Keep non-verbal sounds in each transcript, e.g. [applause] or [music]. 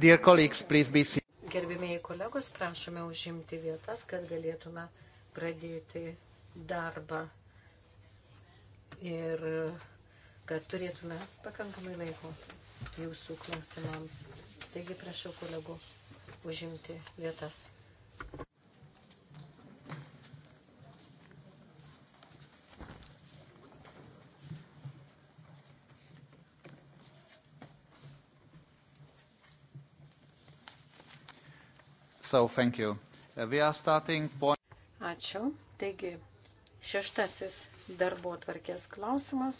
Dear colleagues, please be seated. Gerbimieji kolegos, prašome užimti vietas, kad galėtume pradėti darbą ir kad turėtume pakankamai laiko jūsų klausimams. Taigi prašau kolegų užimti vietas. So, thank you. Uh, we are starting point. Ačiū. Taigi, šeštasis darbo tvarkės klausimas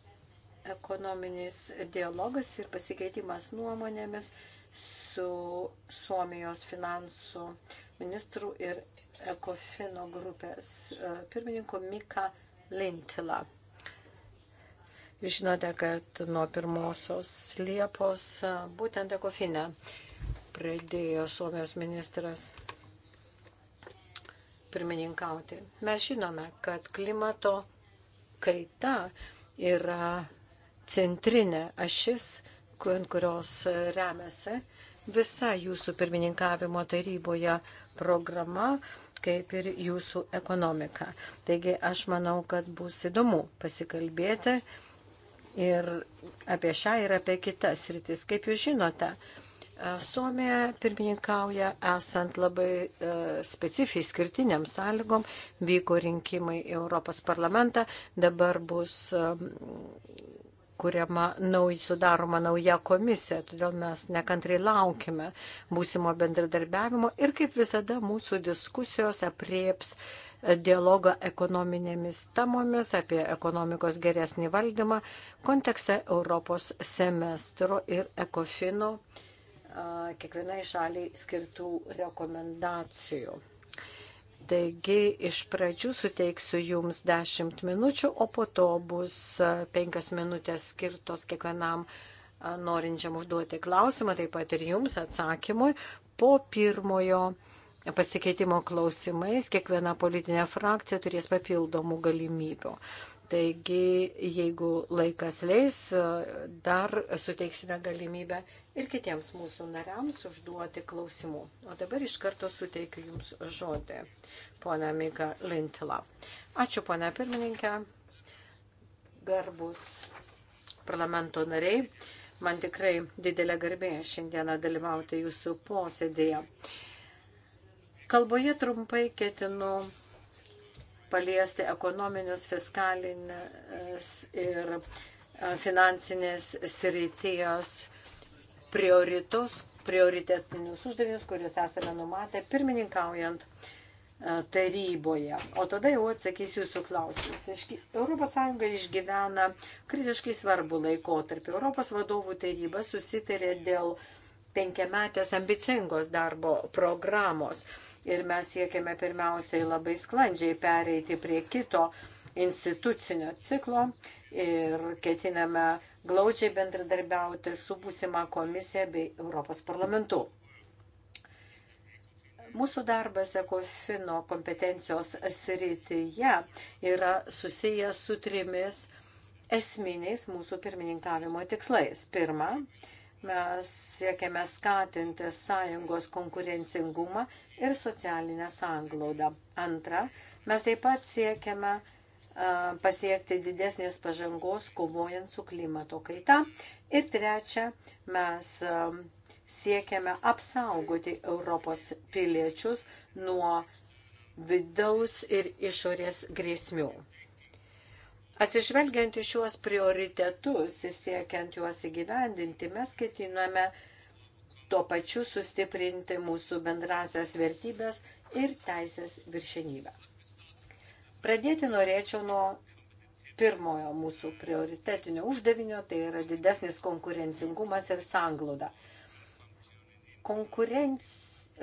- ekonominis dialogas ir pasikeitimas nuomonėmis su Suomijos finansų ministrų ir Ekofino grupės uh, pirmininku Mika Lintila. Jūs žinote, kad nuo pirmosios Liepos uh, būtent Ekofine pradėjo Suomijos ministras pirmininkauti. Mes žinome, kad klimato kaita yra centrinė ašis, kurios remiasi visa jūsų pirmininkavimo taryboje programa, kaip ir jūsų ekonomika. Taigi aš manau, kad bus įdomu pasikalbėti ir apie šią ir apie kitas rytis. Kaip jūs žinote, Suomija pirmininkauja esant labai e, specifiai skirtiniam sąlygom, vyko rinkimai į Europos parlamentą, dabar bus e, kuriama nauj, sudaroma nauja komisija, todėl mes nekantrai laukime būsimo bendradarbiavimo ir kaip visada mūsų diskusijos aprieps dialogą ekonominėmis temomis, apie ekonomikos geresnį valdymą kontekste Europos semestro ir ekofino uh, kiekvienai šaliai skirtų rekomendacijų. Taigi iš pradžių suteiksiu Jums 10 minučių, o po to bus 5 minutės skirtos kiekvienam norinčiam užduoti klausimą, taip pat ir Jums atsakymui. Po pirmojo pasikeitimo klausimais kiekviena politinė frakcija turės papildomų galimybių. Taigi, jeigu laikas leis, dar suteiksime galimybę ir kitiems mūsų nariams užduoti klausimų. O dabar iš karto suteikiu Jums žodį, pona Mika Lintila. Ačiū, pona pirmininkė, garbus parlamento nariai. Man tikrai didelė garbė šiandieną dalyvauti Jūsų posėdėje. Kalboje trumpai ketinu paliesti ekonominius, fiskalinės ir finansinės srities prioritus, prioritetinius uždavinius, kuriuos esame numatę pirmininkaujant e, taryboje. O tada jau atsakysiu jūsų klausimus. Europos Sąjunga išgyvena kritiškai svarbu laikotarpį. Europos vadovų taryba susitarė dėl penkiametės ambicingos darbo programos. Ir mes siekiame pirmiausiai labai sklandžiai pereiti prie kito institucinio ciklo ir ketiname glaučiai bendradarbiauti su būsima komisija bei Europos parlamentu. Mūsų darbas ekofino kompetencijos srityje yra susijęs su trimis esminiais mūsų pirmininkavimo tikslais. Pirma, mes siekiame skatinti sąjungos konkurencingumą ir socialinę sanglaudą. Antra, mes taip pat siekiame uh, pasiekti didesnės pažangos kovojant su klimato kaita. Ir trečia, mes siekiame apsaugoti Europos piliečius nuo vidaus ir išorės grėsmių. Atsižvelgiant į šiuos prioritetus ir siekiant juos įgyvendinti, mes ketiname tuo pačiu sustiprinti mūsų bendrasias vertybės ir teisės viršenybę. Pradėti norėčiau nuo pirmojo mūsų prioritetinio uždavinio, tai yra didesnis konkurencingumas ir sanglauda. Konkurenc...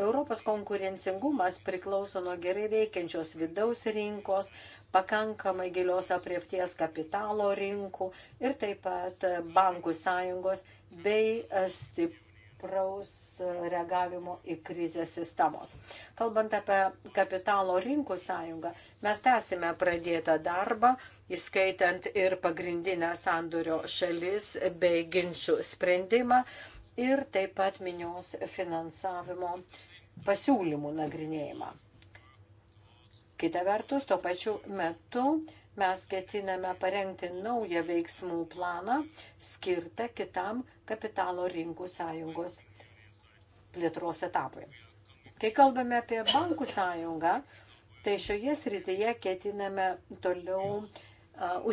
Europos konkurencingumas priklauso nuo gerai veikiančios vidaus rinkos, pakankamai gilios apriepties kapitalo rinkų ir taip pat bankų sąjungos bei stip stipraus reagavimo į krizę sistemos. Kalbant apie kapitalo rinkų sąjungą, mes tęsime pradėtą darbą, įskaitant ir pagrindinę sandurio šalis bei ginčių sprendimą ir taip pat minios finansavimo pasiūlymų nagrinėjimą. Kita vertus, tuo pačiu metu mes ketiname parengti naują veiksmų planą skirtą kitam kapitalo rinkų sąjungos plėtros etapui. Kai kalbame apie bankų sąjungą, tai šioje srityje ketiname toliau uh,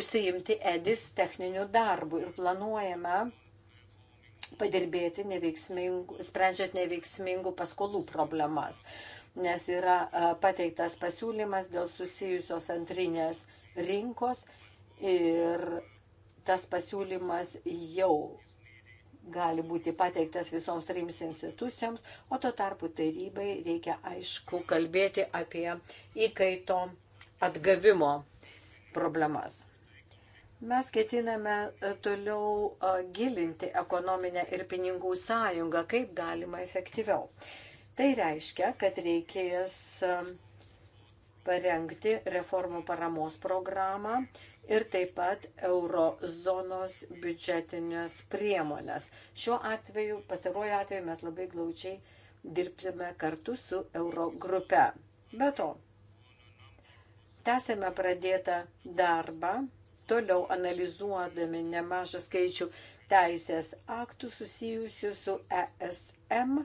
užsiimti edis techniniu darbu ir planuojame padirbėti neveiksmingų, sprendžiant neveiksmingų paskolų problemas, nes yra pateiktas pasiūlymas dėl susijusios antrinės rinkos ir tas pasiūlymas jau gali būti pateiktas visoms trims institucijoms, o tuo tarpu tarybai reikia aišku kalbėti apie įkaito atgavimo problemas. Mes ketiname e, toliau e, gilinti ekonominę ir pinigų sąjungą, kaip galima efektyviau. Tai reiškia, kad reikės parengti reformų paramos programą ir taip pat eurozonos biudžetinės priemonės. Šiuo atveju, pastaruoju atveju mes labai glaučiai dirbsime kartu su eurogrupe. Be to, tęsėme pradėtą darbą, toliau analizuodami nemažą skaičių teisės aktų susijusių su ESM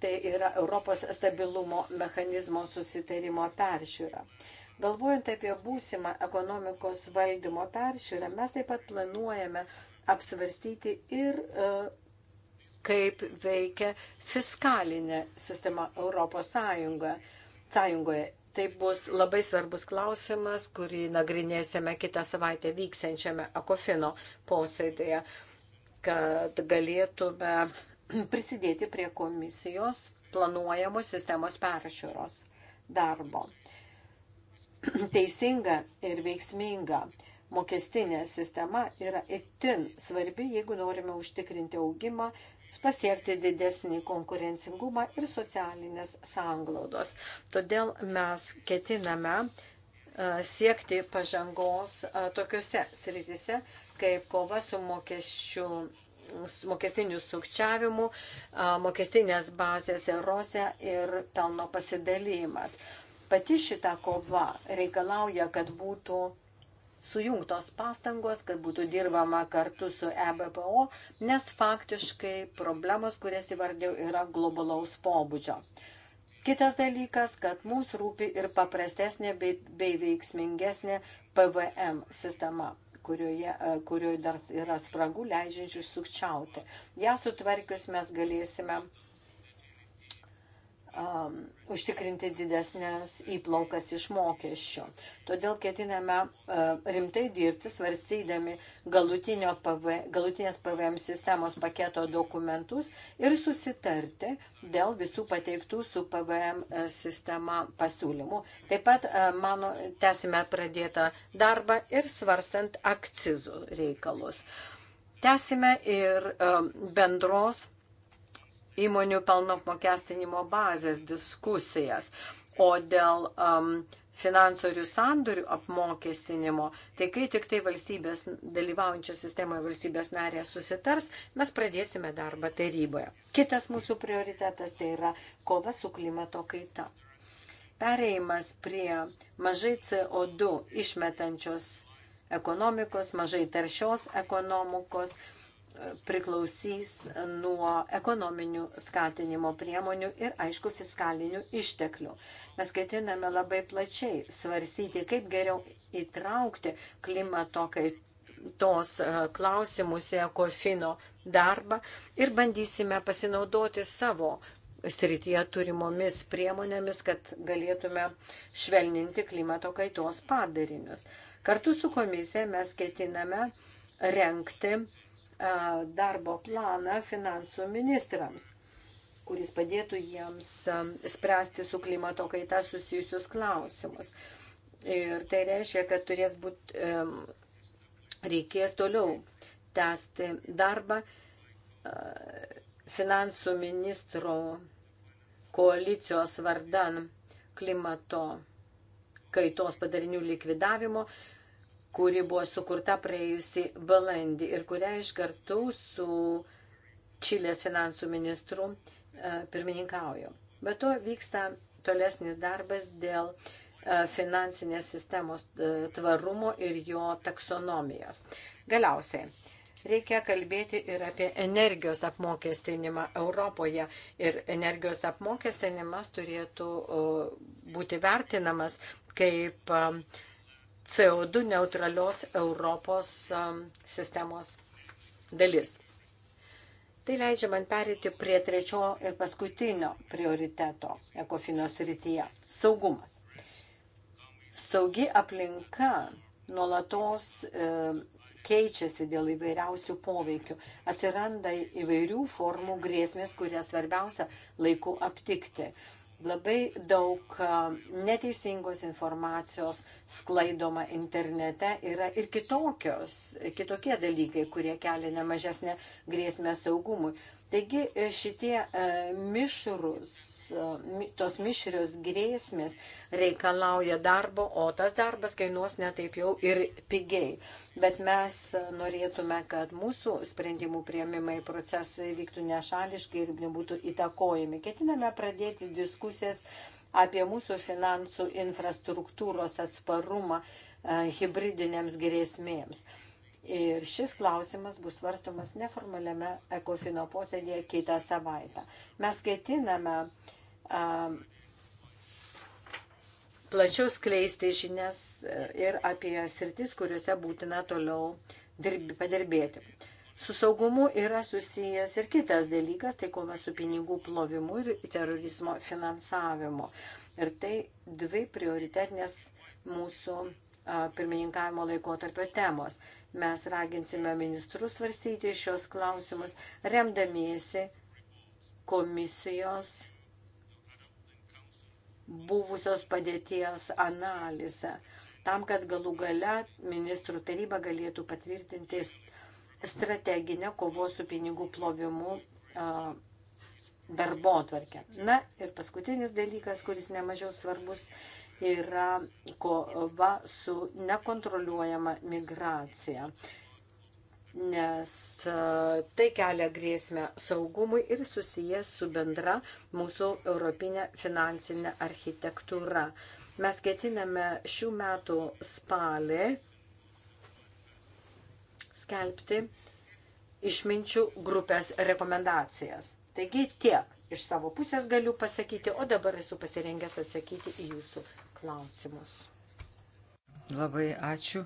tai yra Europos stabilumo mechanizmo susitarimo peržiūra. Galvojant apie būsimą ekonomikos valdymo peržiūrą, mes taip pat planuojame apsvarstyti ir e, kaip veikia fiskalinė sistema Europos Sąjungoje. Sąjungoje Tai bus labai svarbus klausimas, kurį nagrinėsime kitą savaitę vyksiančiame Akofino posėdėje, kad galėtume prisidėti prie komisijos planuojamos sistemos peržiūros darbo. Teisinga ir veiksminga mokestinė sistema yra itin svarbi, jeigu norime užtikrinti augimą, pasiekti didesnį konkurencingumą ir socialinės sanglaudos. Todėl mes ketiname e, siekti pažangos e, tokiuose sritise, kaip kova su mokesčių mokestinių sukčiavimų, mokestinės bazės erozija ir pelno pasidalymas. Pati šita kova reikalauja, kad būtų sujungtos pastangos, kad būtų dirbama kartu su EBPO, nes faktiškai problemos, kurias įvardėjau, yra globalaus pobūdžio. Kitas dalykas, kad mums rūpi ir paprastesnė bei, bei veiksmingesnė PVM sistema kurioje, e, kurioje dar yra spragų leidžiančių sukčiauti. Ja sutvarkius mes galėsime uh, um, užtikrinti didesnės įplaukas iš mokesčių. Todėl ketiname uh, rimtai dirbti, svarstydami PV, galutinės PVM sistemos paketo dokumentus ir susitarti dėl visų pateiktų su PVM uh, sistema pasiūlymų. Taip pat, uh, mano, tęsime pradėtą darbą ir svarstant akcizų reikalus. Tęsime ir uh, bendros įmonių pelno apmokestinimo bazės diskusijas. O dėl um, finansorių sandorių apmokestinimo, tai kai tik tai valstybės, dalyvaujančios sistemoje valstybės narės susitars, mes pradėsime darbą taryboje. Kitas mūsų prioritetas tai yra kova su klimato kaita. Pereimas prie mažai CO2 išmetančios ekonomikos, mažai taršios ekonomikos, priklausys nuo ekonominių skatinimo priemonių ir, aišku, fiskalinių išteklių. Mes ketiname labai plačiai svarsyti, kaip geriau įtraukti klimato kaitos e, klausimus į ekofino darbą ir bandysime pasinaudoti savo srityje turimomis priemonėmis, kad galėtume švelninti klimato kaitos padarinius. Kartu su komisija mes ketiname renkti darbo planą finansų ministrams, kuris padėtų jiems spręsti su klimato kaita susijusius klausimus. Ir tai reiškia, kad turės būti, reikės toliau tęsti darbą finansų ministro koalicijos vardan klimato kaitos padarinių likvidavimo kuri buvo sukurta praėjusi balandį ir kurią iš kartų su Čilės finansų ministru e, pirmininkauju. Be to vyksta tolesnis darbas dėl e, finansinės sistemos e, tvarumo ir jo taksonomijos. Galiausiai, reikia kalbėti ir apie energijos apmokestinimą Europoje. Ir energijos apmokestinimas turėtų būti vertinamas kaip uh, CO2 neutralios Europos um, sistemos dalis. Tai leidžia man perėti prie trečio ir paskutinio prioriteto ekofino srityje - saugumas. Saugi aplinka nuolatos e, keičiasi dėl įvairiausių poveikių. Atsiranda įvairių formų grėsmės, kurias svarbiausia laiku aptikti labai daug neteisingos informacijos sklaidoma internete yra ir kitokios, kitokie dalykai, kurie kelia nemažesnę grėsmę saugumui. Taigi e, šitie e, mišrus, e, tos mišrios grėsmės reikalauja darbo, o tas darbas kainuos netaip jau ir pigiai. Bet mes norėtume, kad mūsų sprendimų prieimimai procesai vyktų nešališkai ir nebūtų įtakojami. Ketiname pradėti diskusijas apie mūsų finansų infrastruktūros atsparumą hybridinėms grėsmėms. Ir šis klausimas bus svarstomas neformaliame ekofino posėdėje kitą savaitę. Mes ketiname um, plačiau skleisti žinias e, ir apie sritis, kuriuose būtina toliau dirbi, padirbėti. Su saugumu yra susijęs ir kitas dalykas, tai kova su pinigų plovimu ir terorizmo finansavimu. Ir tai dvi prioritetinės mūsų pirmininkavimo laikotarpio temos. Mes raginsime ministrus svarstyti šios klausimus, remdamiesi komisijos buvusios padėties analizę, tam, kad galų gale ministrų taryba galėtų patvirtinti strateginę kovos su pinigų plovimu darbo tvarkę. Na ir paskutinis dalykas, kuris nemažiau svarbus, yra kova su nekontroliuojama migracija, nes e, tai kelia grėsmę saugumui ir susijęs su bendra mūsų europinė finansinė architektūra. Mes ketiname šių metų spalį skelbti išminčių grupės rekomendacijas. Taigi tiek iš savo pusės galiu pasakyti, o dabar esu pasirengęs atsakyti į jūsų klausimus. Labai ačiū.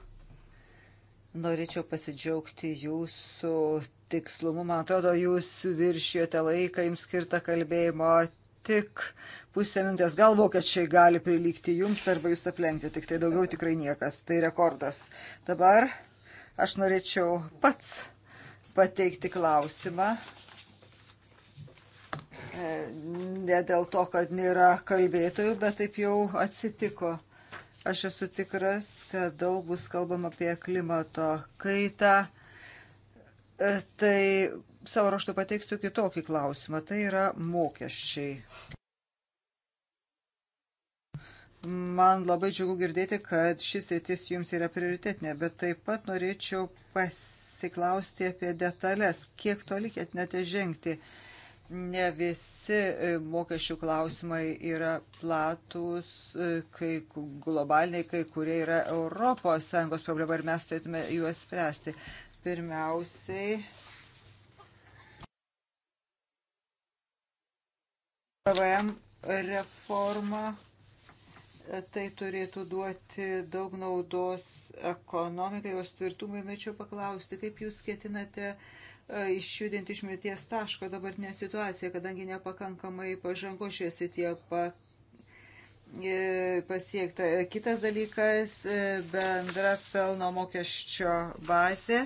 Norėčiau pasidžiaugti jūsų tikslumu. Man atrodo, jūs viršijote laiką jums skirtą kalbėjimo tik pusę minutės. Gal vokiečiai gali prilygti jums arba jūs aplenkti, tik tai daugiau tikrai niekas. Tai rekordas. Dabar aš norėčiau pats pateikti klausimą E, ne dėl to, kad nėra kalbėtojų, bet taip jau atsitiko. Aš esu tikras, kad daug bus kalbama apie klimato kaitą. E, tai savo raštu pateiksiu kitokį klausimą. Tai yra mokesčiai. Man labai džiugu girdėti, kad šis sėtis jums yra prioritetinė, bet taip pat norėčiau pasiklausti apie detalės, kiek toli ketinate žengti. Uh, ne visi e, mokesčių klausimai yra platus, e, kai globaliniai, kai kurie yra ES problema ir mes turėtume juos spręsti. Pirmiausiai. PVM reforma e, tai turėtų duoti daug naudos ekonomikai, jos tvirtumai. Norėčiau paklausti, kaip jūs ketinate uh, E, išjudinti iš mirties taško dabartinę situaciją, kadangi nepakankamai pažango šioje srityje pa, e, pasiekta. Kitas dalykas e, - bendra pelno mokesčio bazė.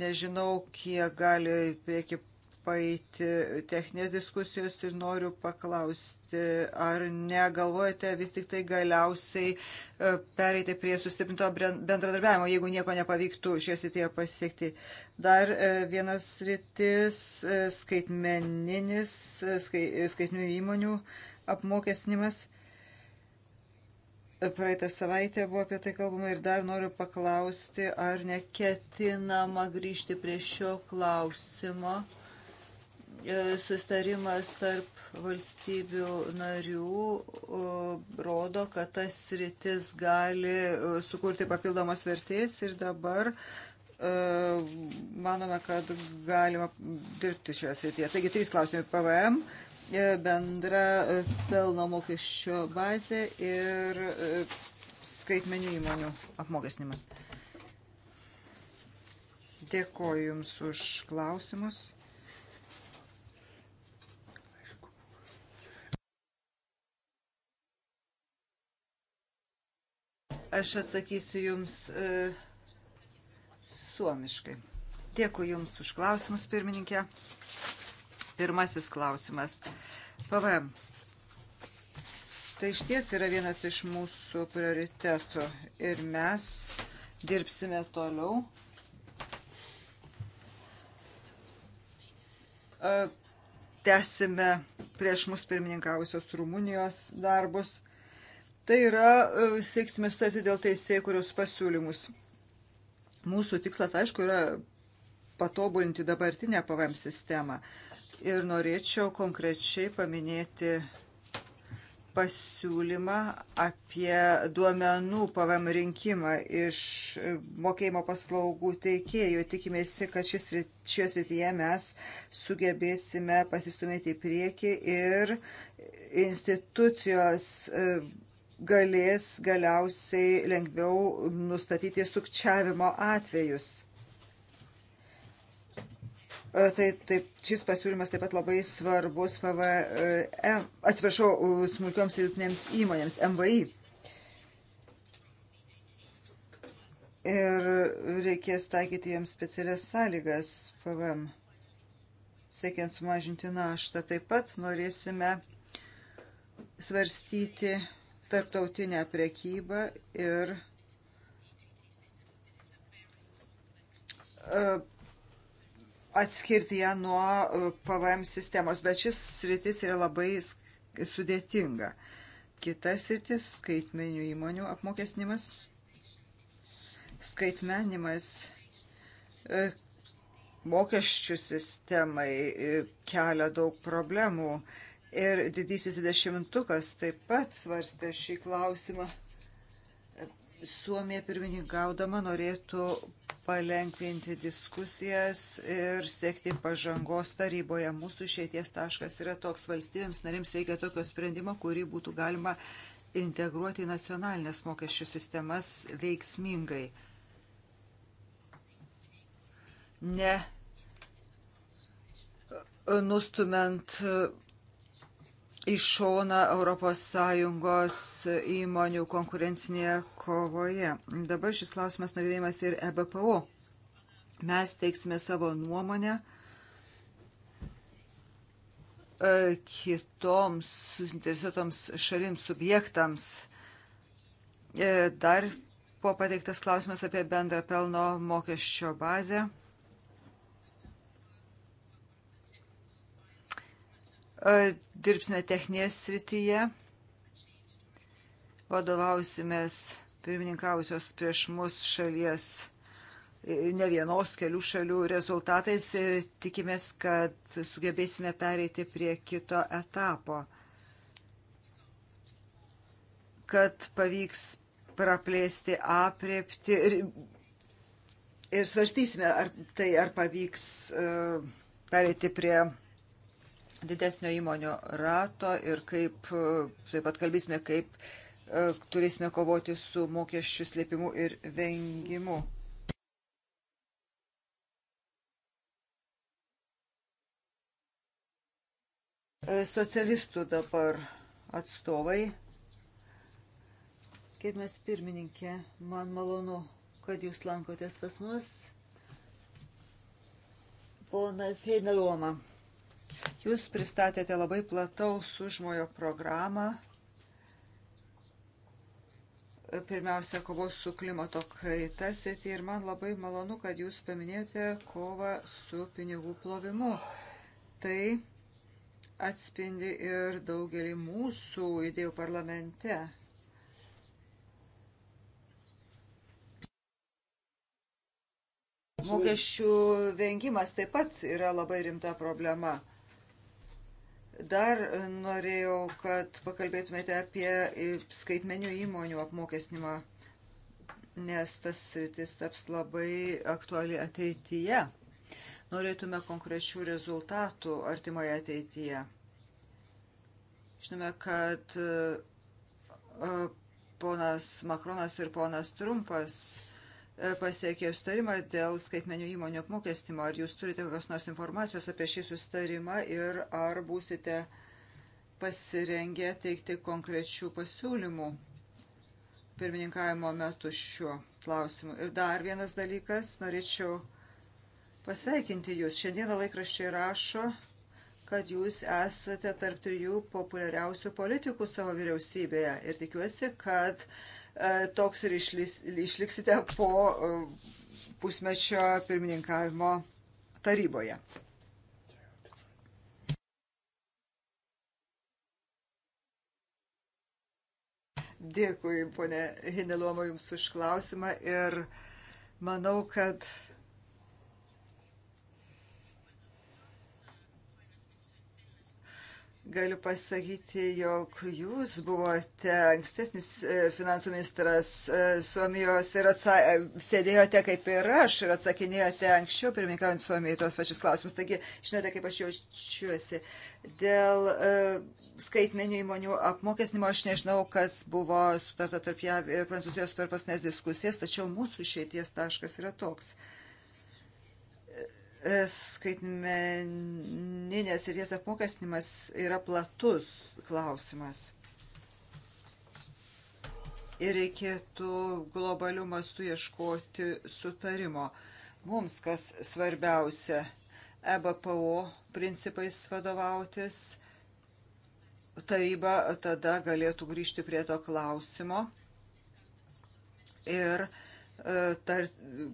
Nežinau, kiek gali prieki paeiti techninės diskusijos ir noriu paklausti, ar negalvojate vis tik tai galiausiai e, pereiti prie sustiprinto bendradarbiavimo, jeigu nieko nepavyktų šioje srityje pasiekti. Dar e, vienas rytis e, - skaitmeninis, skaitminių įmonių apmokestinimas. Praeitą savaitę buvo apie tai kalbama ir dar noriu paklausti, ar neketinama grįžti prie šio klausimo E, sustarimas tarp valstybių narių e, rodo, kad tas rytis gali e, sukurti papildomos vertės ir dabar manome, kad galima dirbti šioje srityje. Taigi, trys klausimai PVM, bendra pelno mokesčio bazė ir skaitmenių įmonių apmokesnimas. Dėkoju Jums už klausimus. Aš atsakysiu Jums e, suomiškai. Dėkui Jums už klausimus, pirmininkė. Pirmasis klausimas. PVM. Tai iš ties yra vienas iš mūsų prioritetų ir mes dirbsime toliau. E, tęsime prieš mus pirmininkausios Rumunijos darbus. Tai yra, e, sieksime sutarti dėl teisėjų, kurios pasiūlymus. Mūsų tikslas, aišku, yra patobulinti dabartinę PVM sistemą. Ir norėčiau konkrečiai paminėti pasiūlymą apie duomenų PVM rinkimą iš mokėjimo paslaugų teikėjų. Tikimėsi, kad šis, šioje srityje mes sugebėsime pasistumėti į priekį ir institucijos e, galės galiausiai lengviau nustatyti sukčiavimo atvejus. E, tai taip, šis pasiūlymas taip pat labai svarbus PVM, e, atsiprašau, smulkioms ir vidutinėms įmonėms, MVI. Ir reikės taikyti jiems specialias sąlygas PVM. E siekiant sumažinti naštą, taip pat norėsime svarstyti tarptautinę prekybą ir e, atskirti ją nuo e, PVM sistemos, bet šis sritis yra labai sudėtinga. Kitas sritis - skaitmeninių įmonių apmokesnimas. Skaitmenimas e, mokesčių sistemai kelia daug problemų Ir didysis dešimtukas taip pat svarstė šį klausimą. Suomija pirmininkaudama norėtų palengvinti diskusijas ir siekti pažangos taryboje. Mūsų išėties taškas yra toks valstybėms narims reikia tokio sprendimo, kurį būtų galima integruoti į nacionalinės mokesčių sistemas veiksmingai. Ne e, nustumant į šoną ES įmonių konkurencinėje kovoje. Dabar šis klausimas nagrinėjimas ir EBPO. Mes teiksime savo nuomonę e, kitoms suinteresuotoms šalims subjektams. E, dar buvo pateiktas klausimas apie bendrą pelno mokesčio bazę. E, dirbsime techninėje srityje, vadovausimės pirmininkausios prieš mus šalies e, ne vienos kelių šalių rezultatais ir tikimės, kad sugebėsime pereiti prie kito etapo, kad pavyks praplėsti apriepti ir, ir svarstysime, ar tai ar pavyks uh, pereiti prie didesnio įmonių rato ir kaip, e, taip pat kalbėsime, kaip e, turėsime kovoti su mokesčių slėpimu ir vengimu. E, socialistų dabar atstovai. Kaip mes pirmininkė, man malonu, kad jūs lankotės pas mus. Ponas Heinaloma. Jūs pristatėte labai plataus užmojo programą, pirmiausia, kovos su klimato kaita sėti ir man labai malonu, kad jūs paminėjote kovą su pinigų plovimu. Tai atspindi ir daugelį mūsų idėjų parlamente. Mokesčių vengimas taip pat yra labai rimta problema. Dar e, norėjau, kad pakalbėtumėte apie e, skaitmenių įmonių apmokesnimą, nes tas sritis taps labai aktuali ateityje. Norėtume konkrečių rezultatų artimoje ateityje. Žinome, kad e, ponas Makronas ir ponas Trumpas E, pasiekė sustarimą dėl skaitmenių įmonių apmokestimo. Ar jūs turite kokios nors informacijos apie šį sustarimą ir ar būsite pasirengę teikti konkrečių pasiūlymų pirmininkavimo metu šiuo klausimu. Ir dar vienas dalykas, norėčiau pasveikinti jūs. Šiandieną laikraščiai rašo, kad jūs esate tarp trijų populiariausių politikų savo vyriausybėje ir tikiuosi, kad uh, E, toks ir išlis, išliksite po e, pusmečio pirmininkavimo taryboje. Dėkui, ponė Hineluomo, Jums už klausimą ir manau, kad Galiu pasakyti, jog jūs buvote ankstesnis e, finansų ministras e, Suomijos ir e, sėdėjote kaip ir aš ir atsakinėjote anksčiau, pirmininkavant Suomijai, tos pačius klausimus. Taigi, žinote, kaip aš jaučiuosi. Dėl uh, skaitmeninių įmonių apmokesnimo aš nežinau, kas buvo sutarta tarp JAV ir Prancūzijos per pasnes diskusijas, tačiau mūsų išėties taškas yra toks. Uh, skaitmeninės ir jas apmokestinimas yra platus klausimas. Ir reikėtų globalių mastų ieškoti sutarimo. Mums kas svarbiausia e - EBPO principais vadovautis. Taryba tada galėtų grįžti prie to klausimo ir uh, E, tar,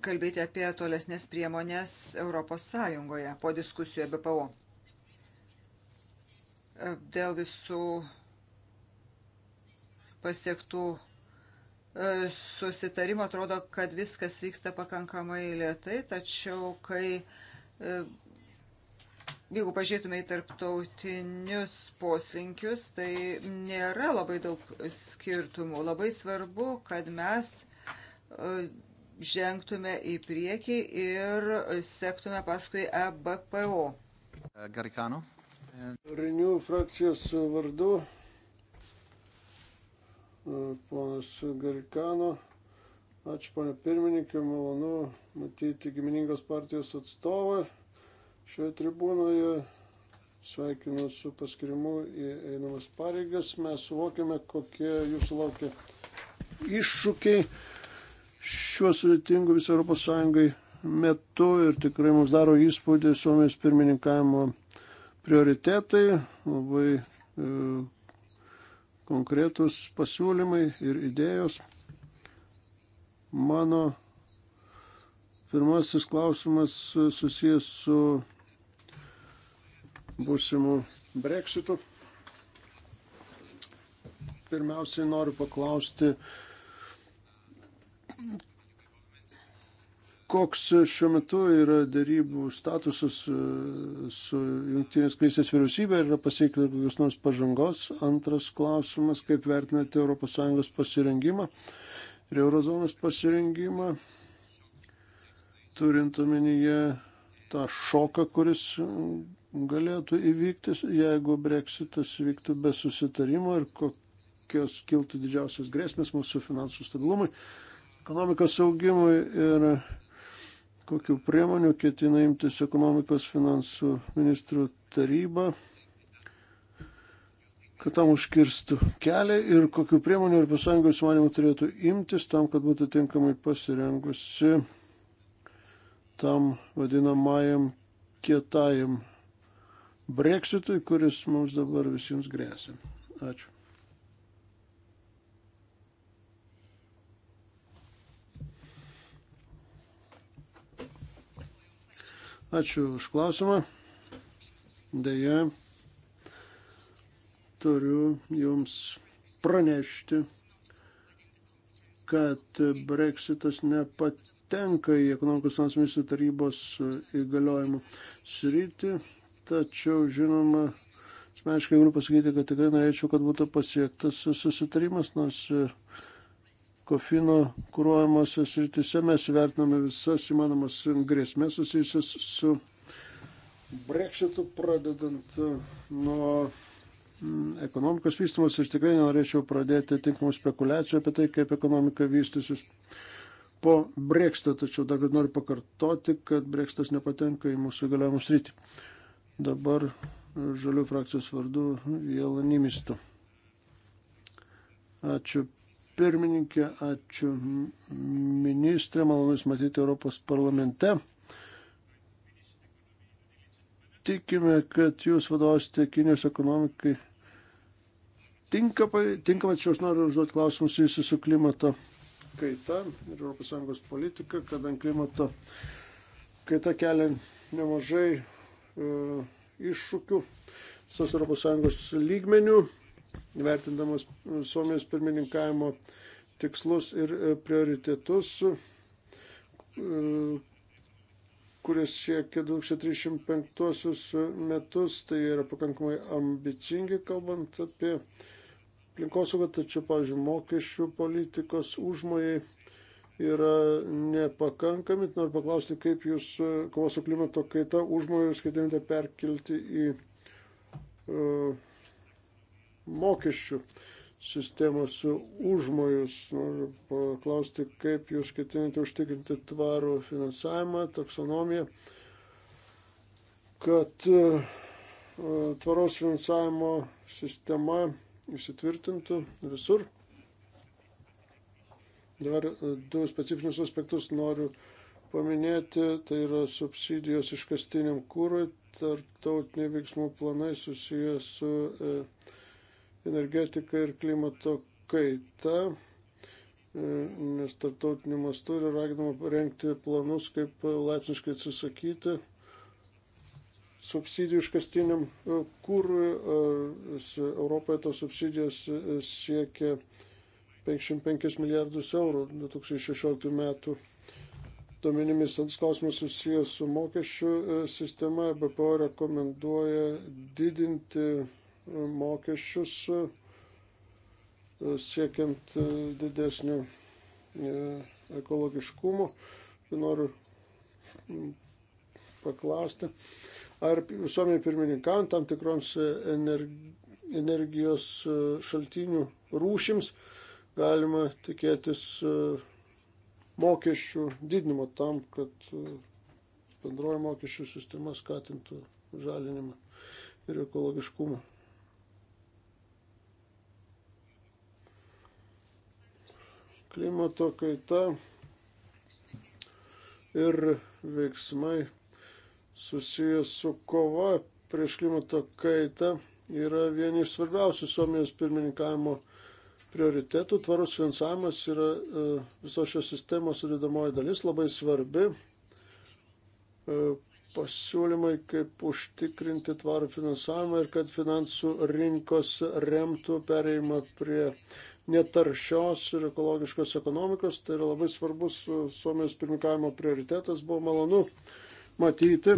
kalbėti apie tolesnės priemonės Europos Sąjungoje po diskusijų BPO. E, dėl visų pasiektų e, susitarimo atrodo, kad viskas vyksta pakankamai lietai, tačiau kai, jeigu pažiūrėtume į tarptautinius poslinkius, tai nėra labai daug skirtumų. Labai svarbu, kad mes žengtume į priekį ir sektume paskui EBPO. Uh, Garikano. Renių frakcijos vardu uh, ponas Garikano. Ačiū, ponė pirmininkė, malonu matyti giminingos partijos atstovą šioje tribūnoje. Sveikinu su paskirimu į einamas pareigas. Mes suvokiame, kokie jūsų laukia iššūkiai šiuo sudėtingu visą Europos Sąjungai metu ir tikrai mums daro įspūdį Suomijos pirmininkavimo prioritetai, labai e, konkretus pasiūlymai ir idėjos. Mano pirmasis klausimas susijęs su būsimu breksitu. Pirmiausiai noriu paklausti, e, Koks šiuo metu yra darybų statusas e, su Junktinės krysės vyriausybė ir yra pasiekta kokios nors pažangos? Antras klausimas, kaip vertinate ES pasirengimą ir Eurozonos pasirengimą, turint omenyje tą šoką, kuris galėtų įvykti, jeigu breksitas vyktų be susitarimo ir kokios kiltų didžiausios grėsmės mūsų finansų stabilumui ekonomikos augimui ir kokiu priemoniu ketina imtis ekonomikos finansų ministrų taryba, kad tam užkirstų kelią ir kokiu priemoniu Europos Sąjungos manimų turėtų imtis tam, kad būtų tinkamai pasirengusi tam vadinamajam kietajam breksitui, kuris mums dabar visiems grėsia. Ačiū. Ačiū už klausimą. Deja, turiu Jums pranešti, kad breksitas nepatenka į ekonomikos transmisijų tarybos įgaliojimų sritį, tačiau žinoma, asmeniškai galiu pasakyti, kad tikrai norėčiau, kad būtų pasiektas susitarimas, nors ir kofino kūruojamosios rytise mes vertiname visas įmanomas grėsmės susijusias su breksitu, pradedant uh, nuo mm, ekonomikos vystymas ir tikrai nenorėčiau pradėti tinkamų spekulacijų apie tai, kaip ekonomika vystysis po breksito, tačiau dar noriu pakartoti, kad breksitas nepatenka į mūsų įgaliojimų sritį. Dabar uh, žalių frakcijos vardu Vėla Nimistų. Ačiū pirmininkė, ačiū ministrė, malonu Jūs matyti Europos parlamente. Tikime, kad Jūs vadovausite Kinijos ekonomikai tinkamai, tinkamai čia aš noriu užduoti klausimus jūsų su klimato kaita ir ES politika, kadangi klimato kaita kelia nemažai e, iššūkių visos ES lygmenių vertindamas Suomijos pirmininkavimo tikslus ir e, prioritetus, e, kuris siekia 2035 metus, tai yra pakankamai ambicingi, kalbant apie aplinkosaugą, tačiau, pavyzdžiui, mokesčių politikos užmojai yra nepakankami. Noriu paklausti, kaip jūs e, kovos su klimato kaita užmojus ketinate perkelti į uh, mokesčių sistemos užmojus. Noriu paklausti, kaip jūs ketinate užtikrinti tvarų finansavimą, taksonomiją, kad e, tvaros finansavimo sistema įsitvirtintų visur. Dar e, du specifinius aspektus noriu paminėti, tai yra subsidijos iškastiniam kūrui, tarptautiniai veiksmų planai susiję su e, energetika ir klimato kaita, e, nes tarptautiniu mastu yra raginama parengti planus, kaip laipsniškai atsisakyti subsidijų iškastiniam e, kūrui. E, Europoje tos subsidijos siekia 55 milijardus eurų 2016 metų duomenimis. Ants klausimas susijęs su mokesčių sistema. BPO rekomenduoja didinti mokesčius e, siekiant e, didesnio e, ekologiškumo. Noriu paklausti, ar visuomenė pirmininkant tam tikroms energijos šaltinių rūšims galima tikėtis mokesčių didinimo tam, kad bendroji mokesčių sistema skatintų žalinimą ir ekologiškumą. Klimato kaita ir veiksmai susijęs su kova prieš klimato kaitą yra vieni iš svarbiausių Suomijos pirmininkavimo prioritetų. Tvarus finansavimas yra e, visos šios sistemos sudėdamoji dalis, labai svarbi. E, pasiūlymai, kaip užtikrinti tvarų finansavimą ir kad finansų rinkos remtų pereimą prie netaršios ir ekologiškos ekonomikos. Tai yra labai svarbus e, Suomijos pirmikavimo prioritetas. Buvo malonu matyti,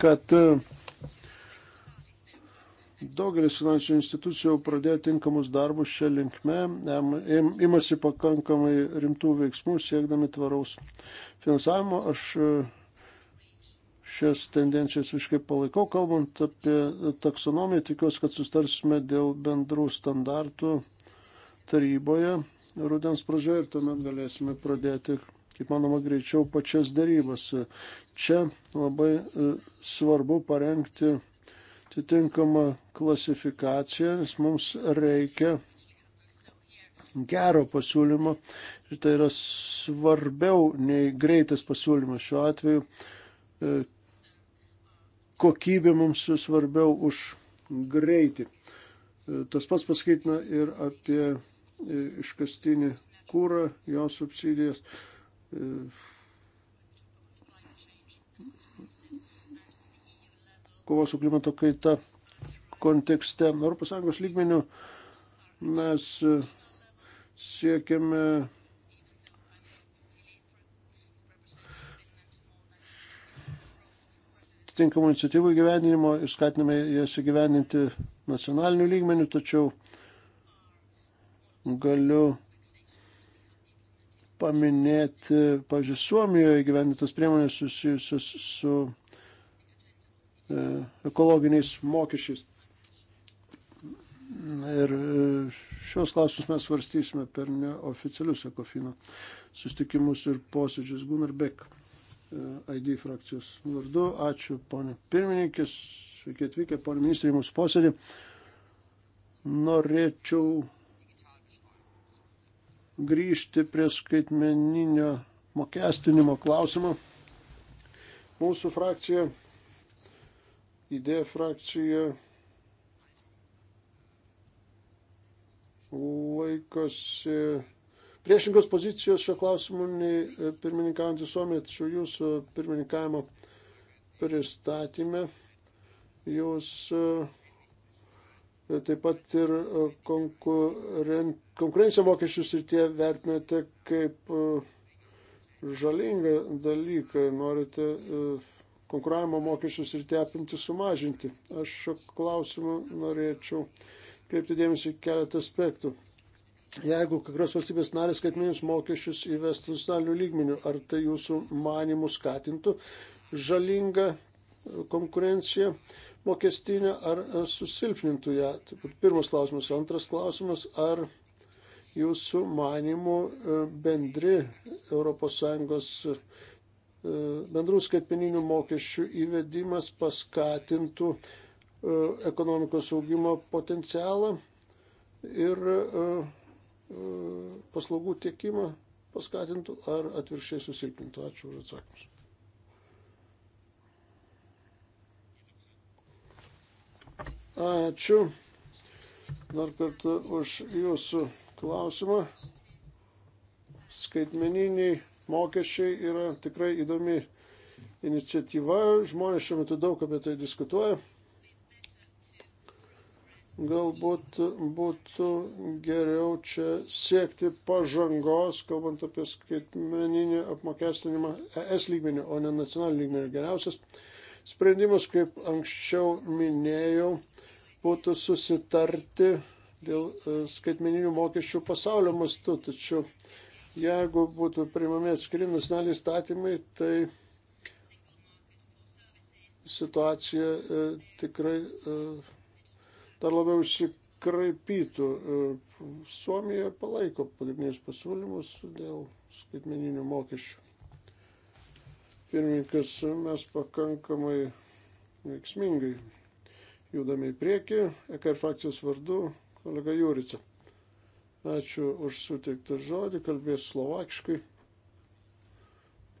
kad e, daugelis finansinių institucijų pradėjo tinkamus darbus šią linkmę, imasi pakankamai rimtų veiksmų siekdami tvaraus finansavimo. Aš e, šias tendencijas visiškai palaikau, kalbant apie taksonomiją, tikiuosi, kad sustarsime dėl bendrų standartų taryboje rudens pradžioje ir tuomet galėsime pradėti, kaip manoma, greičiau pačias darybas. Čia labai e, svarbu parengti atitinkamą klasifikaciją, nes mums reikia gero pasiūlymo ir tai yra svarbiau nei greitas pasiūlymas. Šiuo atveju e, kokybė mums svarbiau už greitį. E, tas pats paskaitina ir apie iškastinį kūrą, jo subsidijas. Kovos su klimato kaita kontekste. Europos Sąjungos lygmenių mes e, siekiame atitinkamų iniciatyvų įgyvendinimo ir skatiname jas įgyvendinti nacionaliniu lygmeniu, tačiau galiu paminėti, pavyzdžiui, Suomijoje gyvenintas priemonės susijusios su e, ekologiniais mokesčiais. Ir e, šios klausimus mes svarstysime per neoficialius ekofino sustikimus ir posėdžius Gunarbek e, ID frakcijos vardu. Ačiū, ponė pirmininkis, sveiki atvykę, ponė ministrė, į mūsų posėdį. Norėčiau grįžti prie skaitmeninio mokestinimo klausimo. Mūsų frakcija, idėja frakcija laikosi priešingos pozicijos šio klausimu nei e, pirmininkaujantį Suomiją, tačiau jūsų pirmininkavimo pristatymę jūs uh, E, taip pat ir e, konkuren... konkurencija mokesčių srityje vertinate kaip e, žalingą dalyką, norite konkuravimo mokesčių srityje apimti sumažinti. Aš šio klausimu norėčiau kreipti dėmesį keletą aspektų. Jeigu kai kurios valstybės narės skaitminius mokesčius įvestų nacionaliniu lygmeniu, ar tai jūsų manimų skatintų žalingą konkurenciją? mokestinę, ar susilpnintų ją. Taip pat pirmas klausimas. Antras klausimas, ar jūsų manimų eh, bendri ES eh, bendrų skaitmeninių mokesčių įvedimas paskatintų eh, ekonomikos augimo potencialą ir paslaugų tiekimą paskatintų ar atvirkščiai susilpnintų. Ačiū už atsakymus. Ačiū dar kartą už jūsų klausimą. Skaitmeniniai mokesčiai yra tikrai įdomi iniciatyva. Žmonės šiuo metu daug apie tai diskutuoja. Galbūt būtų geriau čia siekti pažangos, kalbant apie skaitmeninį apmokestinimą ES lygmenį, o ne nacionalinį lygmenį. Geriausias sprendimas, kaip anksčiau minėjau, būtų susitarti dėl e, skaitmeninių mokesčių pasaulio mastu, tačiau jeigu būtų priimami atskiri nacionaliniai statymai, tai situacija e, tikrai e, dar labiau išsikraipytų. E, Suomija palaiko pagrindinius pasiūlymus dėl skaitmeninių mokesčių. Pirmininkas, mes pakankamai veiksmingai judame į priekį. EKR frakcijos vardu kolega Jūrica. Ačiū už suteiktą žodį, kalbės slovakiškai.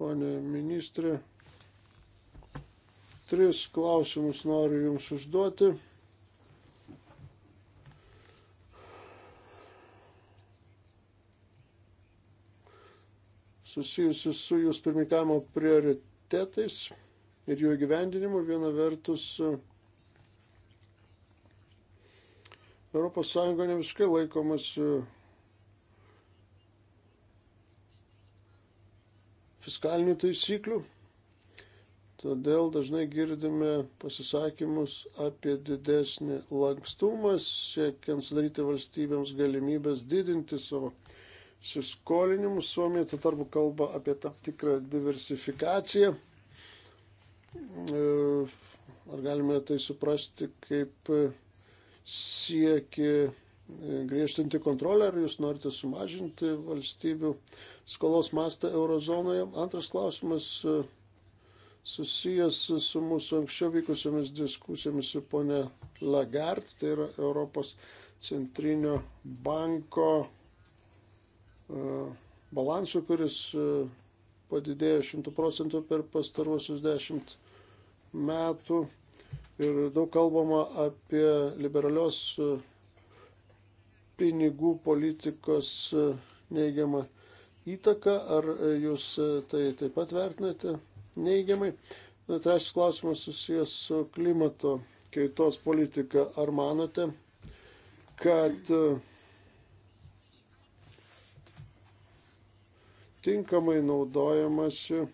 Pane ministrė, tris klausimus noriu Jums užduoti. Susijusius su Jūsų pirmininkavimo prioritetais ir jų gyvendinimu, viena vertus, Europos Sąjunga ne visiškai laikomas eh, fiskalinių taisyklių. Todėl dažnai girdime pasisakymus apie didesnį lankstumą, siekiant sudaryti valstybėms galimybės didinti savo siskolinimus. Suomija tuo tarpu kalba apie tam tikrą diversifikaciją. Eh, ar galime tai suprasti kaip eh, sieki e, griežtinti kontrolę, ar jūs norite sumažinti valstybių skolos mastą eurozonoje. Antras klausimas e, susijęs su mūsų anksčiau vykusiamis diskusijomis su ponė Lagart, tai yra Europos centrinio banko e, balansu, kuris padidėjo 100 procentų per pastaruosius 10 metų. Ir daug kalbama apie liberalios e, pinigų politikos e, neigiamą įtaką. Ar e, jūs tai taip pat vertinate neigiamai? Na, trečias klausimas susijęs su klimato kaitos politika. Ar manote, kad tinkamai naudojamasi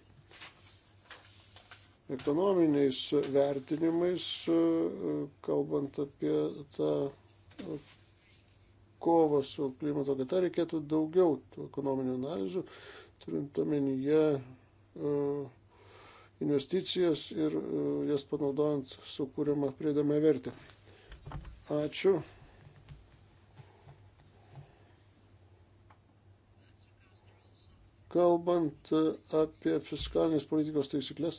ekonominiais vertinimais, kalbant apie tą kovą su klimato kaita, reikėtų daugiau tų ekonominių analizių, turint omenyje e, investicijas ir e, jas panaudojant sukūrimą priedamą vertę. Ačiū. Kalbant apie fiskalinės politikos taisyklės,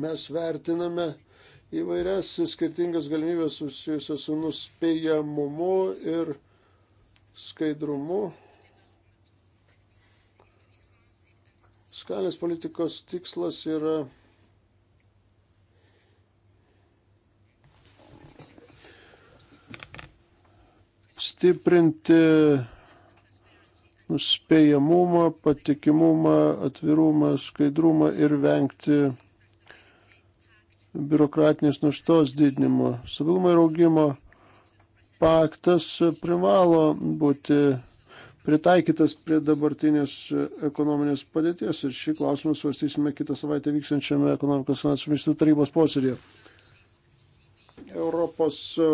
Mes vertiname įvairias skirtingas galimybės susijusios su nuspėjamumu ir skaidrumu. Skalės politikos tikslas yra stiprinti nuspėjamumą, patikimumą, atvirumą, skaidrumą ir vengti biurokratinės naštos didinimo. Stabilumo ir augimo paktas privalo būti pritaikytas prie dabartinės ekonominės padėties ir šį klausimą svarstysime kitą savaitę vyksančiame ekonomikos finansų ministrų tarybos posėdėje. Europos e,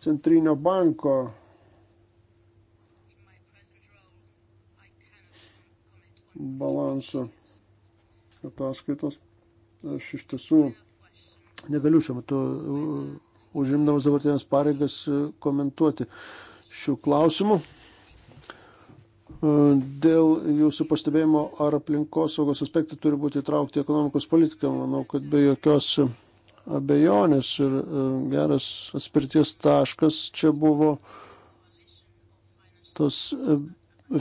centrinio banko balanso ataskaitos. Aš iš tiesų Negaliu šiuo metu uh, užimdamas dabartinės pareigas uh, komentuoti šių klausimų. Uh, dėl jūsų pastebėjimo, ar aplinkosaugos aspektai turi būti įtraukti ekonomikos politiką, manau, kad be jokios abejonės ir geras atspirties taškas čia buvo tos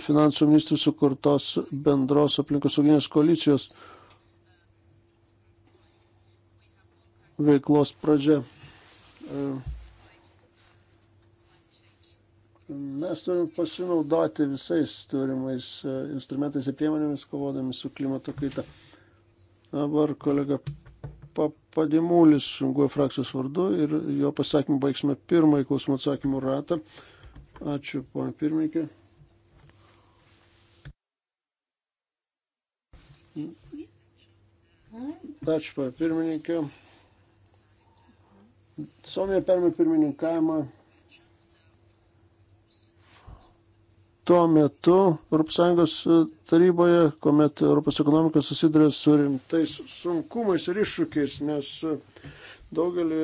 finansų ministrų sukurtos bendros aplinkosauginės koalicijos veiklos pradžia. E, mes turime pasinaudoti visais turimais e, instrumentais ir priemonėmis kovodami su klimato kaita. Dabar kolega Papadimulis sunguoja e frakcijos vardu ir jo pasakymą baigsime pirmąjį klausimų atsakymų ratą. Ačiū, ponė pirmininkė. Ačiū, ponė pirmininkė. Suomija perėmė pirmininkavimą tuo metu ES eh, taryboje, kuomet ES ekonomika susiduria su rimtais sunkumais ir iššūkiais, nes eh, daugelį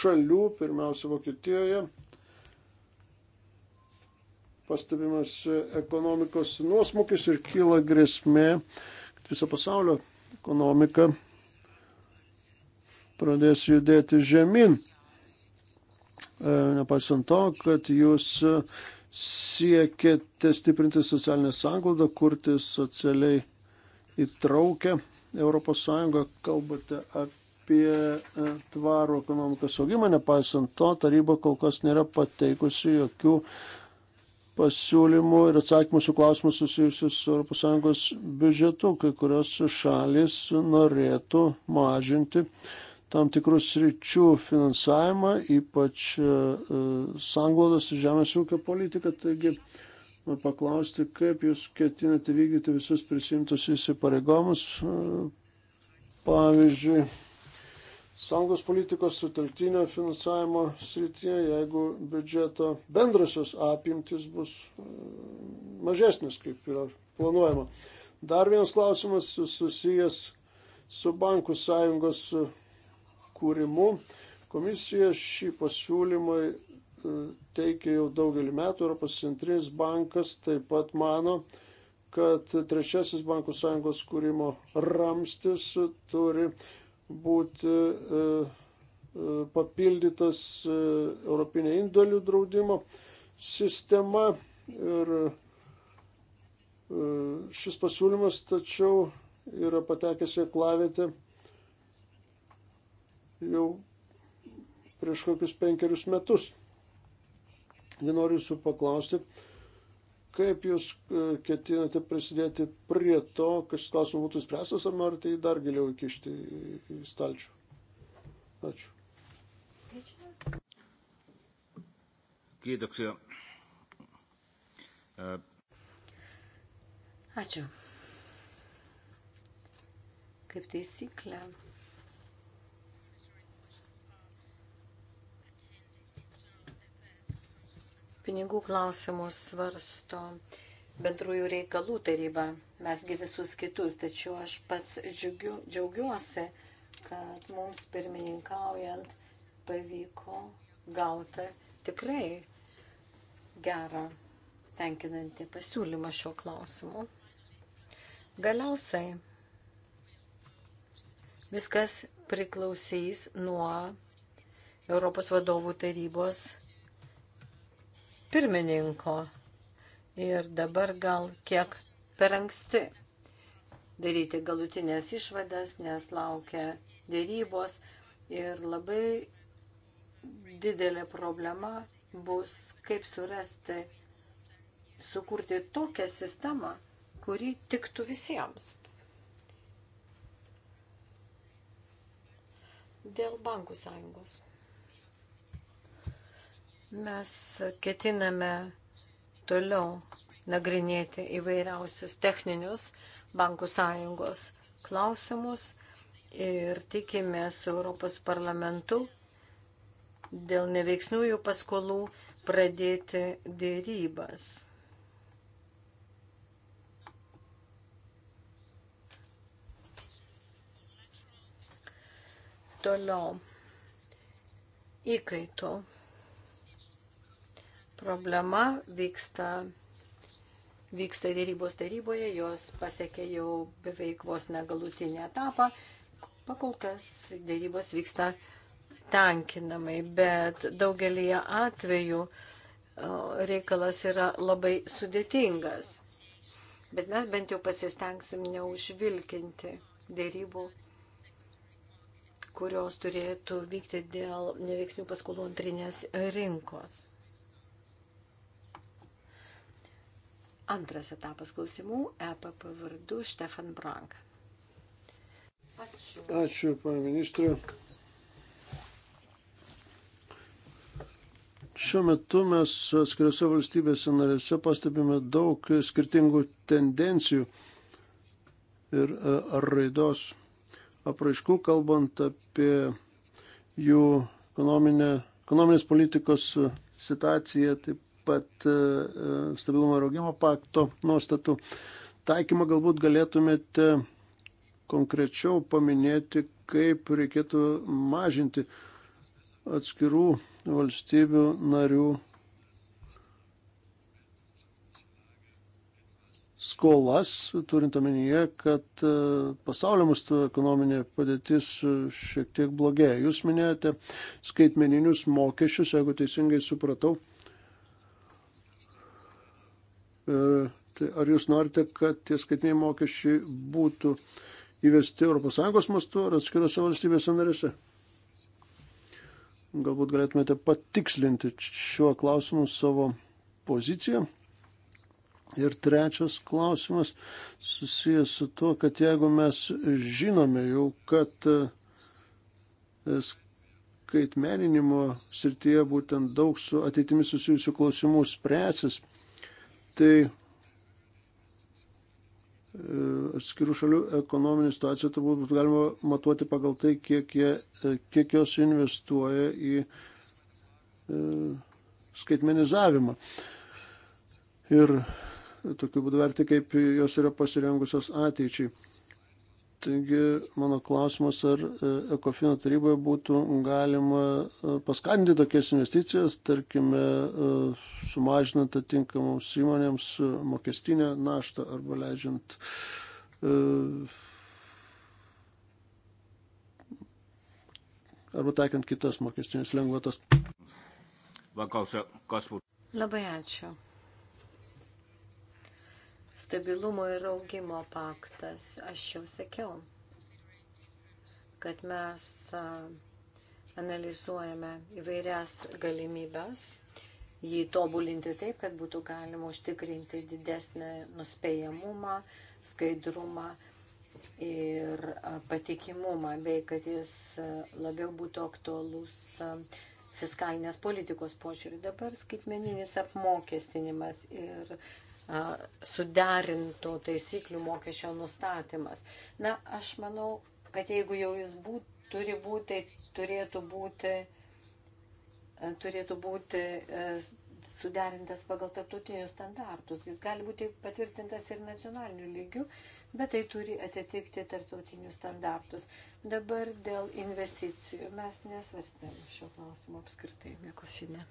šalių, pirmiausia Vokietijoje, pastebimas eh, ekonomikos nuosmukis ir kyla grėsmė, kad viso pasaulio ekonomika pradės judėti žemyn. E, nepaisant to, kad jūs e, siekėte stiprinti socialinę sąnglaudą, kurti socialiai įtraukę ES, kalbate apie e, tvarų ekonomikos augimą, nepaisant to, taryba kol kas nėra pateikusi jokių pasiūlymų ir atsakymų su klausimu susijusius su ES biudžetu, kai kurios šalis norėtų mažinti tam tikrus ryčių finansavimą, ypač e, e, sanglaudos ir žemės ūkio politiką. Taigi, paklausti, kaip jūs ketinate vykdyti visus prisimtus įsipareigomus, e, pavyzdžiui, sąjungos politikos sutelktinio finansavimo srityje, jeigu biudžeto bendrasios apimtis bus mažesnis, kaip yra planuojama. Dar vienas klausimas susijęs su bankų sąjungos kūrimu. Komisija šį pasiūlymą e, teikia jau daugelį metų, Europos centrinis bankas taip pat mano, kad trečiasis bankų sąjungos kūrimo ramstis turi būti e, e, papildytas Europinė indėlių draudimo sistema ir šis pasiūlymas tačiau yra patekęs į klavietę jau prieš kokius penkerius metus. Nenoriu jūsų paklausti, kaip jūs e, ketinate prisidėti prie to, kad šis klausimas būtų spręstas, ar norite jį dar giliau įkišti į stalčių. Ačiū. Kiitoksia. Ačiū. Kaip taisyklė, pinigų klausimus svarsto bendrųjų reikalų taryba, mesgi visus kitus, tačiau aš pats džiugiu, džiaugiuosi, kad mums pirmininkaujant pavyko gauti tikrai gerą, tenkinantį pasiūlymą šio klausimu. Galiausiai viskas priklausys nuo Europos vadovų tarybos pirmininko. Ir dabar gal kiek per anksti daryti galutinės išvadas, nes laukia dėrybos ir labai didelė problema bus, kaip surasti, sukurti tokią sistemą, kuri tiktų visiems. Dėl bankų sąjungos. Mes ketiname toliau nagrinėti įvairiausius techninius bankų sąjungos klausimus ir tikime su Europos parlamentu dėl neveiksniųjų paskolų pradėti dėrybas. Toliau įkaitų problema, vyksta, vyksta dėrybos dėryboje, jos pasiekė jau beveik vos negalutinį etapą, pakol kas dėrybos vyksta tenkinamai, bet daugelį atvejų reikalas yra labai sudėtingas. Bet mes bent jau pasistengsim neužvilkinti dėrybų, kurios turėtų vykti dėl neveiksnių paskolų antrinės rinkos. Antras etapas klausimų EPP vardu Štefan Brank. Ačiū. Ačiū, pana ministrė. Šiuo metu mes atskiriuose valstybėse narėse pastebime daug skirtingų tendencijų ir e, raidos apraiškų, kalbant apie jų ekonominės politikos situaciją, taip pat e, e, stabilumo ir augimo pakto nuostatų taikymą galbūt galėtumėte konkrečiau paminėti, kaip reikėtų mažinti atskirų valstybių narių skolas, turint omenyje, kad e, pasaulio mastu ekonominė padėtis šiek tiek blogėja. Jūs minėjote skaitmeninius mokesčius, jeigu teisingai supratau. E, tai ar jūs norite, kad tie skaitiniai mokesčiai būtų įvesti ES mastu ar atskirose valstybėse narėse? Galbūt galėtumėte patikslinti šiuo klausimu savo poziciją. Ir trečias klausimas susijęs su tuo, kad jeigu mes žinome jau, kad e, skaitmeninimo srityje būtent daug su ateitimi susijusių klausimų spręsis, tai e, atskirų šalių ekonominį situaciją turbūt būtų galima matuoti pagal tai, kiek, jie, e, kiek jos investuoja į e, skaitmenizavimą. Ir tokiu būdu verti, kaip jos yra pasirengusios ateičiai. Taigi mano klausimas, ar e, Ekofino taryboje būtų galima e, paskandinti tokias investicijas, tarkime, e, sumažinant atitinkamoms įmonėms mokestinę naštą arba leidžiant arba taikant kitas mokestinės lengvatas. Labai ačiū stabilumo ir augimo paktas. Aš jau sakiau, kad mes analizuojame įvairias galimybės jį tobulinti taip, kad būtų galima užtikrinti didesnį nuspėjamumą, skaidrumą ir patikimumą, bei kad jis labiau būtų aktualus fiskalinės politikos požiūrį. Dabar skaitmeninis apmokestinimas ir suderintų taisyklių mokesčio nustatymas. Na, aš manau, kad jeigu jau jis būt, turi būti, turėtų būti, turėtų būti suderintas pagal tarptautinius standartus. Jis gali būti patvirtintas ir nacionaliniu lygiu, bet tai turi atitikti tarptautinius standartus. Dabar dėl investicijų mes nesvarstėm šio klausimo apskritai, Mekofine.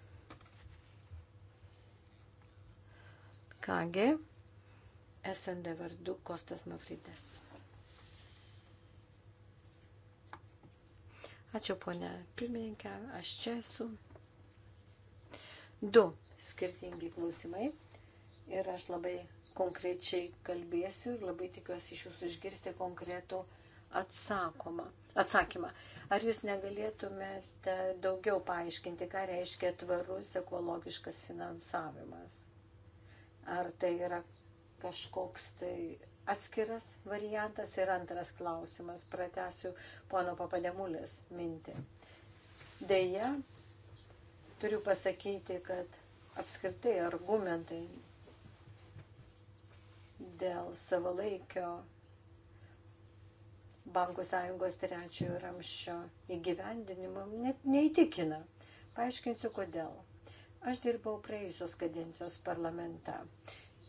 Kągi, SND vardu Kostas Mavridas. Ačiū, ponė pirmininkė, aš čia esu. Du skirtingi klausimai ir aš labai konkrečiai kalbėsiu ir labai tikiuosi iš jūsų išgirsti konkretų atsakomą, atsakymą. Ar jūs negalėtumėte daugiau paaiškinti, ką reiškia tvarus e ekologiškas finansavimas? Ar tai yra kažkoks tai atskiras variantas? Ir antras klausimas, pratesiu pono Papademulės mintį. Deja, turiu pasakyti, kad apskritai argumentai dėl savalaikio bankų sąjungos trečiojo ramščio įgyvendinimo net neįtikina. Paaiškinsiu, kodėl. Aš dirbau praėjusios kadencijos parlamente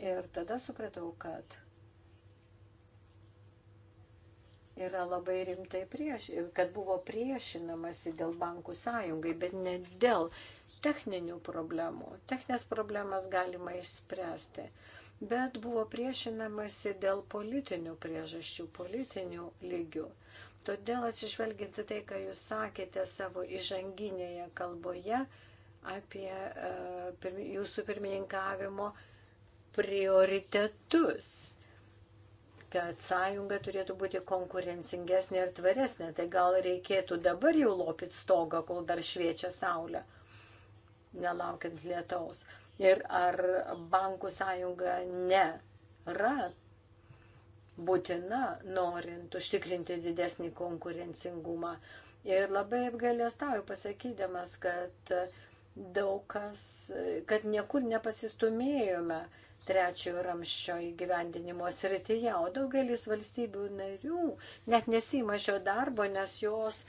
ir tada supratau, kad yra labai rimtai prieš, kad buvo priešinamasi dėl bankų sąjungai, bet ne dėl techninių problemų. Techninės problemas galima išspręsti, bet buvo priešinamasi dėl politinių priežasčių, politinių lygių. Todėl atsižvelginti tai, ką jūs sakėte savo įžanginėje kalboje, apie uh, pirmi, jūsų pirmininkavimo prioritetus, kad sąjunga turėtų būti konkurencingesnė ir tvaresnė. Tai gal reikėtų dabar jau lopyti stogą, kol dar šviečia saulė, nelaukiant lietaus. Ir ar bankų sąjunga nėra būtina, norint užtikrinti didesnį konkurencingumą. Ir labai apgailėstauju pasakydamas, kad uh, daug kas, kad niekur nepasistumėjome trečiojo ramščio įgyvendinimo srityje, o daugelis valstybių narių net nesima šio darbo, nes jos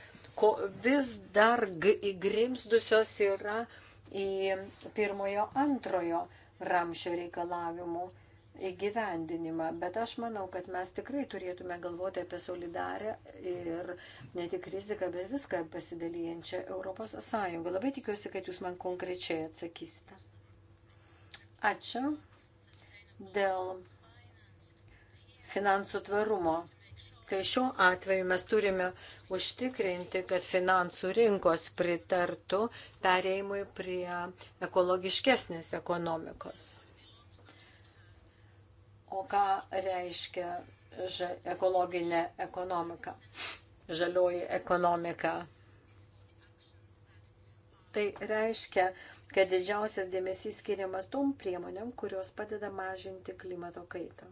ko, vis dar įgrimzdusios yra į pirmojo, antrojo ramščio reikalavimų įgyvendinimą. Bet aš manau, kad mes tikrai turėtume galvoti apie solidarę ir ne tik riziką, bet viską pasidalyjančią Europos Sąjungą. Labai tikiuosi, kad jūs man konkrečiai atsakysite. Ačiū dėl finansų tvarumo. Tai šiuo atveju mes turime užtikrinti, kad finansų rinkos pritartų pereimui prie ekologiškesnės ekonomikos o ką reiškia ekologinė ekonomika, žalioji ekonomika. Tai reiškia, kad didžiausias dėmesys skiriamas tom priemonėm, kurios padeda mažinti klimato kaitą.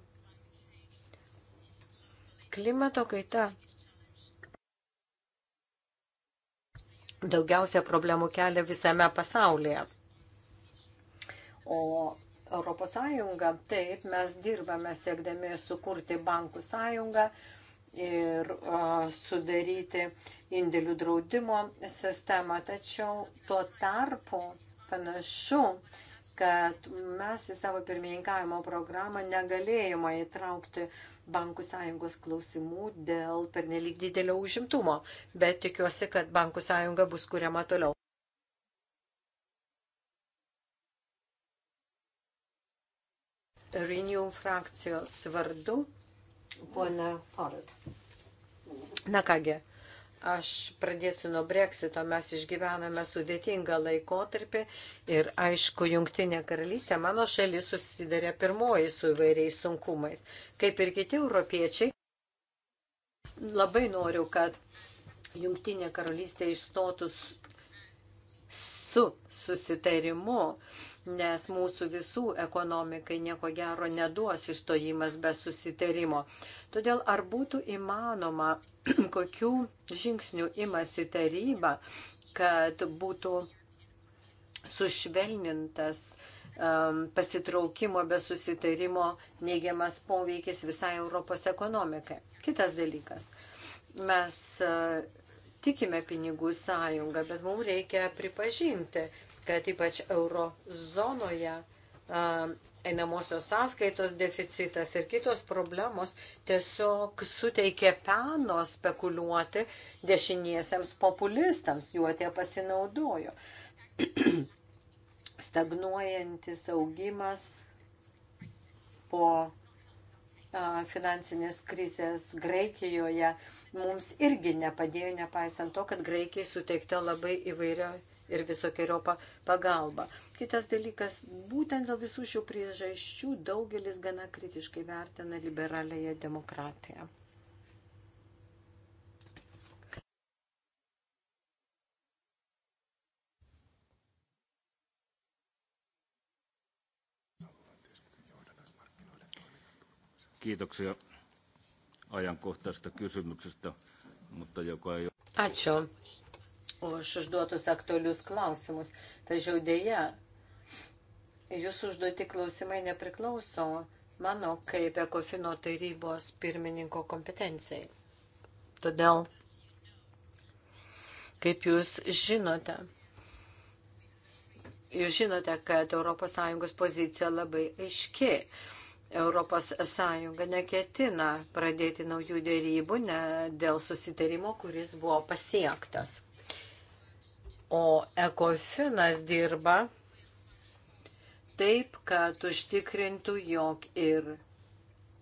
Klimato kaita daugiausia problemų kelia visame pasaulyje. O Europos Sąjungą. Taip, mes dirbame siekdami sukurti bankų sąjungą ir uh, sudaryti indėlių draudimo sistemą. Tačiau tuo tarpu panašu, kad mes į savo pirmininkavimo programą negalėjome įtraukti bankų sąjungos klausimų dėl pernelyg didelio užimtumo. Bet tikiuosi, kad bankų sąjunga bus kuriama toliau. Renew frakcijos vardu pona Forad. Na kągi, aš pradėsiu nuo breksito. Mes išgyvename sudėtingą laikotarpį ir aišku, jungtinė karalystė, mano šalis susidarė pirmoji su įvairiais sunkumais. Kaip ir kiti europiečiai, labai noriu, kad jungtinė karalystė išstotų su susitarimu nes mūsų visų ekonomikai nieko gero neduos išstojimas be susitarimo. Todėl ar būtų įmanoma, [clears throat] kokių žingsnių imasi taryba, kad būtų sušvelnintas um, pasitraukimo be susitarimo neigiamas poveikis visai Europos ekonomikai. Kitas dalykas. Mes uh, tikime pinigų sąjungą, bet mums reikia pripažinti, kad ypač eurozonoje einamosios sąskaitos deficitas ir kitos problemos tiesiog suteikė peno spekuliuoti dešiniesiems populistams, juo tie pasinaudojo. [clears throat] Stagnuojantis augimas po finansinės krizės Graikijoje mums irgi nepadėjo, nepaisant to, kad Graikijai suteikta labai įvairia ir visokiojopą pagalbą. Kitas dalykas, būtent dėl visų šių priežasčių daugelis gana kritiškai vertina liberaliąją demokratiją. Kiitoksia ajankohtaisesta kysymyksestä, mutta joka ei ole. Ačiū už užduotus aktualius klausimus. Tačiau dėja, jūsų užduoti klausimai nepriklauso mano kaip Ekofino tarybos pirmininko kompetencijai. Todėl, kaip jūs žinote, jūs žinote, kad ES pozicija labai aiški. ES neketina pradėti naujų dėrybų ne dėl susitarimo, kuris buvo pasiektas o ekofinas dirba taip, kad užtikrintų, jog ir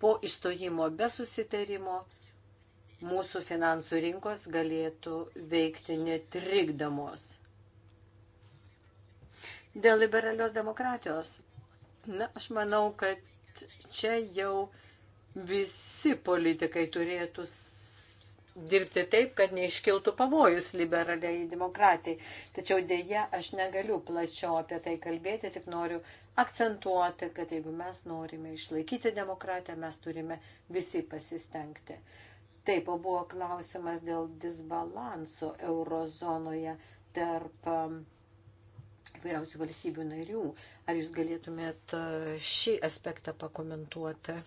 po įstojimo be susitarimo mūsų finansų rinkos galėtų veikti netrikdamos. Dėl liberalios demokratijos, na, aš manau, kad čia jau visi politikai turėtų dirbti taip, kad neiškiltų pavojus liberaliai demokratijai. Tačiau dėja, aš negaliu plačiau apie tai kalbėti, tik noriu akcentuoti, kad jeigu mes norime išlaikyti demokratiją, mes turime visi pasistengti. Taip, o buvo klausimas dėl disbalanso eurozonoje tarp įvairiausių um, valstybių narių. Ar jūs galėtumėt uh, šį aspektą pakomentuoti?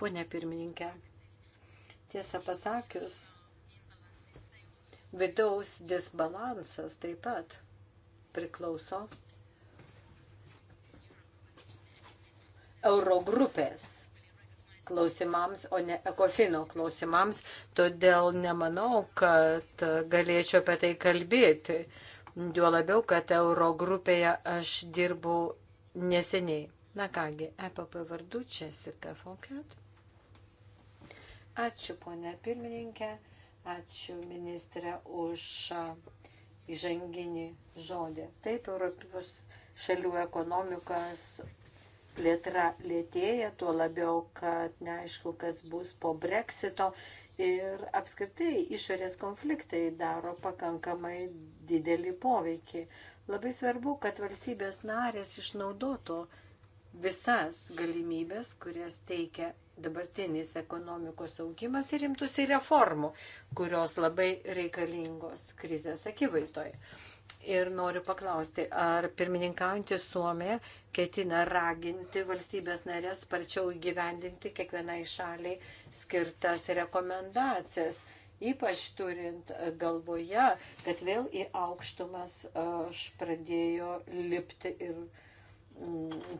Pone pirmininkė, tiesą pasakius, vidaus disbalansas taip pat priklauso eurogrupės klausimams, o ne ekofino klausimams, todėl nemanau, kad galėčiau apie tai kalbėti. Juo labiau, kad Eurogrupėje aš dirbau neseniai. Na kągi, EPP vardu Česika Fokat. Ačiū, ponė pirmininkė, ačiū ministrė už įžanginį žodį. Taip, Europos šalių ekonomikas plėtra lėtėja, tuo labiau, kad neaišku, kas bus po breksito ir apskritai išorės konfliktai daro pakankamai didelį poveikį. Labai svarbu, kad valstybės narės išnaudotų visas galimybės, kurias teikia dabartinis ekonomikos augimas ir imtųsi reformų, kurios labai reikalingos krizės akivaizdoje. Ir noriu paklausti, ar pirmininkaujantį Suomiją ketina raginti valstybės narės sparčiau įgyvendinti kiekvienai šaliai skirtas rekomendacijas, ypač turint galvoje, kad vėl į aukštumas aš pradėjo lipti ir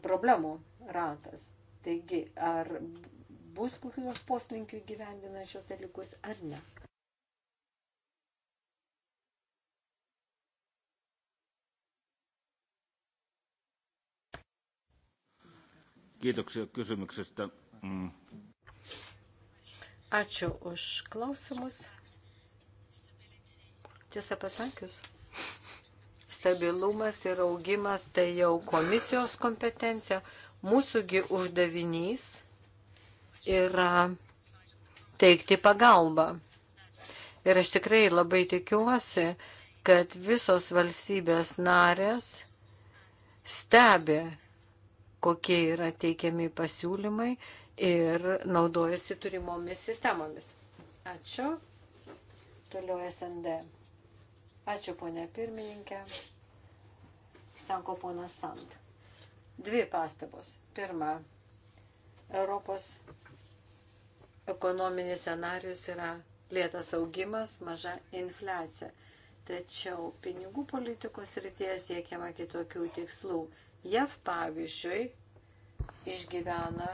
problemų ratas. Taigi, ar bus kokiu nors poslinkiu gyvendinant šios dalykus ar ne. Kiitoksia kysymyksestä. Mm. Ačiū už klausimus. Tiesą pasakius, stabilumas ir augimas tai jau komisijos kompetencija. Mūsųgi uždavinys yra teikti pagalbą. Ir aš tikrai labai tikiuosi, kad visos valstybės narės stebi, kokie yra teikiami pasiūlymai ir naudojasi turimomis sistemomis. Ačiū. Toliau SND. Ačiū, ponė pirmininkė. Sako ponas Sant. Dvi pastabos. Pirma, Europos ekonominis scenarius yra lėtas augimas, maža infliacija. Tačiau pinigų politikos rytėje siekiama kitokių tikslų. JAV pavyzdžiui išgyvena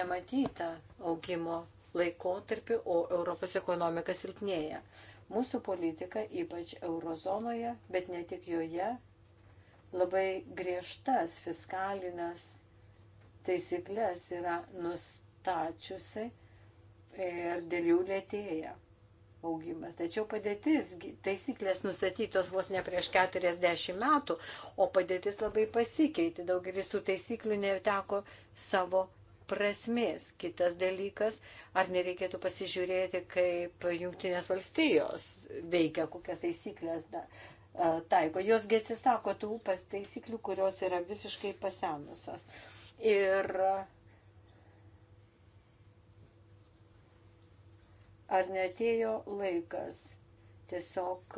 nematytą augimo laikotarpį, o Europos ekonomika silpnėja. Mūsų politika, ypač eurozonoje, bet ne tik joje, labai griežtas fiskalinės taisyklės yra nustačiusi ir dėl jų lėtėja augimas. Tačiau padėtis, taisyklės nustatytos vos ne prieš 40 metų, o padėtis labai pasikeitė. Daugelis tų taisyklių neteko savo prasmės. Kitas dalykas, ar nereikėtų pasižiūrėti, kaip Junktinės valstijos veikia, kokias taisyklės da, taiko. Josgi atsisako tų taisyklių, kurios yra visiškai pasenusios. Ir uh, Ar netėjo laikas tiesiog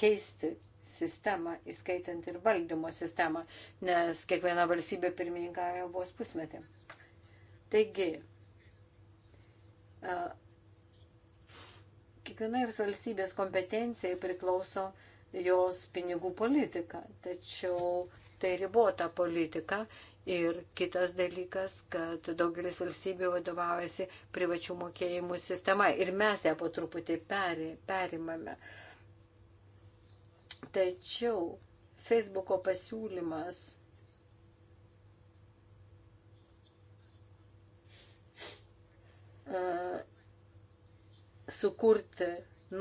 keisti sistemą, įskaitant ir valdymo sistemą, nes kiekviena valstybė pirmininkavo vos pusmetį. Taigi, kiekvienai valstybės kompetencijai priklauso jos pinigų politika, tačiau tai ribota politika Ir kitas dalykas, kad daugelis valstybių vadovaujasi privačių mokėjimų sistema ir mes ją po truputį peri, perimame. Tačiau Facebook'o pasiūlymas uh, sukurti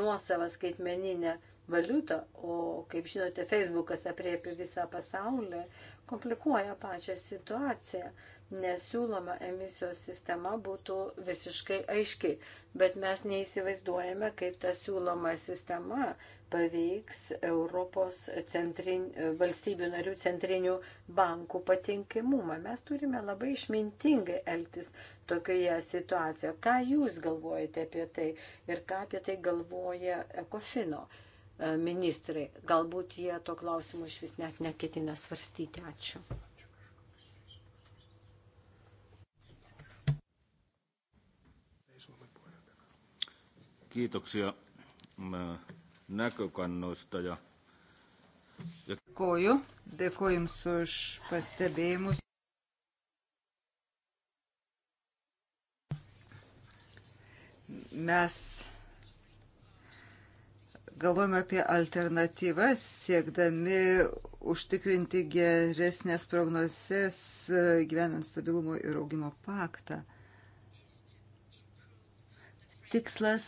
nuosavą skaitmeninę valiutą, o kaip žinote, Facebookas apriepia visą pasaulį, komplikuoja pačią situaciją, nes siūloma emisijos sistema būtų visiškai aiški, bet mes neįsivaizduojame, kaip ta siūloma sistema paveiks Europos centrin, valstybių narių centrinių bankų patinkimumą. Mes turime labai išmintingai elgtis tokioje situacijoje. Ką Jūs galvojate apie tai ir ką apie tai galvoja Ekofino? E, ministrai. Galbūt jie to klausimu iš vis net neketina svarstyti. Ačiū. Kiitoksia mm, näkökannoista ja Dėkoju, dėkoju Jums už pastebėjimus. Mes galvojame apie alternatyvas, siekdami užtikrinti geresnės prognozes e, gyvenant stabilumo ir augimo paktą. Tikslas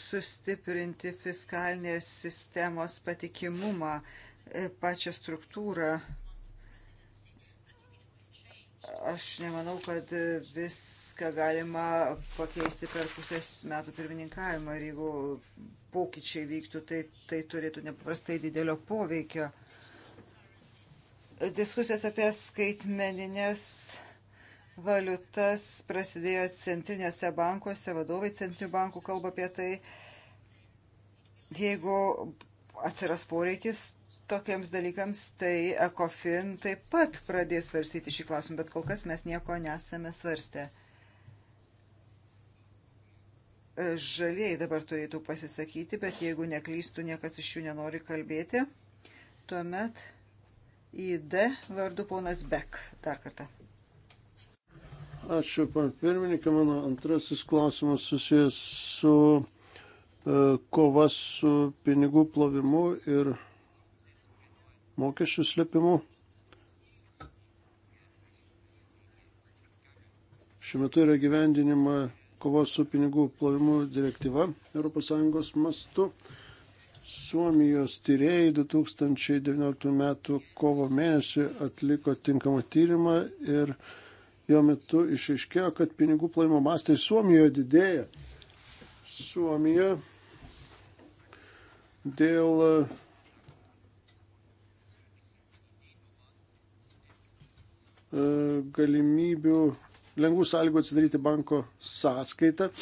sustiprinti fiskalinės sistemos patikimumą, e, pačią struktūrą Aš nemanau, kad e, viską galima pakeisti per pusės metų pirmininkavimą ir jeigu pokyčiai vyktų, tai, tai turėtų nepaprastai didelio poveikio. Diskusijos apie skaitmeninės valiutas prasidėjo centrinėse bankuose, vadovai centrinių bankų kalba apie tai. Jeigu atsiras poreikis, tokiems dalykams, tai ECOFIN taip pat pradės svarstyti šį klausimą, bet kol kas mes nieko nesame svarstę. Žalieji dabar turėtų pasisakyti, bet jeigu neklystų, niekas iš jų nenori kalbėti. Tuomet ID vardu ponas Bek. Dar kartą. Ačiū, pan pirmininkė. Mano antrasis klausimas susijęs su e, kova su pinigų plovimu ir mokesčių slėpimu. Šiuo metu yra gyvendinima kovos su pinigų plovimu direktyva ES mastu. Suomijos tyrėjai 2019 m. kovo mėnesį atliko tinkamą tyrimą ir jo metu išaiškėjo, kad pinigų plovimo mastai Suomijoje didėja. Suomija dėl E, galimybių, lengvų sąlygų atsidaryti banko sąskaitą e,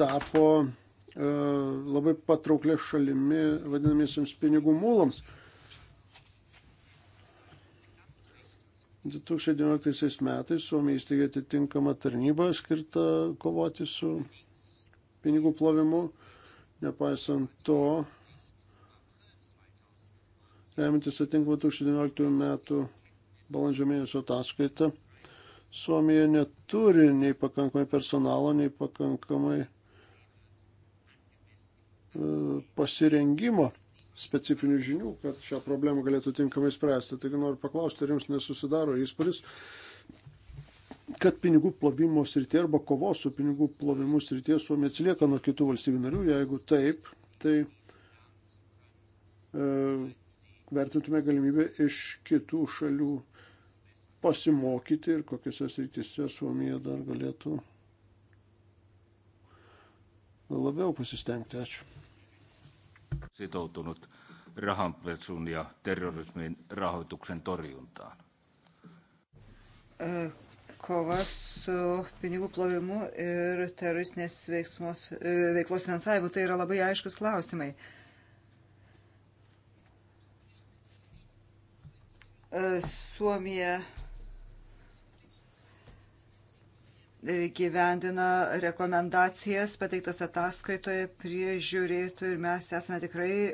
tapo e, labai patrauklė šalimi vadinamiesiams pinigų mūlams. 2019 metais Suomija įsteigė atitinkamą tarnybą skirtą kovoti su pinigų plovimu. Nepaisant to, remintis atitinkamą 2019 metų balandžio mėnesio ataskaitą, Suomija neturi nei pakankamai personalo, nei pakankamai e, pasirengimo specifinių žinių, kad šią problemą galėtų tinkamai spręsti. Taigi noriu paklausti, ar jums nesusidaro įspūdis, kad pinigų plovimo srityje arba kovos su pinigų plovimu srityje Suomija atsilieka nuo kitų valstybių narių, jeigu taip, tai e, vertintume galimybę iš kitų šalių pasimokyti ir kokiuose srityse Suomija dar galėtų labiau pasistengti. Ačiū. Sitoutunut rahanpesun ja terrorismin rahoituksen torjuntaan. Kova su pinigų plovimu ir teroristinės veiklos finansavimu tai yra labai aiškus klausimai. Uh, Э, Suomija э, gyvendina rekomendacijas pateiktas ataskaitoje priežiūrėtų ir mes esame tikrai e,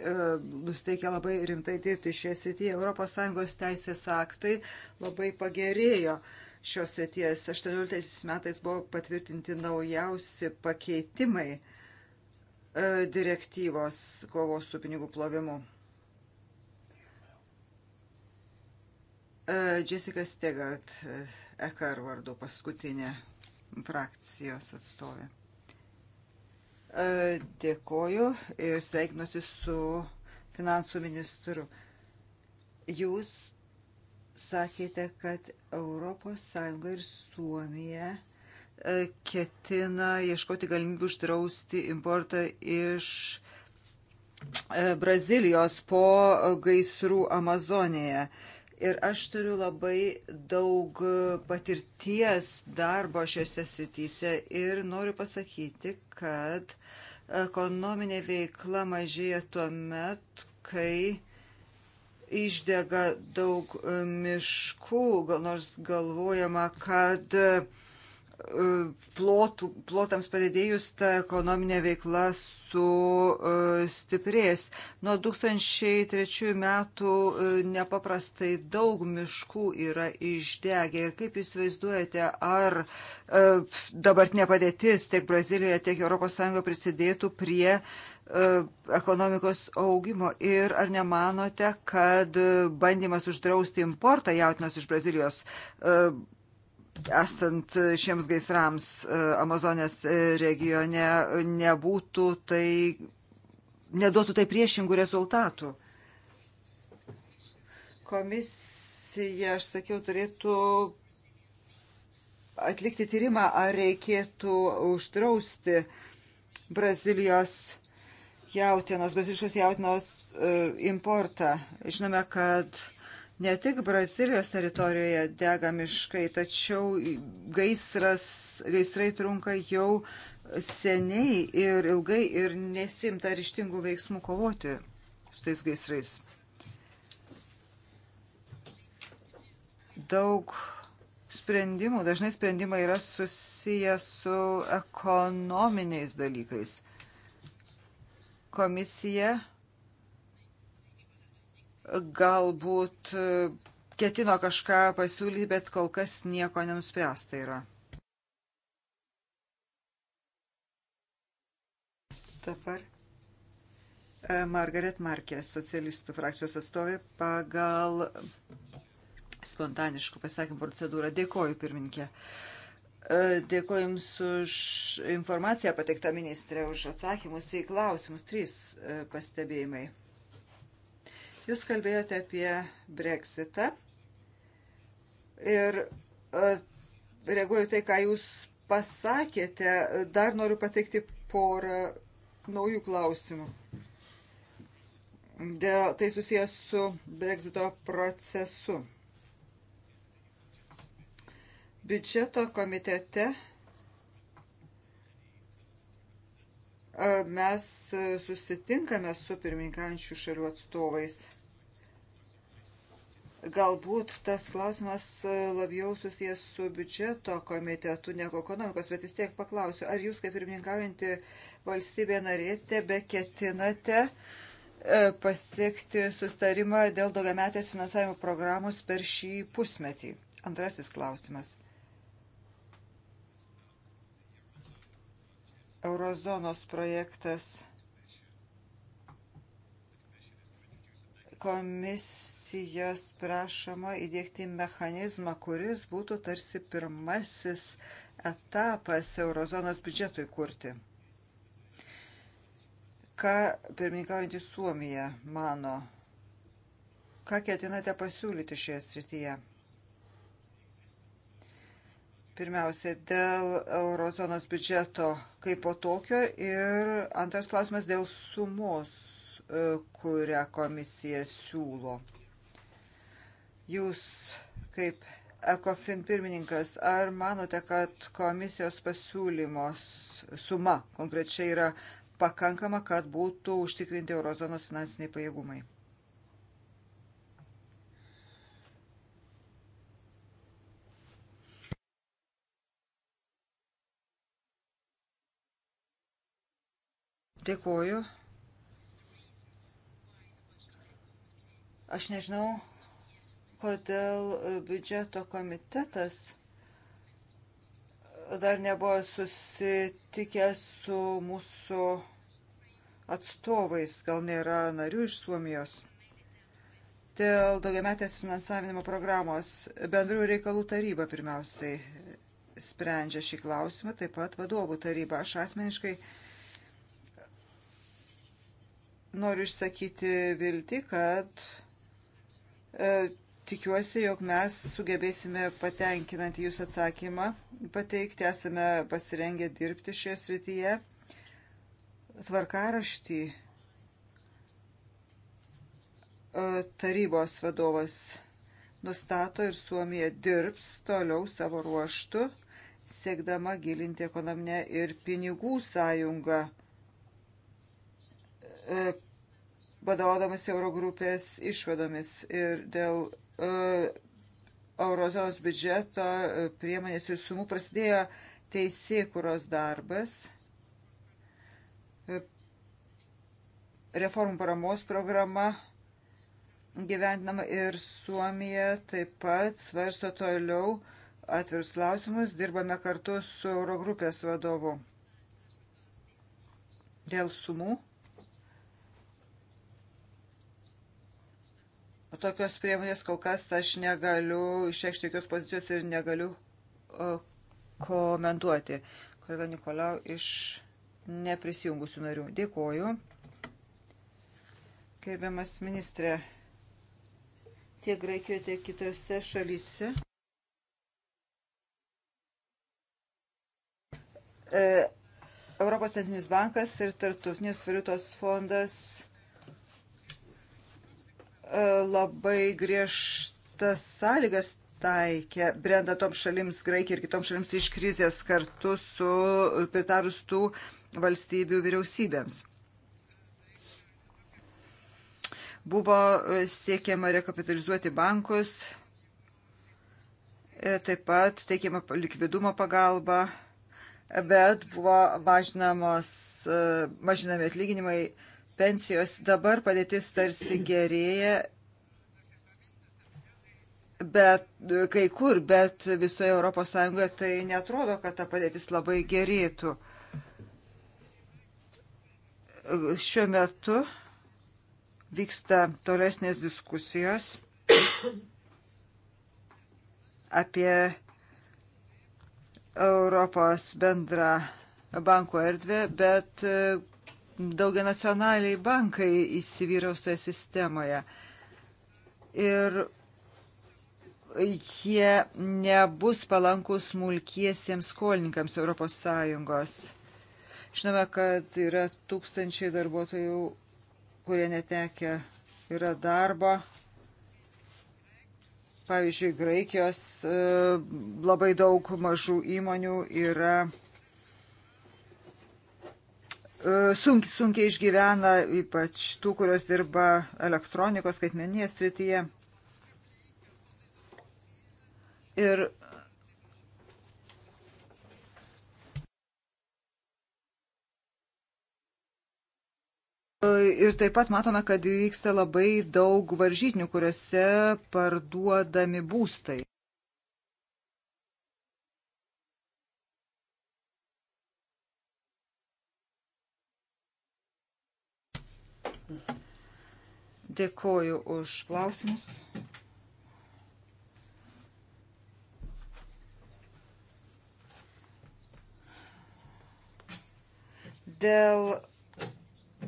nusteikę labai rimtai dirbti šioje srityje. ES teisės aktai labai pagerėjo šios srities. 18 metais buvo patvirtinti naujausi pakeitimai e, direktyvos kovos su pinigų plovimu. E, Jessica Stegart, e, EKR vardu paskutinė frakcijos atstovė. E, dėkoju ir sveikinuosi su finansų ministru. Jūs sakėte, kad ES ir Suomija ketina ieškoti galimybių uždrausti importą iš Brazilijos po gaisrų Amazonėje. Ir aš turiu labai daug patirties darbo šiuose srityse ir noriu pasakyti, kad ekonominė veikla mažėja tuo met, kai išdega daug miškų, gal nors galvojama, kad uh, plotų, plotams padidėjus ta ekonominė veikla sustiprės. E, Nuo 2003 metų e, nepaprastai daug miškų yra išdegę. Ir kaip jūs vaizduojate, ar e, dabartinė padėtis tiek Brazilijoje, tiek ES prisidėtų prie ekonomikos augimo ir ar nemanote, kad bandymas uždrausti importą jautinos iš Brazilijos esant šiems gaisrams e, Amazonės e, regione nebūtų tai, neduotų tai priešingų rezultatų. Komisija, aš sakiau, turėtų atlikti tyrimą, ar reikėtų uždrausti Brazilijos jautienos, braziliškos jautienos e, importą. Žinome, kad Ne tik Brazilijos teritorijoje dega miškai, tačiau gaisras, gaisrai trunka jau seniai ir ilgai ir nesimta ryštingų veiksmų kovoti su tais gaisrais. Daug sprendimų, dažnai sprendimai yra susiję su ekonominiais dalykais. Komisija galbūt e, ketino kažką pasiūlyti, bet kol kas nieko nenuspręsta yra. Dabar e, Margaret Markė, socialistų frakcijos atstovė, pagal spontaniškų pasakymų procedūrą. Dėkoju, pirminkė. E, dėkoju Jums už informaciją pateiktą ministrė, už atsakymus į klausimus. Trys pastebėjimai. Jūs kalbėjote apie Brexitą ir e, reaguoju tai, ką jūs pasakėte, dar noriu pateikti porą naujų klausimų. Dėl, tai susijęs su Brexito procesu. Biudžeto komitete e, mes susitinkame su pirmininkančių šalių atstovais. Galbūt tas klausimas e, labiau susijęs su biudžeto komitetu, negu ekonomikos, bet vis tiek paklausiu, ar jūs kaip pirmininkaujanti valstybė narė tebe ketinate e, pasiekti sustarimą dėl daugiametės finansavimo programos per šį pusmetį? Antrasis klausimas. Eurozonos projektas komisijos prašoma įdėkti mechanizmą, kuris būtų tarsi pirmasis etapas eurozonos biudžetui kurti. Ką pirmininkaujantį Suomiją mano? Ką ketinate pasiūlyti šioje srityje? Pirmiausia, dėl eurozonos biudžeto kaip po tokio ir antras klausimas dėl sumos E, kurią komisija siūlo. Jūs kaip ECOFIN pirmininkas, ar manote, kad komisijos pasiūlymos suma konkrečiai yra pakankama, kad būtų užtikrinti eurozonos finansiniai pajėgumai? Dėkuoju. Aš nežinau, kodėl biudžeto komitetas dar nebuvo susitikęs su mūsų atstovais, gal nėra narių iš Suomijos, dėl daugiametės finansavimo programos bendrųjų reikalų taryba pirmiausiai sprendžia šį klausimą, taip pat vadovų taryba. Aš asmeniškai noriu išsakyti viltį, kad E, tikiuosi, jog mes sugebėsime patenkinant jūs atsakymą pateikti, esame pasirengę dirbti šioje srityje. Tvarkaraštį e, tarybos vadovas nustato ir Suomija dirbs toliau savo ruoštų, siekdama gilinti ekonominę ir pinigų sąjungą e, vadovaudamas Eurogrupės išvadomis ir dėl uh, eurozonos biudžeto e, priemonės ir sumų prasidėjo teisėkuros darbas, e, reformų paramos programa gyventinama ir Suomija taip pat svarsto toliau atvirus klausimus, dirbame kartu su Eurogrupės vadovu. Dėl sumų tokios priemonės kol kas aš negaliu išreikšti jokios pozicijos ir negaliu komentuoti. Kolega Nikolau iš neprisijungusių narių. Dėkoju. Gerbiamas ministrė, tiek Graikijoje, tiek kitose šalyse. E, Europos Centrinis bankas ir Tartutinis valiutos fondas labai griežtas sąlygas taikė, brenda toms šalims, Graikija ir kitoms šalims iš krizės kartu su pritarus tų valstybių vyriausybėms. Buvo siekiama rekapitalizuoti bankus, e, taip pat teikiama likvidumo pagalba, bet buvo mažinamos, e, mažinami atlyginimai pensijos. Dabar padėtis tarsi gerėja, bet kai kur, bet visoje ES tai netrodo, kad ta padėtis labai gerėtų. Šiuo metu vyksta tolesnės diskusijos apie Europos bendrą banko erdvę, bet daugia nacionaliai bankai įsivyraus toje sistemoje. Ir jie nebus palankus smulkiesiems skolininkams ES. Žinome, kad yra tūkstančiai darbuotojų, kurie netekia yra darbo. Pavyzdžiui, Graikijos e, labai daug mažų įmonių yra sunkiai, sunkiai išgyvena, ypač tų, kurios dirba elektronikos skaitmeninėje srityje. Ir Ir taip pat matome, kad vyksta labai daug varžytinių, kuriuose parduodami būstai. Dėkoju už klausimus. Dėl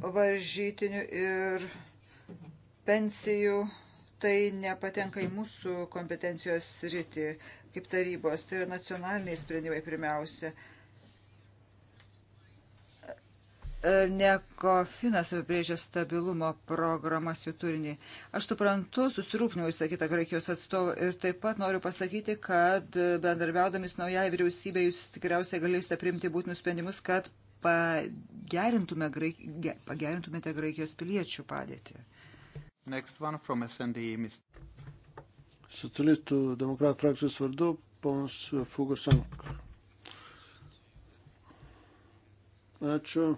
varžytinių ir pensijų tai nepatenka į mūsų kompetencijos sritį kaip tarybos, tai yra nacionaliniai sprendimai pirmiausia. E, Nekofinas apibrėžia stabilumo programas jų turinį. Aš suprantu, susirūpinau įsakytą Graikijos atstovą ir taip pat noriu pasakyti, kad bendarbiaudamis naujai vyriausybė jūs tikriausiai galėsite priimti būtinus sprendimus, kad pagerintume graik... pagerintumėte Graikijos piliečių padėtį. Next one from SND, Mr. Socialistų demokratų frakcijos vardu, ponas Fugosank. Ačiū.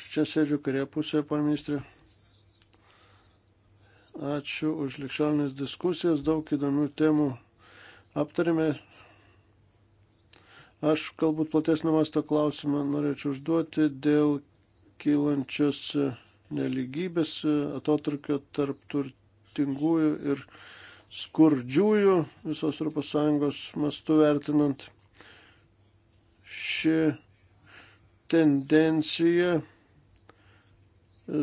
Aš čia sėdžiu kairėje pusėje, pan ministrė. Ačiū už likščionės diskusijas, daug įdomių temų aptarėme. Aš galbūt platesnio masto klausimą norėčiau užduoti dėl kylančios neligybės atotrukio tarp turtingųjų ir skurdžiųjų visos ES mastu vertinant. Ši tendencija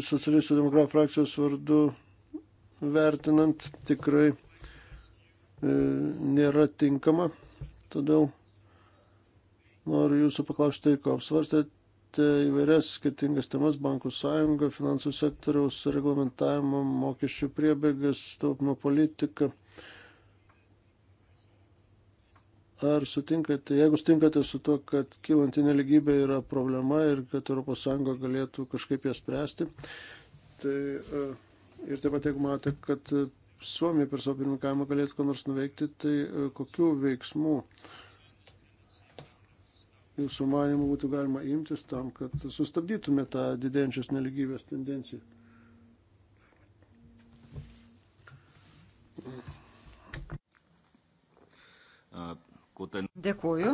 socialistų demokratų frakcijos vardu vertinant tikrai e, nėra tinkama. Todėl noriu jūsų paklausti, ko apsvarstėte įvairias skirtingas temas - bankų sąjunga, finansų sektoriaus reglamentavimo, mokesčių priebėgas, taupimo politika. Ar sutinkate, jeigu sutinkate su to, kad kilanti neligybė yra problema ir kad ES galėtų kažkaip ją spręsti, tai e, ir taip pat jeigu matote, kad Suomija per savo pirmininkavimą galėtų ko nors nuveikti, tai e, kokių veiksmų jūsų manimų būtų galima imtis tam, kad sustabdytume tą didėjančios neligybės tendenciją? Uh, Dėkuoju.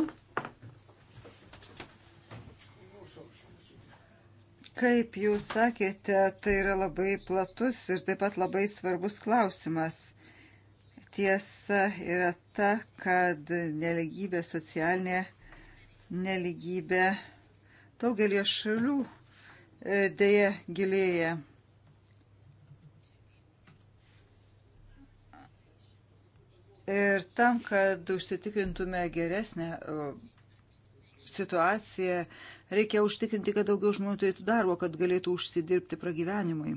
Kaip jūs sakėte, tai yra labai platus ir taip pat labai svarbus klausimas. Tiesa yra ta, kad neligybė, socialinė neligybė daugelio šalių e, dėja gilėja. Ir tam, kad užsitikrintume geresnę situaciją, reikia užtikrinti, kad daugiau žmonių turėtų darbo, kad galėtų užsidirbti pragyvenimui.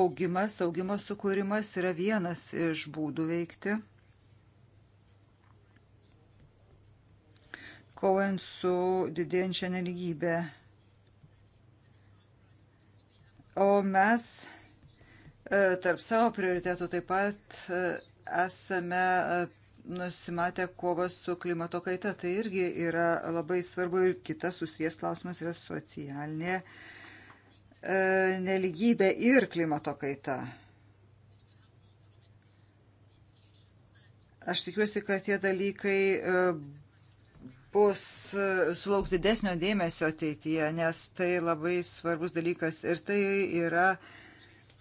Augimas, augimo sukūrimas yra vienas iš būdų veikti. Kovojant su didėjančia nelygybė. O mes Eh, tarp savo prioritetų taip pat eh, esame eh, nusimatę kovą su klimato kaita. Tai irgi yra labai svarbu ir kitas susijęs klausimas yra socialinė neligybė ir klimato kaita. Aš tikiuosi, kad tie dalykai bus sulauks didesnio dėmesio ateityje, nes tai labai svarbus dalykas ir tai yra uh,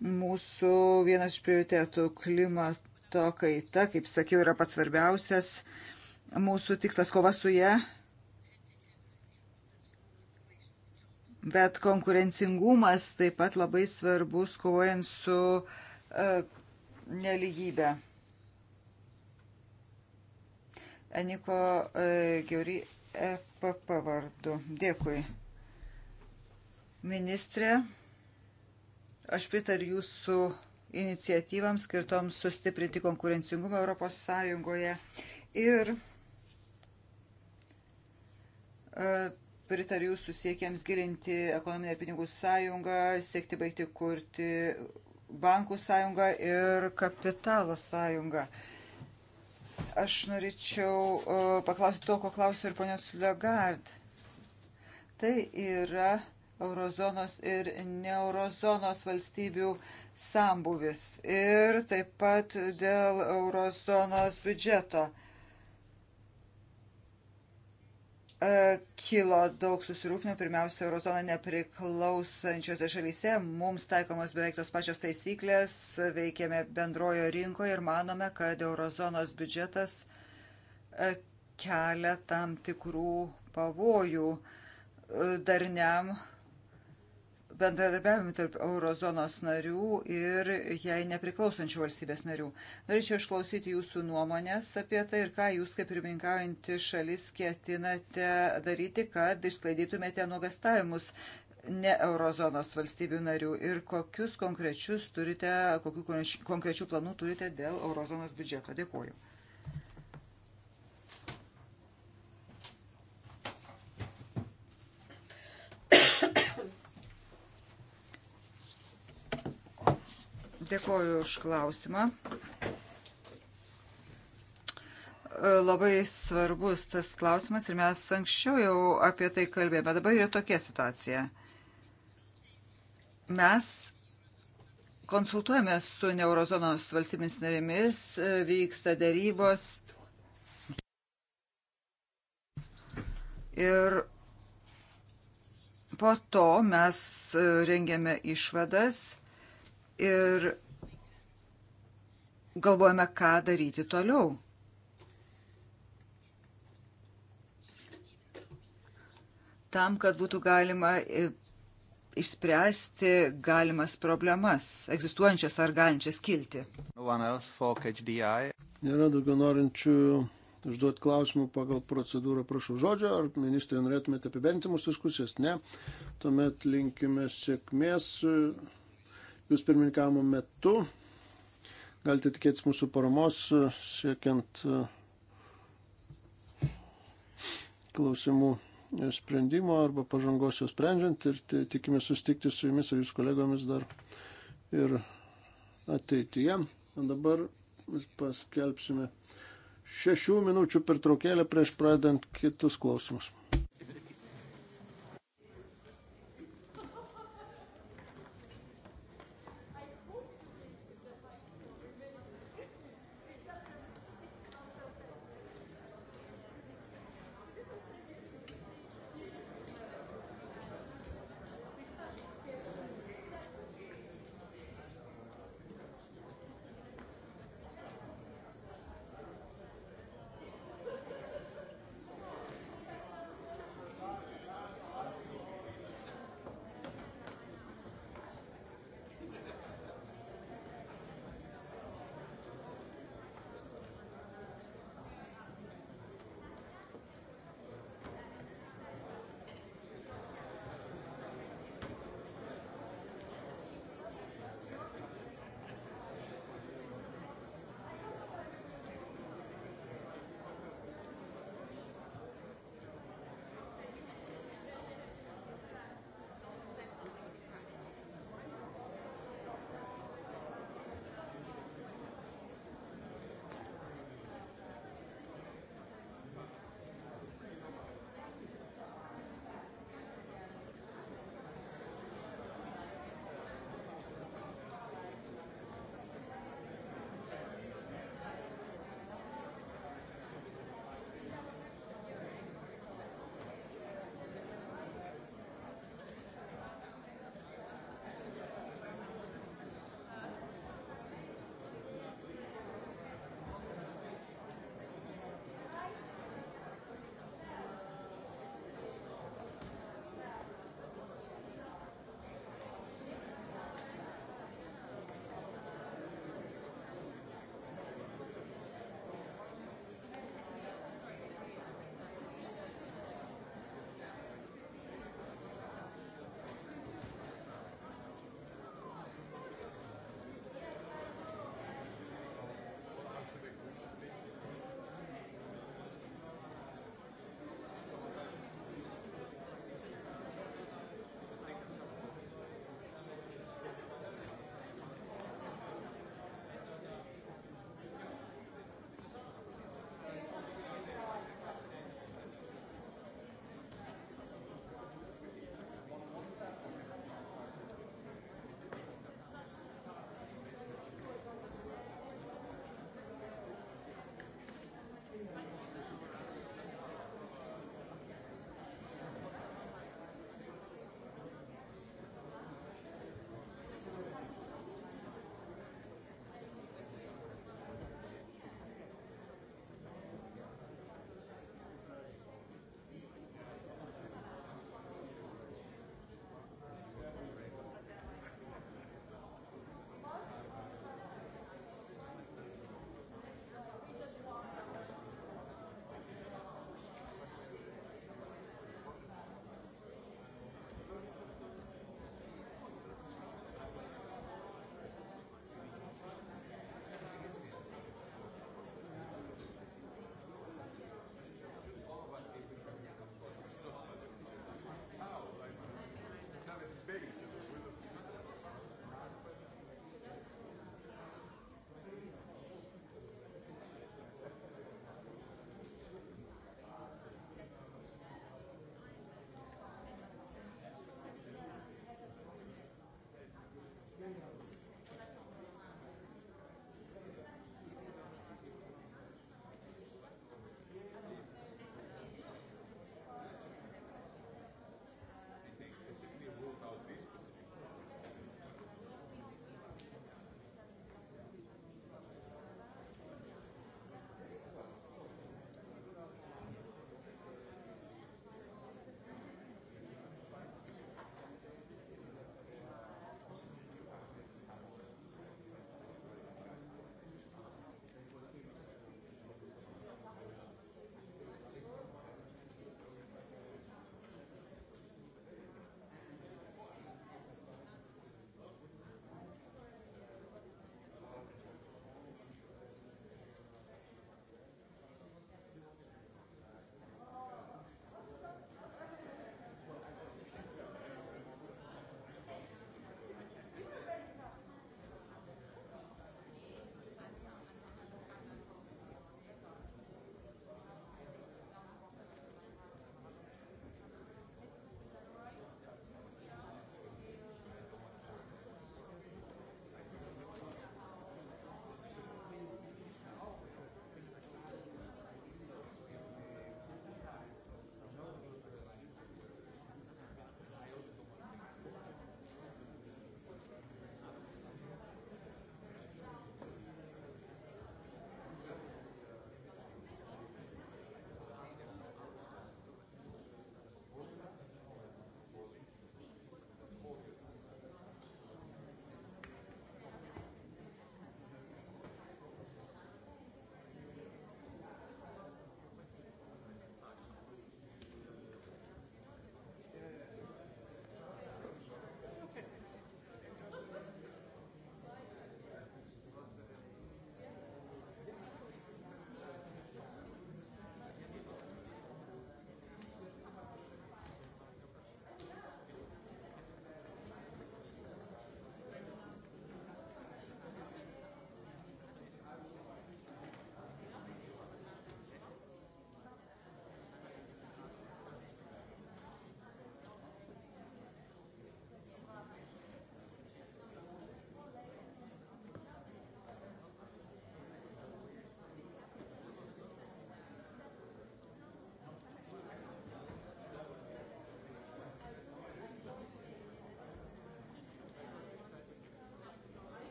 Mūsų vienas iš prioritėtų klimato kaita, kaip sakiau, yra pats svarbiausias mūsų tikslas kova su ją. Bet konkurencingumas taip pat labai svarbus kovojant su uh, e, neligybė. Eniko uh, e, Giori FPP e vardu. Dėkui. Ministrė. Aš pritariu jūsų iniciatyvams skirtoms sustiprinti konkurencingumą Europos Sąjungoje ir e, pritariu jūsų siekiams gilinti ekonominę ir pinigų sąjungą, siekti baigti kurti bankų sąjungą ir kapitalo sąjungą. Aš norėčiau e, paklausyti to, ko klausiu ir ponios Legard. Tai yra eurozonos ir neurozonos valstybių sambuvis ir taip pat dėl eurozonos biudžeto. E, kilo daug susirūpinimo, pirmiausia, eurozona nepriklausančiose šalyse, mums taikomos beveik tos pačios taisyklės, veikiame bendrojo rinkoje ir manome, kad eurozonos biudžetas e, kelia tam tikrų pavojų e, darniam bendradarbiavimui tarp eurozonos narių ir jai nepriklausančių valstybės narių. Norėčiau išklausyti jūsų nuomonės apie tai ir ką jūs kaip pirmininkaujantį šalis ketinate daryti, kad išsklaidytumėte nuogastavimus ne eurozonos valstybių narių ir kokius konkrečius turite, kokių konkrečių planų turite dėl eurozonos biudžeto. Dėkuoju. Dėkoju už klausimą. E, labai svarbus tas klausimas ir mes anksčiau jau apie tai kalbėjome. Dabar yra tokia situacija. Mes konsultuojame su neurozonos valstybėmis narėmis, e, vyksta darybos. Ir po to mes e, rengiame išvadas ir galvojame, ką daryti toliau. Tam, kad būtų galima išspręsti galimas problemas, egzistuojančias ar galinčias kilti. Nėra daugiau norinčių užduoti klausimų pagal procedūrą, prašau žodžio, ar ministrė norėtumėte apibendinti mūsų diskusijas? Ne. Tuomet linkime sėkmės. Jūs pirmininkavimo metu galite tikėtis mūsų paramos e, siekiant e, klausimų e, sprendimo arba pažangos jau sprendžiant ir tikime sustikti su jumis ir jūsų kolegomis dar ir ateityje. O dabar paskelbsime šešių minučių pertraukėlę prieš pradant kitus klausimus.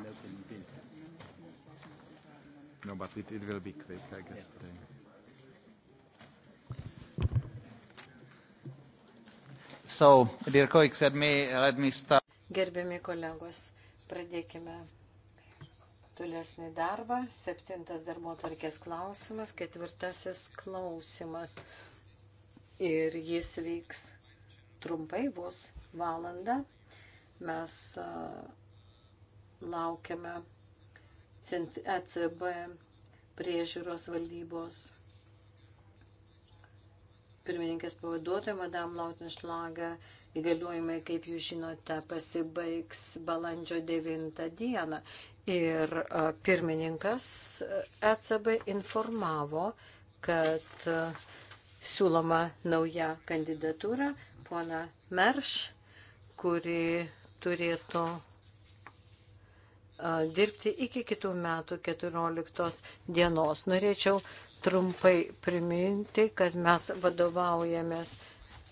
will open in winter. No, but it, it will be quick, I guess. Yeah. Today. So, dear colleagues, let me, let me start. Gerbiami kolegos, pradėkime tolesnį darbą. Septintas darbo tvarkės klausimas, ketvirtasis klausimas. Ir jis vyks trumpai, bus valanda. Mes uh, laukiame ECB e priežiūros valdybos pirmininkės pavaduotoja Madame Lautenšlaga įgaliojimai, kaip jūs žinote, pasibaigs balandžio 9 dieną. Ir e, pirmininkas ECB e informavo, kad siūloma nauja kandidatūra, pona Merš, kuri turėtų dirbti iki kitų metų 14 dienos. Norėčiau trumpai priminti, kad mes vadovaujamės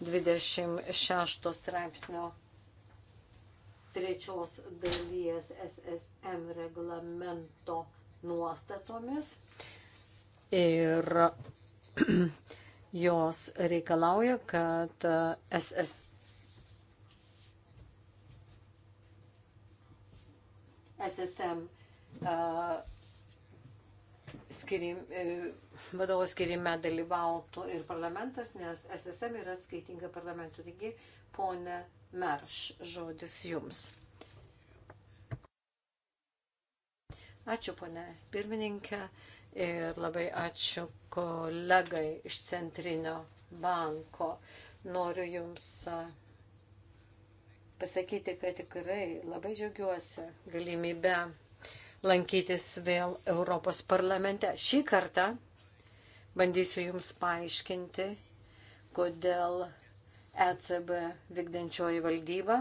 26 straipsnio trečios dalies SSM reglamento nuostatomis ir [clears throat] jos reikalauja, kad SS SSM skirim, vadovo skirime dalyvautų ir parlamentas, nes SSM yra atskaitinga parlamentų. Taigi, ponė Merš, žodis jums. Ačiū, ponė pirmininkė, ir labai ačiū kolegai iš Centrinio banko. Noriu jums pasakyti, kad tikrai labai džiaugiuosi galimybę lankytis vėl Europos parlamente. Šį kartą bandysiu Jums paaiškinti, kodėl ECB vykdančioji valdyba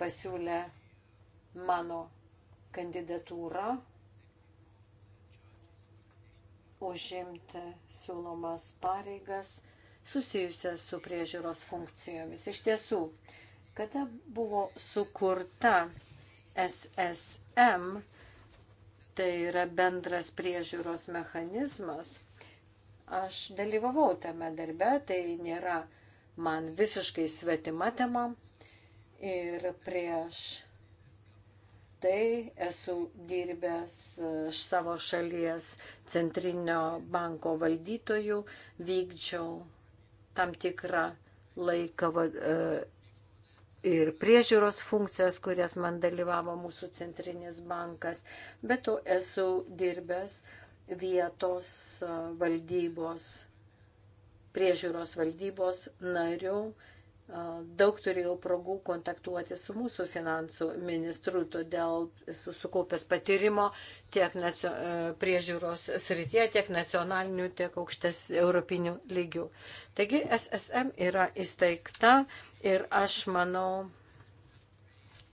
pasiūlė mano kandidatūrą užimti siūlomas pareigas susijusias su priežiūros funkcijomis. Iš tiesų, Kada buvo sukurta SSM, tai yra bendras priežiūros mechanizmas, aš dalyvavau tame darbe, tai nėra man visiškai svetima tema ir prieš tai esu dirbęs iš savo šalies centrinio banko valdytojų, vykdžiau tam tikrą laiką e, ir priežiūros funkcijas, kurias man dalyvavo mūsų centrinis bankas, bet to esu dirbęs vietos valdybos, priežiūros valdybos narių daug turėjau progų kontaktuoti su mūsų finansų ministru, todėl esu sukaupęs patyrimo tiek nacio, e, priežiūros srityje, tiek nacionalinių, tiek aukštes europinių lygių. Taigi SSM yra įsteigta ir aš manau,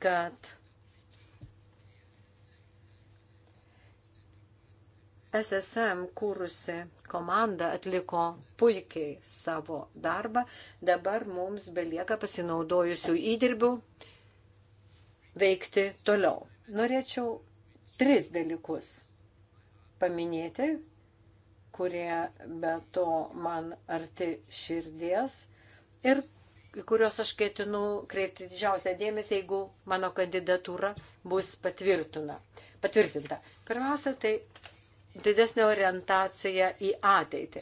kad SSM kūrusi komanda atliko puikiai savo darbą. Dabar mums belieka pasinaudojusių įdirbių veikti toliau. Norėčiau tris dalykus paminėti, kurie be to man arti širdies ir kuriuos aš ketinu kreipti didžiausią dėmesį, jeigu mano kandidatūra bus patvirtuna. patvirtinta. Pirmiausia, tai didesnė orientacija į ateitį.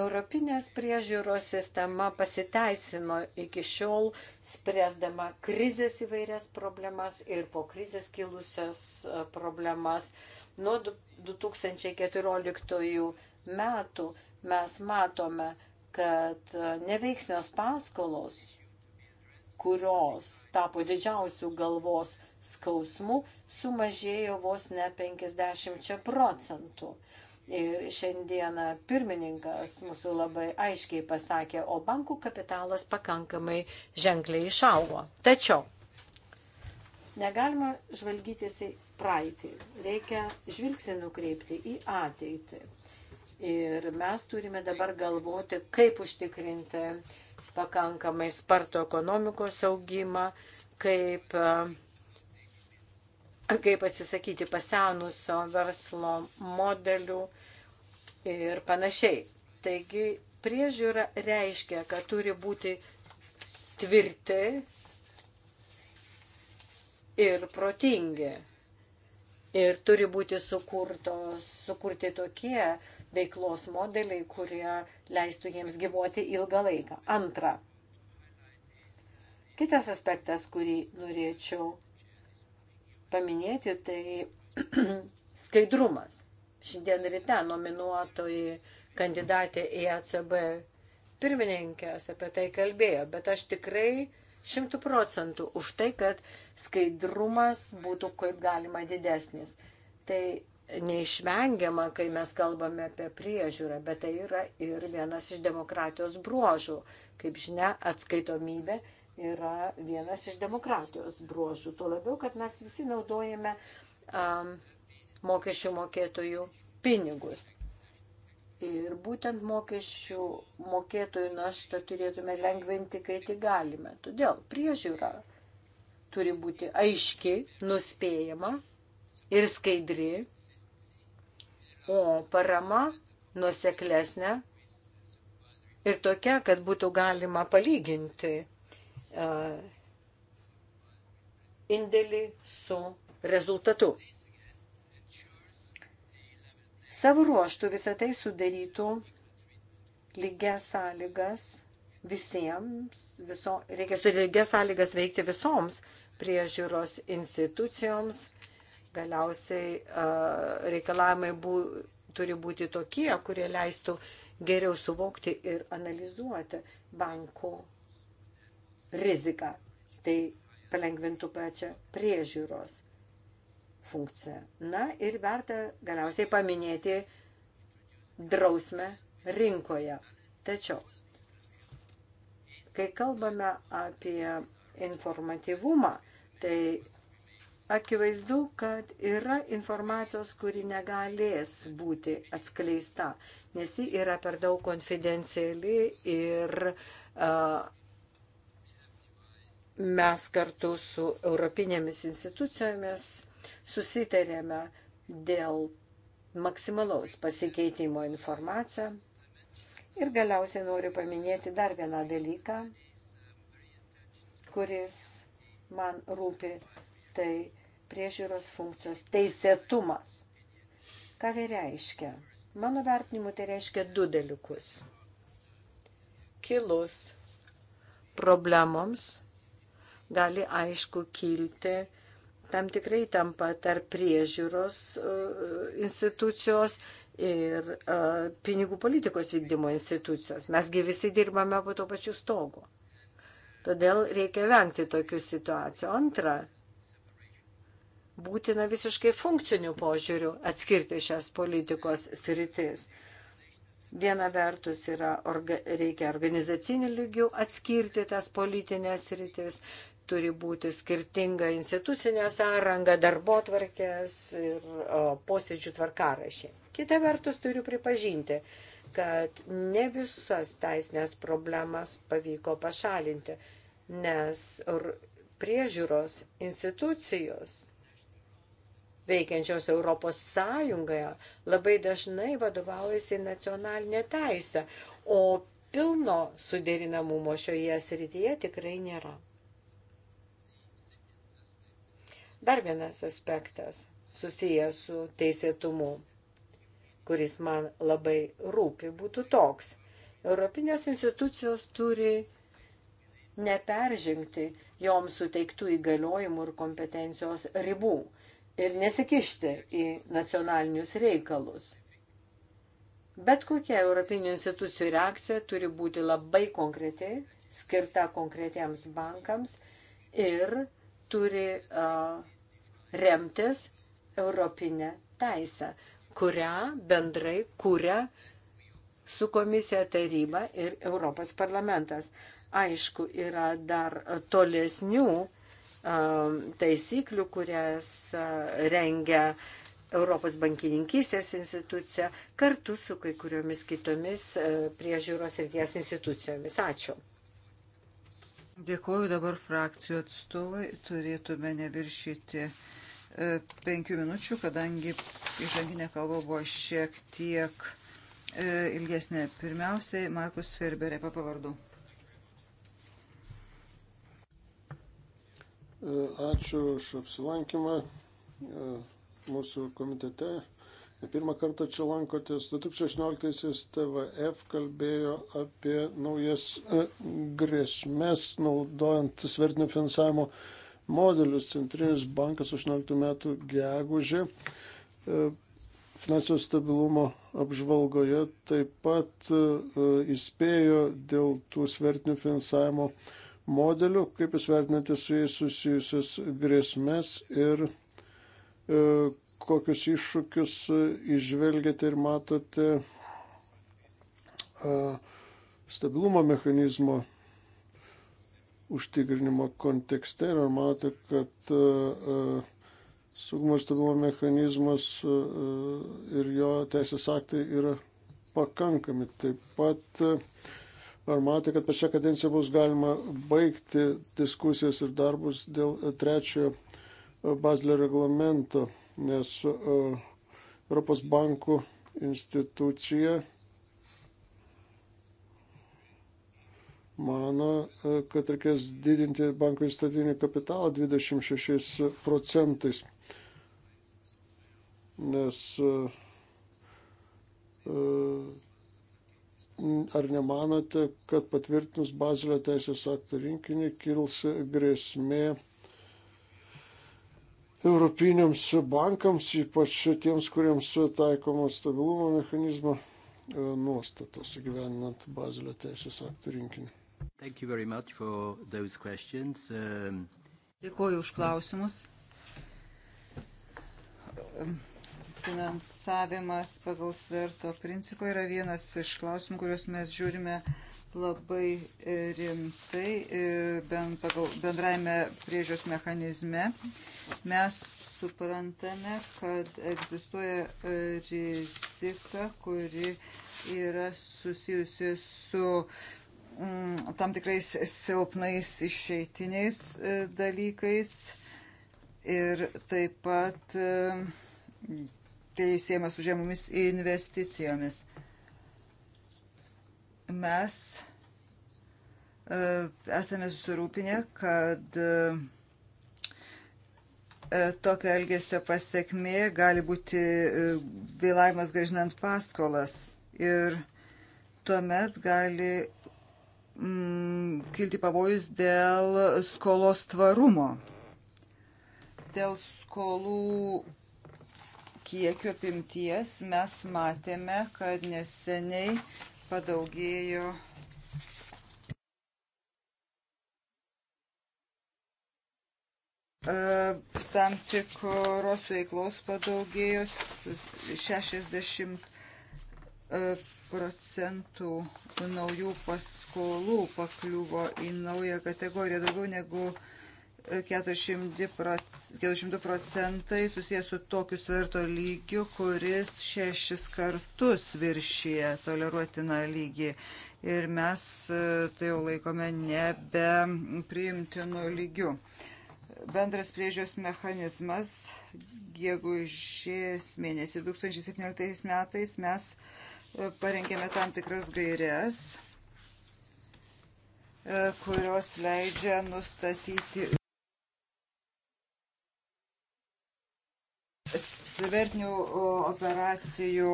Europinės priežiūros sistema pasiteisino iki šiol, spręsdama krizės įvairias problemas ir po krizės kilusias e, problemas. Nuo 2014 metų mes matome, kad e, neveiksnios paskolos kurios tapo didžiausių galvos skausmų, sumažėjo vos ne 50 procentų. Ir šiandieną pirmininkas mūsų labai aiškiai pasakė, o bankų kapitalas pakankamai ženkliai išaugo. Tačiau negalima žvalgytis į praeitį, reikia žvilgsnį nukreipti į ateitį. Ir mes turime dabar galvoti, kaip užtikrinti uh, pakankamai spartų ekonomikos augimą, kaip, e, kaip atsisakyti pasenusio verslo modelių ir panašiai. Taigi priežiūra reiškia, kad turi būti tvirti ir protingi. Ir turi būti sukurtos, sukurti tokie veiklos modeliai, kurie leistų jiems gyvuoti ilgą laiką. Antra. Kitas aspektas, kurį norėčiau paminėti, tai [clears throat] skaidrumas. Šiandien ryte nominuotoji kandidatė į ACB e pirmininkės apie tai kalbėjo, bet aš tikrai šimtų procentų už tai, kad skaidrumas būtų kaip galima didesnis. Tai neišvengiama, kai mes kalbame apie priežiūrą, bet tai yra ir vienas iš demokratijos bruožų. Kaip žinia, atskaitomybė yra vienas iš demokratijos bruožų. Tuo labiau, kad mes visi naudojame um, mokesčių mokėtojų pinigus. Ir būtent mokesčių mokėtojų naštą turėtume lengventi, kai tik galime. Todėl priežiūra turi būti aiški, nuspėjama ir skaidri o parama nuseklesnė ir tokia, kad būtų galima palyginti indėlį su rezultatu. Savo ruoštų visą tai sudarytų lygias sąlygas visiems, viso, reikia sudaryti lygias sąlygas veikti visoms priežiūros institucijoms Galiausiai reikalavimai bū, turi būti tokie, kurie leistų geriau suvokti ir analizuoti bankų riziką. Tai palengvintų pačią priežiūros funkciją. Na ir verta galiausiai paminėti drausmę rinkoje. Tačiau, kai kalbame apie informatyvumą, tai akivaizdu, kad yra informacijos, kuri negalės būti atskleista, nes ji yra per daug konfidenciali ir uh, mes kartu su europinėmis institucijomis susitarėme dėl maksimalaus pasikeitimo informaciją. Ir galiausiai noriu paminėti dar vieną dalyką, kuris man rūpi tai priežiūros funkcijos teisėtumas. Ką tai reiškia? Mano vertinimu tai reiškia du dalykus. Kilus problemoms gali aišku kilti tam tikrai tampa tarp priežiūros e, institucijos ir e, pinigų politikos vykdymo institucijos. Mesgi visi dirbame po to pačiu stogu. Todėl reikia vengti tokių situacijų. Antra, būtina visiškai funkcinių požiūrių atskirti šias politikos sritis. Viena vertus yra, orga, reikia organizacinį lygių atskirti tas politinės sritis, turi būti skirtinga institucinė sąranga, darbo tvarkės ir o, posėdžių tvarkarašiai. Kita vertus turiu pripažinti, kad ne visas teisinės problemas pavyko pašalinti, nes priežiūros institucijos veikiančios Europos Sąjungoje labai dažnai vadovaujasi nacionalinė teisė, o pilno suderinamumo šioje srityje tikrai nėra. Dar vienas aspektas susijęs su teisėtumu, kuris man labai rūpi, būtų toks. Europinės institucijos turi neperžengti joms suteiktų įgaliojimų ir kompetencijos ribų ir nesikišti į nacionalinius reikalus. Bet kokia Europinių institucijų reakcija turi būti labai konkretiai, skirta konkretiems bankams ir turi uh, remtis Europinę teisę, kurią bendrai kūrė su komisija taryba ir Europos parlamentas. Aišku, yra dar tolesnių Um, taisyklių, kurias uh, rengia Europos bankininkystės institucija kartu su kai kuriomis kitomis uh, priežiūros ir ties institucijomis. Ačiū. Dėkuoju dabar frakcijų atstovai. Turėtume neviršyti uh, penkių minučių, kadangi įžanginė kalba buvo šiek tiek ilgesnė. Pirmiausiai Markus Ferberė e papavardu. E, ačiū už apsilankymą e, mūsų komitete. Pirmą kartą čia lankotės. 2016 TVF kalbėjo apie naujas e, grėsmės naudojant svertinio finansavimo modelius. Centrinis bankas 18 metų gegužė finansinio stabilumo apžvalgoje taip pat įspėjo dėl tų svertinių finansavimo modelių modelių, kaip jūs vertinate su jais susijusias grėsmės ir e, kokius iššūkius išvelgiate ir matote e, stabilumo mechanizmo užtikrinimo kontekste ir ar matote, kad e, e saugumo stabilumo mechanizmas e, e, ir jo teisės aktai yra pakankami. Taip pat e, Ar matote, kad per šią kadenciją bus galima baigti diskusijas ir darbus dėl e, trečiojo e, Bazlio reglamento, nes e, Europos bankų institucija mano, kad reikės didinti bankų įstatinį kapitalą 26 procentais, nes ar nemanote, kad patvirtinus Bazilio teisės aktų rinkinį kils grėsmė europiniams bankams, ypač tiems, kuriems taikoma stabilumo mechanizmo e, nuostatos gyvenant Bazilio teisės aktų rinkinį? Um... Dėkuoju už klausimus. Um finansavimas pagal sverto principą yra vienas iš klausimų, kuriuos mes žiūrime labai e, rimtai e, bent pagal bendraime priežios mechanizme. Mes suprantame, kad egzistuoja e, rizika, kuri yra susijusi su mm, tam tikrais silpnais išeitiniais dalykais ir taip pat tai siemas su žemomis investicijomis. Mes eh, esame susirūpinę, kad eh, eh, tokio elgesio pasiekmė gali būti vėlavimas gražinant paskolas ir tuomet gali mm, kilti pavojus dėl skolos tvarumo, dėl skolų kiekio apimties mes matėme, kad neseniai padaugėjo e, tam tikros veiklos padaugėjo 60 e, procentų naujų paskolų pakliuvo į naują kategoriją daugiau negu 42 procentai susijęs su tokiu sverto lygiu, kuris šešis kartus viršyje toleruotiną lygį. Ir mes e, tai jau laikome nebe priimtinu lygiu. Bendras priežios mechanizmas, gegužės mėnesį 2017 metais mes e, parengėme tam tikras gairias e, kurios leidžia nustatyti vertinių operacijų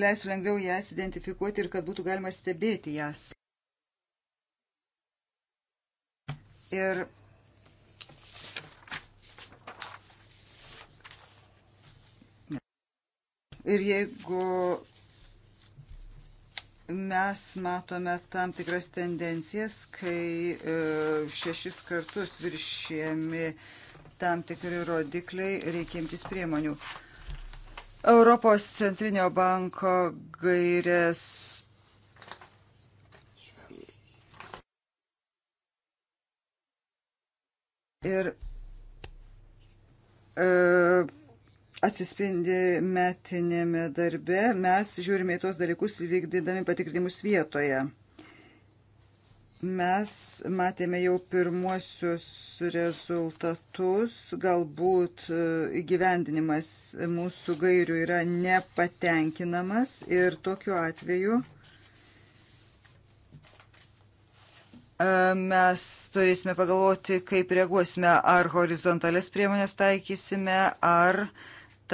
leisiu lengviau jas identifikuoti ir kad būtų galima stebėti jas. Ir Ir jeigu mes matome tam tikras tendencijas, kai e, šešis kartus viršėjami uh, tam tikri rodikliai, reikia imtis priemonių. Europos centrinio banko gairės. Ir e, atsispindi metinėme darbe, mes žiūrime į tuos dalykus vykdydami patikrinimus vietoje. Mes matėme jau pirmuosius rezultatus, galbūt e, įgyvendinimas mūsų gairių yra nepatenkinamas ir tokiu atveju e, mes turėsime pagalvoti, kaip reaguosime, ar horizontalės priemonės taikysime, ar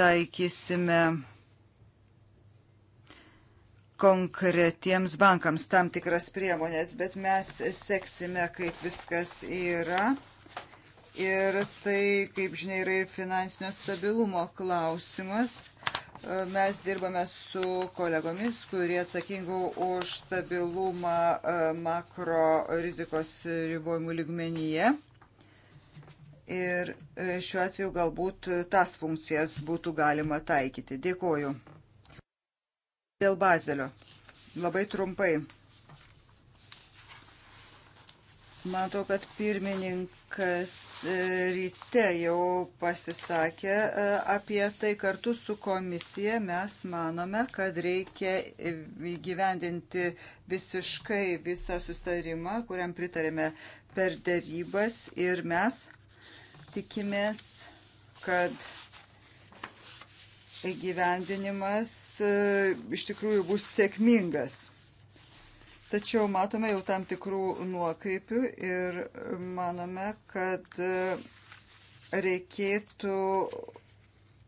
taikysime konkretiems bankams tam tikras priemonės, bet mes seksime, kaip viskas yra. Ir tai, kaip žinia, yra ir finansinio stabilumo klausimas. Mes dirbame su kolegomis, kurie atsakingų už stabilumą e, makro rizikos ribojimų lygmenyje. Ir e, šiuo atveju galbūt tas funkcijas būtų galima taikyti. Dėkoju. Dėl bazelio. Labai trumpai. Matau, kad pirmininkas e, ryte jau pasisakė e, apie tai. Kartu su komisija mes manome, kad reikia įgyvendinti visiškai visą sustarimą, kuriam pritarėme per darybas ir mes tikimės, kad gyvendinimas e, iš tikrųjų bus sėkmingas. Tačiau matome jau tam tikrų nuokreipių ir manome, kad e, reikėtų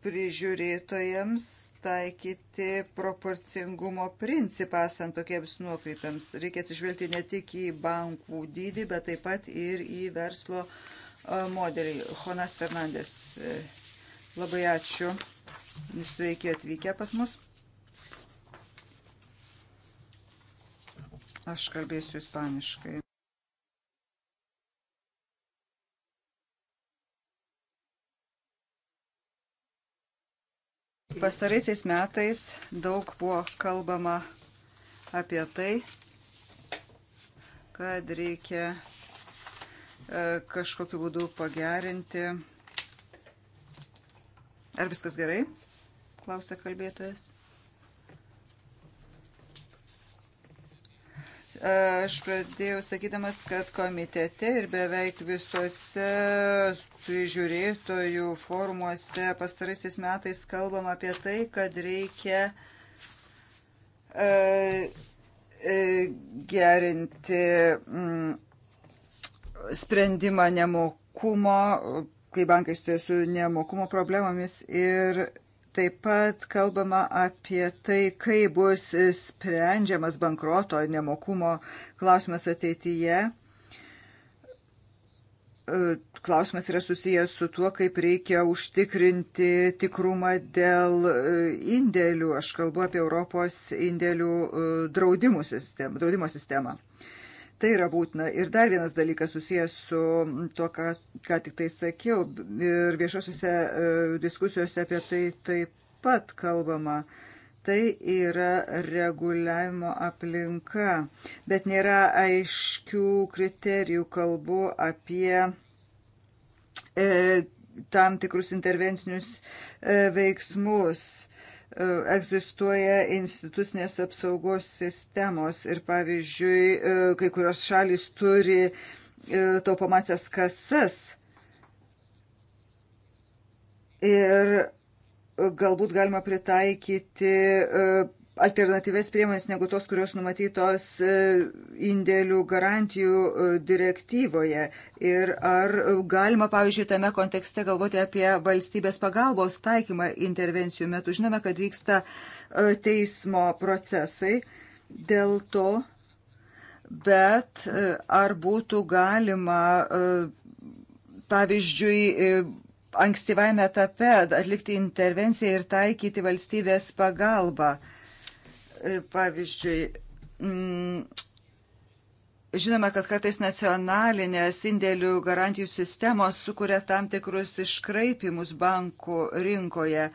prižiūrėtojams taikyti proporcingumo principą esant tokiems nuokreipiams. Reikia atsižvelgti ne tik į bankų dydį, bet taip pat ir į verslo e, modelį. Jonas Fernandes, labai ačiū. Sveiki atvykę pas mus. Aš kalbėsiu ispaniškai. Pastaraisiais metais daug buvo kalbama apie tai, kad reikia e, kažkokiu būdu pagerinti. Ar viskas gerai? klausia kalbėtojas. Aš pradėjau sakydamas, kad komitete ir beveik visose prižiūrėtojų formuose pastaraisiais metais kalbam apie tai, kad reikia e, e, gerinti mm, sprendimą nemokumo, kai bankai su nemokumo problemomis ir Taip pat kalbama apie tai, kaip bus sprendžiamas bankroto nemokumo klausimas ateityje. E, klausimas yra susijęs su tuo, kaip reikia užtikrinti tikrumą dėl e, indėlių. Aš kalbu apie Europos indėlių e, draudimų sistemą, draudimo sistemą. Draudimo sistemą. Tai yra būtina. Ir dar vienas dalykas susijęs su tuo, ką, ką tik tai sakiau, ir viešosiuose e, diskusijose apie tai taip pat kalbama. Tai yra reguliavimo aplinka, bet nėra aiškių kriterijų, kalbu apie e, tam tikrus intervencinius e, veiksmus. E, egzistuoja institucinės apsaugos sistemos ir pavyzdžiui, e, kai kurios šalis turi e, taupomasias kasas ir galbūt galima pritaikyti e, alternatyves priemonės negu tos, kurios numatytos e, indėlių garantijų e, direktyvoje. Ir ar galima, pavyzdžiui, tame kontekste galvoti apie valstybės pagalbos taikymą intervencijų metu? Žinome, kad vyksta e, teismo procesai dėl to, bet ar būtų galima, pavyzdžiui, ankstyvame etape atlikti intervenciją ir taikyti valstybės pagalbą? Pavyzdžiui, mm, Žinome, kad kartais nacionalinės indėlių garantijų sistemos sukuria tam tikrus iškraipimus bankų rinkoje. E,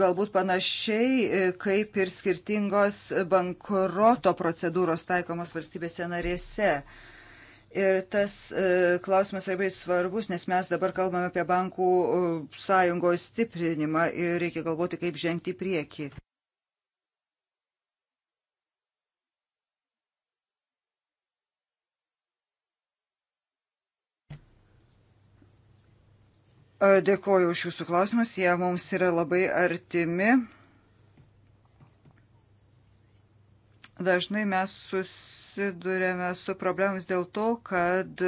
galbūt panašiai e, kaip ir skirtingos bankroto procedūros taikomos valstybėse narėse. Ir tas e, klausimas labai svarbus, nes mes dabar kalbame apie bankų sąjungos stiprinimą ir reikia galvoti, kaip žengti į priekį. Dėkoju už jūsų klausimus, jie mums yra labai artimi. Dažnai mes susidurėme su problemams dėl to, kad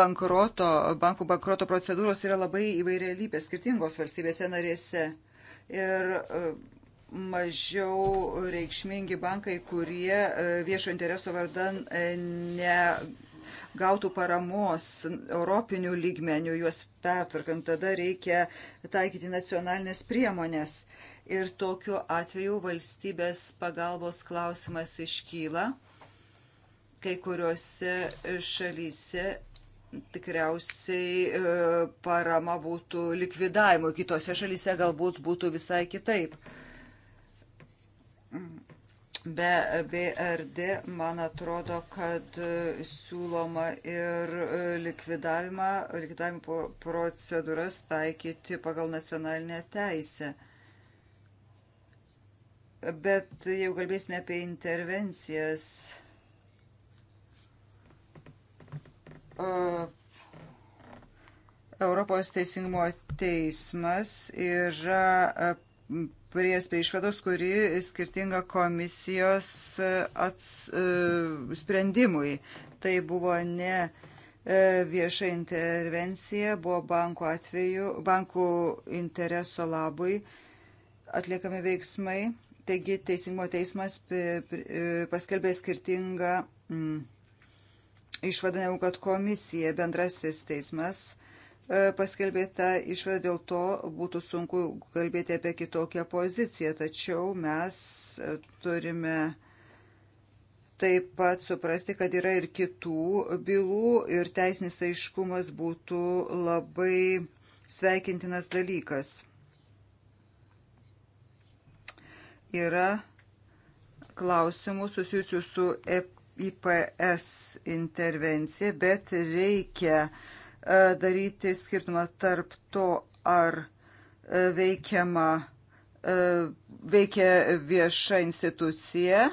bankroto, bankų bankroto procedūros yra labai įvairialybės skirtingos valstybėse narėse. Ir mažiau reikšmingi bankai, kurie viešo intereso vardan ne gautų paramos europinių lygmenių, juos pertvarkant, tada reikia taikyti nacionalinės priemonės. Ir tokiu atveju valstybės pagalbos klausimas iškyla. Kai kuriuose šalyse tikriausiai e, parama būtų likvidavimo, kitose šalyse galbūt būtų visai kitaip. Be BRD, man atrodo, kad e, siūloma ir e, likvidavimą, likvidavimo procedūras taikyti pagal nacionalinę teisę. Bet jau kalbėsime apie intervencijas. E, Europos teisingumo teismas yra prieės prie išvados, kuri skirtinga komisijos e, ats, e, sprendimui. Tai buvo ne e, vieša intervencija, buvo bankų atveju, bankų intereso labui atliekami veiksmai. Taigi Teisingumo teismas paskelbė skirtingą mm, išvadą negu kad komisija, bendrasis teismas E, paskelbėta išvada dėl to būtų sunku kalbėti apie kitokią poziciją, tačiau mes e, turime taip pat suprasti, kad yra ir kitų bylų ir teisinis aiškumas būtų labai sveikintinas dalykas. Yra klausimų susijusių su IPS e intervencija, bet reikia uh, E, daryti skirtumą tarp to, ar e, veikiama, e, veikia vieša institucija,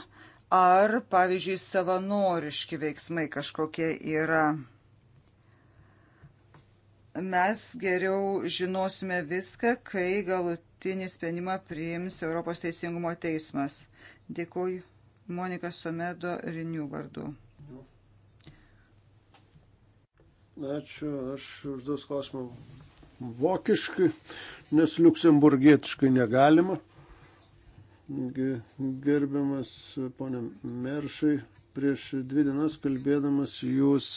ar, pavyzdžiui, savanoriški veiksmai kažkokie yra mes geriau žinosime viską, kai galutinį sprendimą priims Europos Teisingumo teismas. Dėkuoju Monika Somedo Rinių vardu. Ačiū, aš užduos klausimą vokiškai, nes liuksemburgietiškai negalima. Gerbiamas ponė Meršai, prieš dvi dienas kalbėdamas jūs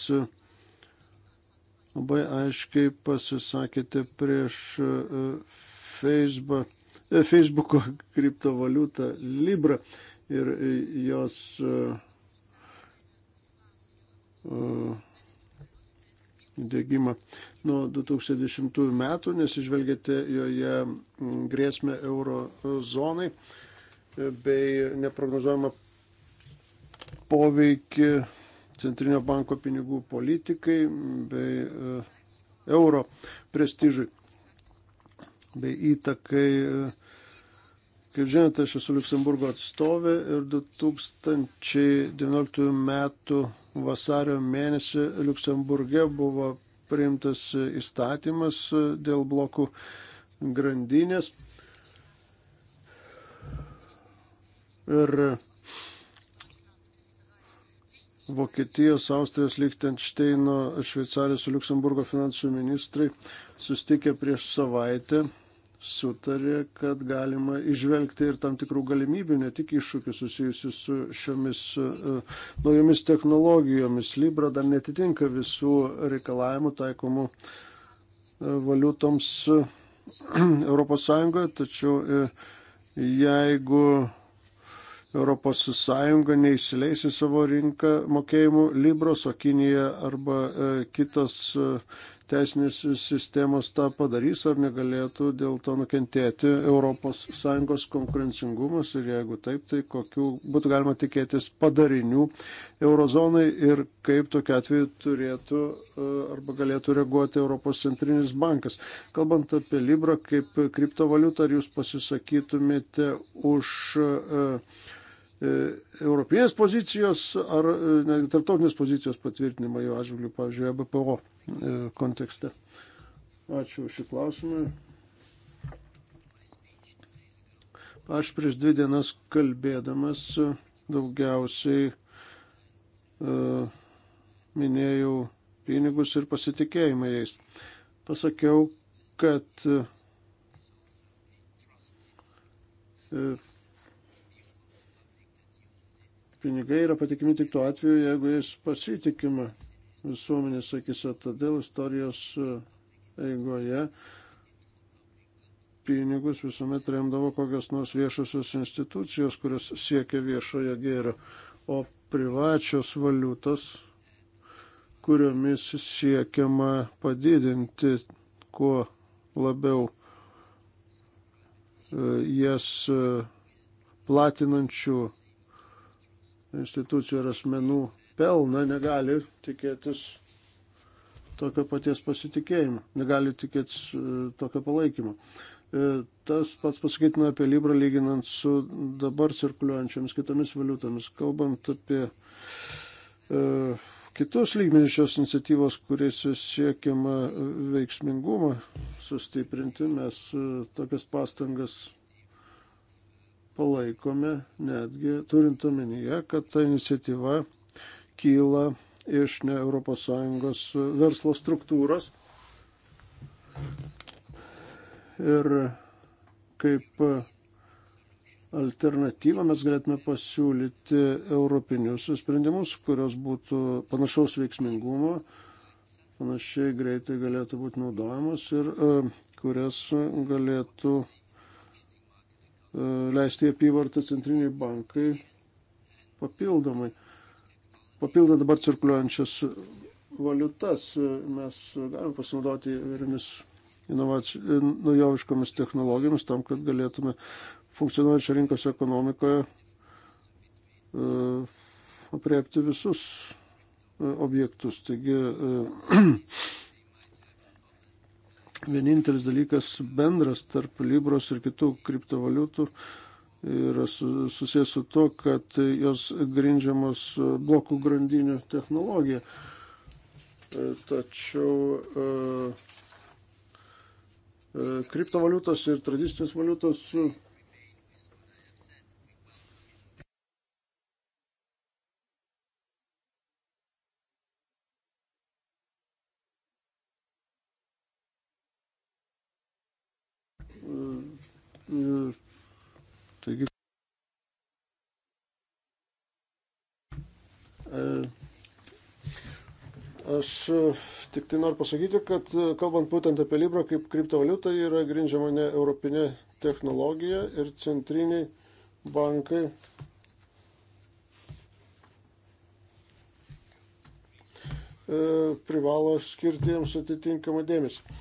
labai aiškiai pasisakėte prieš e, Facebook, e, Facebook'o kriptovaliutą Libra ir jos uh, uh, dėgymą nuo 2010 metų, nes išvelgėte joje mm, grėsmę euro zonai e, bei neprognozuojamą poveikį Centrinio banko pinigų politikai mm, bei e, euro prestižui bei įtakai e, Kaip žinote, aš esu Luxemburgo atstovė ir 2019 metų vasario mėnesį Luxemburge buvo priimtas įstatymas dėl blokų grandinės. Ir Vokietijos, Austrijos, Lichtensteino, Šveicarijos ir Luxemburgo finansų ministrai sustikė prieš savaitę sutarė, kad galima išvelgti ir tam tikrų galimybių, ne tik iššūkių susijusių su šiomis uh, naujomis technologijomis. Libra dar netitinka visų reikalavimų taikomų uh, valiutoms uh, e, [clears throat] ES, tačiau uh, jeigu ES neįsileis į savo rinką mokėjimų Libros, o Kinija arba uh, kitos uh, teisinės sistemos tą padarys, ar negalėtų dėl to nukentėti ES konkurencingumas ir jeigu taip, tai kokiu būtų galima tikėtis padarinių eurozonai ir kaip tokia atveju turėtų e, arba galėtų reaguoti Europos centrinis bankas. Kalbant apie Libra kaip kriptovaliutą, ar jūs pasisakytumėte už e, e, europinės pozicijos ar netgi tarptautinės pozicijos patvirtinimą jo atžvilgiu, pavyzdžiui, EBPO? E, kontekste. Ačiū už šį klausimą. Aš prieš dvi dienas kalbėdamas daugiausiai uh, minėjau pinigus ir pasitikėjimą jais. Pasakiau, kad uh, pinigai yra patikimi tik tuo atveju, jeigu jais pasitikima visuomenės akise. Todėl istorijos e, eigoje pinigus visuomet remdavo kokios nors viešosios institucijos, kurios siekia viešojo gėrio, o privačios valiutos, kuriomis siekiama padidinti kuo labiau e, jas e, platinančių institucijų ir asmenų pelną, negali tikėtis tokio paties pasitikėjimo, negali tikėtis e, tokio palaikymo. E, tas pats pasakytina apie Librą lyginant su dabar cirkuliuojančiamis kitomis valiutomis. Kalbant apie e, kitus lygmenis šios iniciatyvos, kuriais siekiama veiksmingumą sustiprinti, mes e, tokias pastangas palaikome, netgi turint omenyje, kad ta iniciatyva kyla iš ne ES verslo struktūros. Ir kaip alternatyvą mes galėtume pasiūlyti europinius sprendimus, kurios būtų panašaus veiksmingumo, panašiai greitai galėtų būti naudojamos ir e, kurias galėtų e, leisti apyvartą centriniai bankai papildomai papildo dabar cirkuliuojančias valiutas. Mes galime pasinaudoti įvairiomis naujoviškomis technologijomis tam, kad galėtume funkcionuojančio rinkos ekonomikoje uh, apriepti visus uh, objektus. Taigi uh, [clears throat] vienintelis dalykas bendras tarp Libros ir kitų kriptovaliutų uh, yra susijęs su to, kad jos grindžiamos blokų grandinių technologija. E, tačiau e, e, kriptovaliutos ir tradicinės valiutos Aš e, tik tai noriu pasakyti, kad e, kalbant būtent apie Libra kaip kriptovaliutą, yra grindžiama ne europinė technologija ir centriniai bankai e, privalo skirti jiems atitinkamą dėmesį.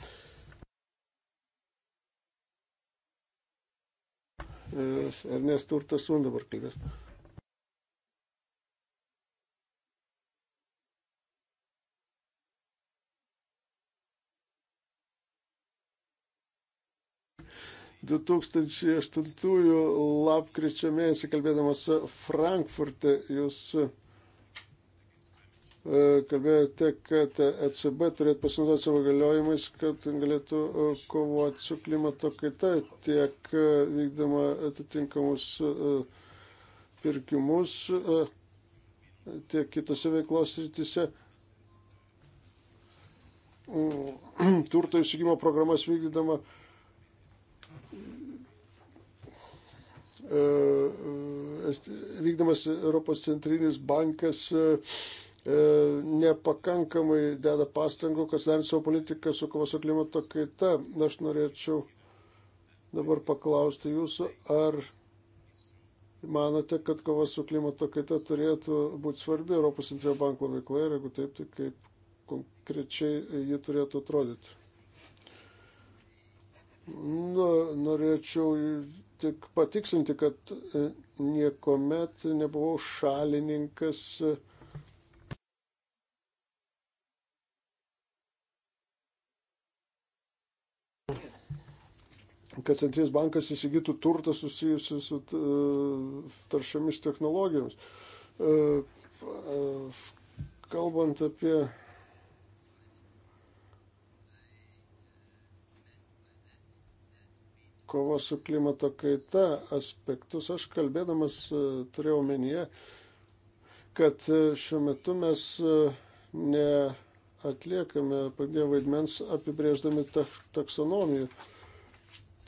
Ernest Urtas Sun dabar kalbės. 2008 lapkričio mėnesį kalbėdamas Frankfurte jūs e, kalbėjote, kad ECB turėtų pasinaudoti savo galiojimais, kad galėtų e, kovoti su klimato kaita tiek e, vykdama atitinkamus pirkimus, tiek kitose veiklos rytise mm, [clears throat] turto įsigimo programas vykdydama vykdamas Europos centrinis bankas nepakankamai deda pastangų, kas derinti savo politiką su kovos su klimato kaita. Aš norėčiau dabar paklausti jūsų, ar manote, kad kova su klimato kaita turėtų būti svarbi Europos centrinio banko veikloje ir jeigu taip, tai kaip konkrečiai ji turėtų atrodyti. Nu, norėčiau tik patikslinti, kad e, niekuomet nebuvau šalininkas e, kad Centrinis bankas įsigytų turtą susijusiu su e, taršiamis technologijomis. Kalbant apie kovos su klimato kaita aspektus. Aš kalbėdamas e, turėjau menyje, kad e, šiuo metu mes e, neatliekame pagrindinio vaidmens apibrėždami taksonomiją.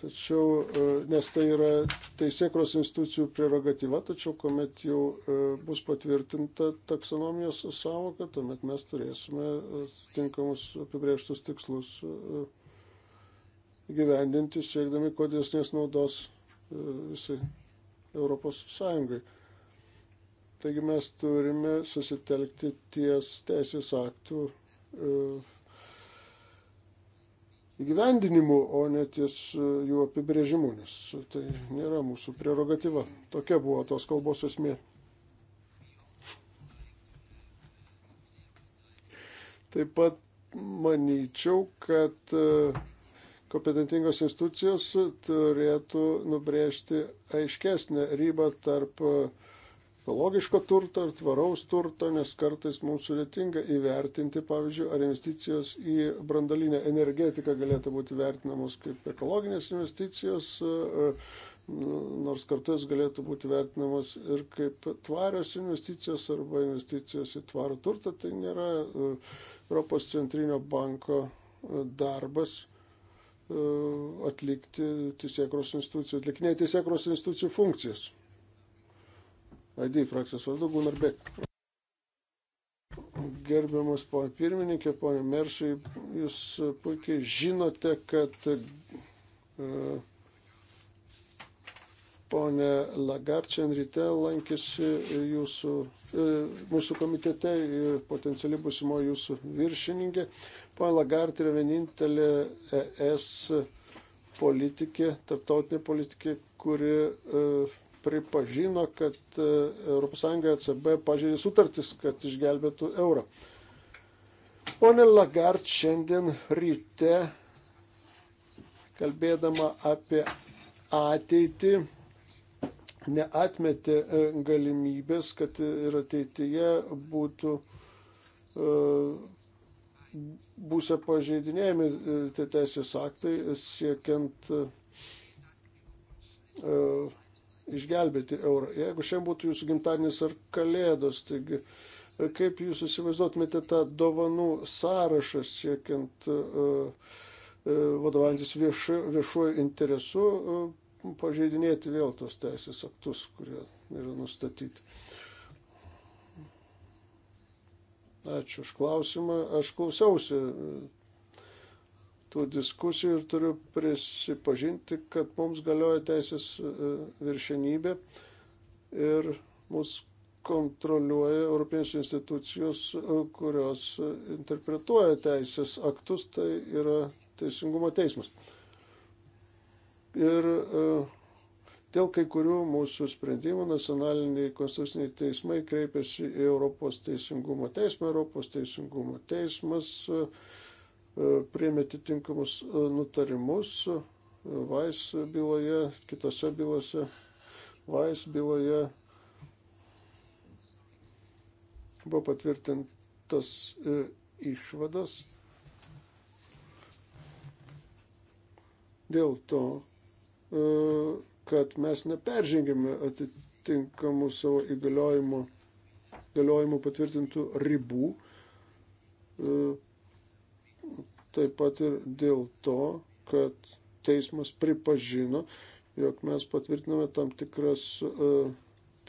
Tačiau, nes tai yra teisėkros institucijų prerogatyva, tačiau kuomet jau bus patvirtinta taksonomijos savoka, tuomet mes turėsime tinkamus apibrėžtus tikslus gyvendinti, siekdami kuo dėsnės naudos e, visai Europos Sąjungai. Taigi mes turime susitelkti ties teisės aktų e, įgyvendinimu, o ne ties e, jų apibrėžimu, nes tai nėra mūsų prerogatyva. Tokia buvo tos kalbos esmė. Taip pat manyčiau, kad kompetentingos institucijos turėtų nubrėžti aiškesnę ribą tarp e, logiško turto ir tvaraus turto, nes kartais mums sudėtinga įvertinti, pavyzdžiui, ar investicijos į brandalinę energetiką galėtų būti vertinamos kaip ekologinės investicijos, e, nu, nors kartais galėtų būti vertinamos ir kaip tvarios investicijos arba investicijos į tvarų turtą. Tai nėra e, Europos centrinio banko darbas E, atlikti teisėkros institucijų, atlikinėti teisėkros institucijų funkcijas. ID frakcijos vardu Gunnar Beck. Gerbiamas ponė pirmininkė, ponė Meršai, jūs puikiai žinote, kad uh, Pone Lagart, šiandien ryte lankėsi jūsų, e, mūsų komitete ir e, potencialiai busimo jūsų viršininkė. Pone Lagart yra vienintelė ES politikė, tarptautinė politikė, kuri e, pripažino, kad ES ECB pažeidė sutartis, kad išgelbėtų eurą. Pone Lagart šiandien ryte, kalbėdama apie ateitį, neatmetė e, galimybės, kad ir ateityje būtų e, būsę pažeidinėjami e, tie teisės aktai, siekiant išgelbėti eurą. Jeigu šiandien būtų jūsų gimtadienis ar kalėdos, taigi kaip jūs įsivaizduotumėte tą dovanų sąrašą siekiant vadovantis viešu, viešuoju interesu Nu, pažeidinėti vėl tos teisės aktus, kurie yra nustatyti. Ačiū už klausimą. Aš klausiausi e, tų diskusijų ir turiu prisipažinti, kad mums galioja teisės e, viršenybė ir mus kontroliuoja Europinės institucijos, e, kurios interpretuoja teisės aktus, tai yra Teisingumo teismas. Ir e, dėl kai kurių mūsų sprendimų nacionaliniai konstituciniai teismai kreipėsi į Europos teisingumo teismą. Europos teisingumo teismas e, e, priemė atitinkamus nutarimus Vais byloje, kitose bylose, Vais byloje buvo patvirtintas išvadas dėl to, Uh, kad mes neperžengėme atitinkamų savo įgaliojimų, įgaliojimų patvirtintų ribų. Uh, taip pat ir dėl to, kad teismas pripažino, jog mes patvirtiname tam tikras uh,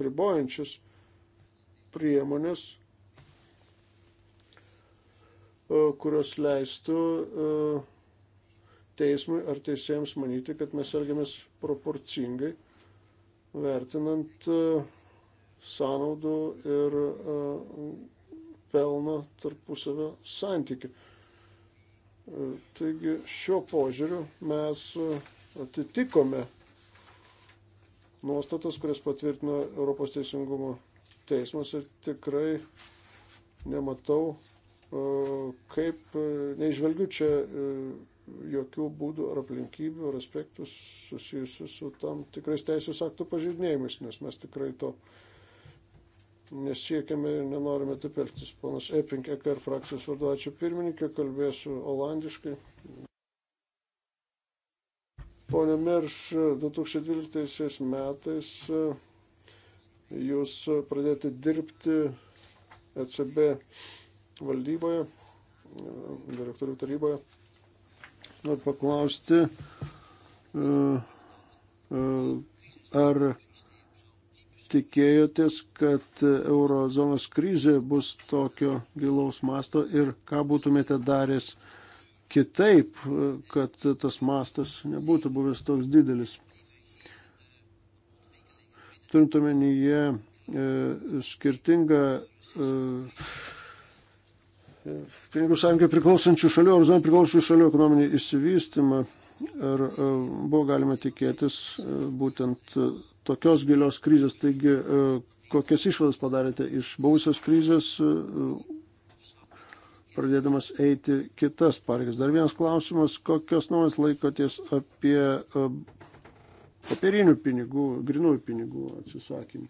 pribojančias priemonės, kurios leistų uh, teismui ar teisėjams manyti, kad mes elgiamės proporcingai, vertinant e, sąnaudų ir e, pelno tarpusavio santykių. E, taigi šiuo požiūriu mes atitikome nuostatas, kurias patvirtino Europos Teisingumo teismas ir tikrai nematau, kaip, neižvelgiu čia jokių būdų ar aplinkybių ar aspektų susijusių su tam tikrais teisės aktų pažydinėjimais, nes mes tikrai to nesiekiame ir nenorime taip elgtis. Ponas Epink, EKR frakcijos vadovačių pirmininkė, kalbėsiu olandiškai. Pone Merš, 2012 metais e, jūs pradėjote dirbti ECB valdyboje, e, direktorių taryboje Noriu paklausti, e, e, ar tikėjotės, kad eurozonos krizė bus tokio gilaus masto ir ką būtumėte daręs kitaip, kad tas mastas nebūtų buvęs toks didelis. Turint omenyje e, skirtingą pinigų sąjungai priklausančių šalių, eurozonai priklausančių šalių ekonominį išsivystymą. Ir e, buvo galima tikėtis e, būtent e, tokios gilios krizės. Taigi, kokias išvadas padarėte iš buvusios krizės, pradėdamas eiti kitas pareigas. Dar vienas klausimas, kokios nuomonės laikotės apie papirinių pinigų, grinųjų pinigų atsisakymą?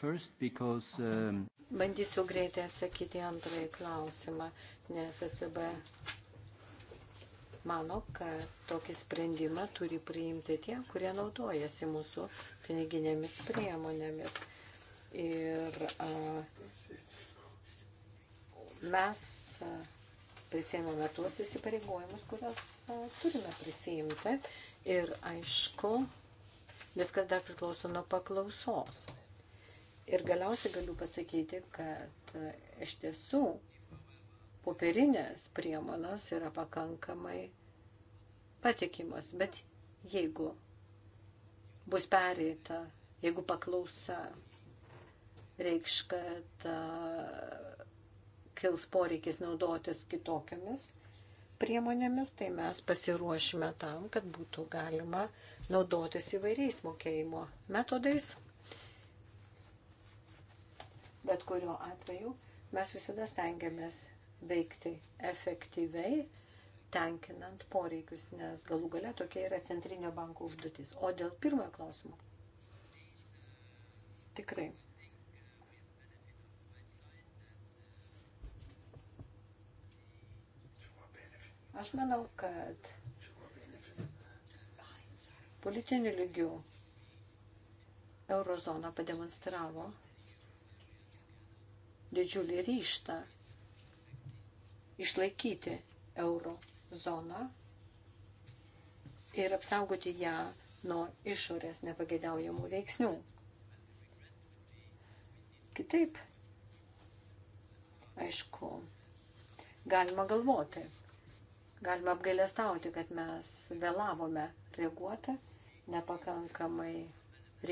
First, because, um... Bandysiu greitai atsakyti antrąjį klausimą, nes ECB mano, kad tokį sprendimą turi priimti tie, kurie naudojasi mūsų piniginėmis priemonėmis. Ir a, mes prisėmėme tuos įsipareigojimus, kuriuos a, turime prisijimti. Ir aišku, viskas dar priklauso nuo paklausos. Ir galiausiai galiu pasakyti, kad e, iš tiesų popierinės priemonės yra pakankamai patikimos, bet jeigu bus pereita, jeigu paklausa reikš, kad uh, kils poreikis naudotis kitokiamis priemonėmis, tai mes pasiruošime tam, kad būtų galima naudotis įvairiais mokėjimo metodais bet kurio atveju mes visada stengiamės veikti efektyviai, tenkinant poreikius, nes galų gale tokia yra centrinio banko užduotis. O dėl pirmojo klausimo. Tikrai. Aš manau, kad politiniu lygiu eurozona pademonstravo, didžiulį ryštą išlaikyti euro zoną ir apsaugoti ją nuo išorės nepageidaujamų veiksnių. Kitaip, aišku, galima galvoti, galima apgailestauti, kad mes vėlavome reaguoti, nepakankamai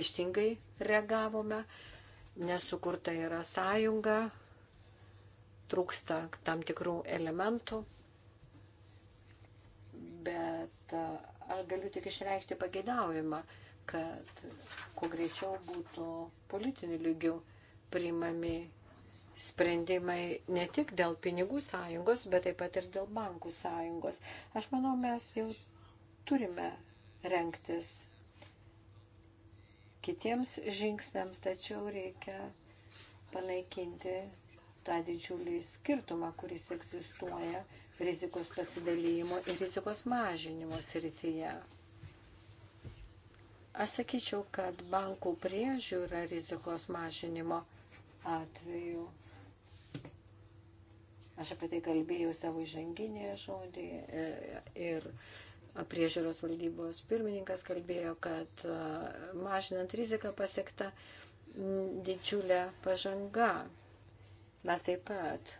ryštingai reagavome, nesukurta yra sąjunga, trūksta tam tikrų elementų, bet e, aš galiu tik išreikšti pageidaujimą, kad kuo greičiau būtų politinių lygių priimami sprendimai ne tik dėl pinigų sąjungos, bet taip pat ir dėl bankų sąjungos. Aš manau, mes jau turime renktis kitiems žingsniams, tačiau reikia panaikinti tą didžiulį skirtumą, kuris egzistuoja rizikos pasidalymo ir rizikos mažinimo srityje. Aš sakyčiau, kad bankų priežiūra rizikos mažinimo atveju. Aš apie tai kalbėjau savo žanginėje žodį e, ir priežiūros valdybos pirmininkas kalbėjo, kad e, mažinant riziką pasiekta didžiulė pažanga. Mes taip pat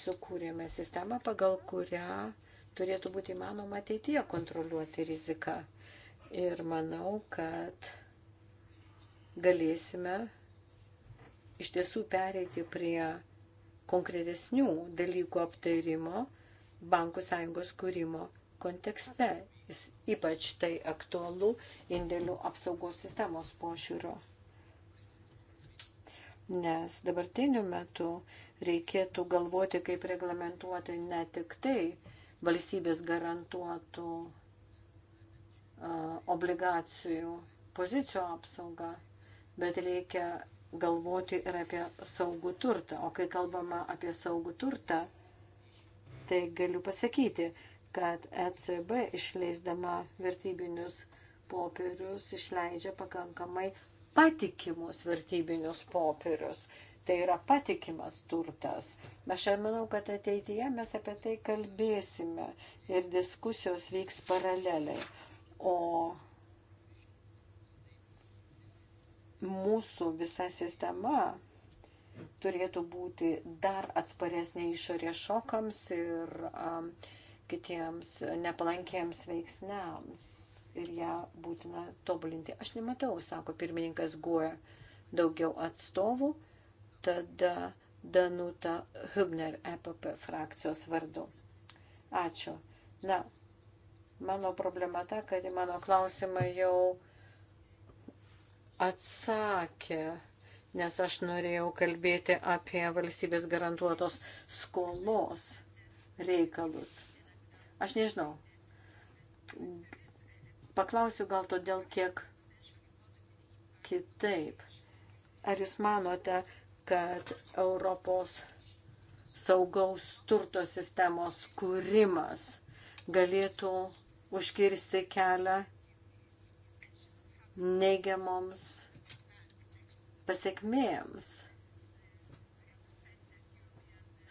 sukūrėme sistemą, pagal kurią turėtų būti įmanoma ateityje kontroliuoti riziką. Ir manau, kad galėsime iš tiesų pereiti prie konkretesnių dalykų aptarimo bankų sąjungos kūrimo kontekste. Jis ypač tai aktualu indėlių apsaugos sistemos pošiūrio. Nes dabartiniu metu reikėtų galvoti, kaip reglamentuoti ne tik tai valstybės garantuotų uh, obligacijų pozicijų apsaugą, bet reikia galvoti ir apie saugų turtą. O kai kalbama apie saugų turtą, tai galiu pasakyti, kad ECB išleisdama vertybinius popierius išleidžia pakankamai patikimus vertybinius popierius. Tai yra patikimas turtas. Aš manau, kad ateityje mes apie tai kalbėsime ir diskusijos vyks paraleliai. O mūsų visa sistema turėtų būti dar atsparesnė išorės šokams ir um, uh, kitiems nepalankiems veiksniams ir ją būtina tobulinti. Aš nematau, sako pirmininkas Guoja, daugiau atstovų, tad Danuta Hübner EPP frakcijos vardu. Ačiū. Na, mano problema ta, kad į mano klausimą jau atsakė, nes aš norėjau kalbėti apie valstybės garantuotos skolos reikalus. Aš nežinau. Paklausiu gal todėl kiek kitaip. Ar jūs manote, kad Europos saugaus turto sistemos kūrimas galėtų užkirsti kelią neigiamoms pasiekmėms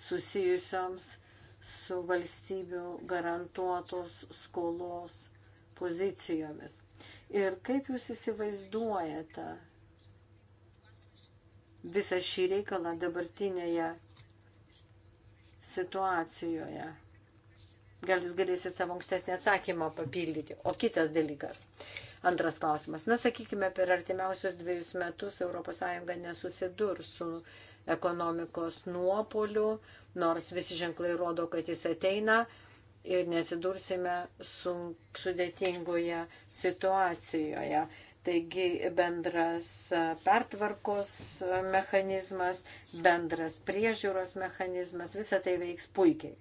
susijusioms su valstybių garantuotos skolos pozicijomis. Ir kaip jūs įsivaizduojate visą šį reikalą dabartinėje situacijoje? Gal jūs galėsit savo ankstesnį atsakymą papildyti. O kitas dalykas. Antras klausimas. Na, sakykime, per artimiausius dviejus metus ES nesusidurs su ekonomikos nuopolių, nors visi ženklai rodo, kad jis ateina ir nesidursime sudėtingoje situacijoje. Taigi bendras pertvarkos mechanizmas, bendras priežiūros mechanizmas, visa tai veiks puikiai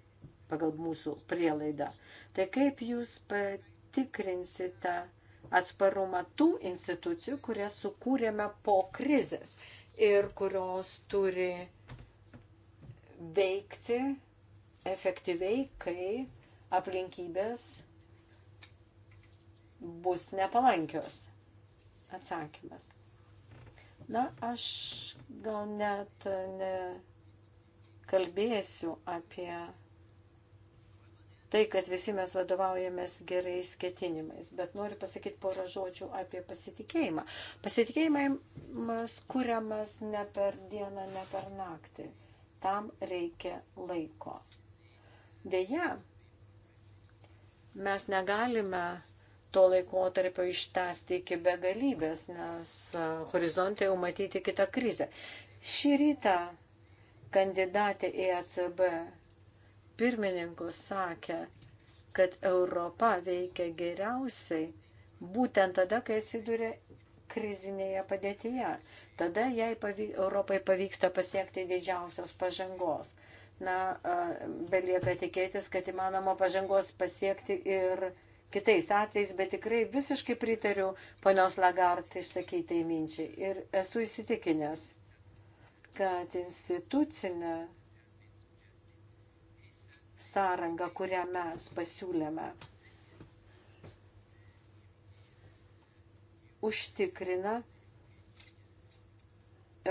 pagal mūsų prielaidą. Tai kaip jūs patikrinsite atsparumą tų institucijų, kurias sukūrėme po krizės? ir kurios turi veikti efektyviai, kai aplinkybės bus nepalankios. Atsakymas. Na, aš gal net nekalbėsiu apie tai, kad visi mes vadovaujamės gerais ketinimais. Bet noriu pasakyti porą žodžių apie pasitikėjimą. Pasitikėjimas kuriamas ne per dieną, ne per naktį. Tam reikia laiko. Deja, mes negalime to laiko tarp ištesti iki begalybės, nes e, horizontai jau matyti kitą krizę. Šį rytą kandidatė į ECB pirmininku sakė, kad Europa veikia geriausiai būtent tada, kai atsiduria krizinėje padėtyje. Tada jai pavyk, Europai pavyksta pasiekti didžiausios pažangos. Na, belieka tikėtis, kad įmanoma pažangos pasiekti ir kitais atvejais, bet tikrai visiškai pritariu ponios Lagart išsakytai minčiai. Ir esu įsitikinęs, kad institucinė sąrangą, kurią mes pasiūlėme, užtikrina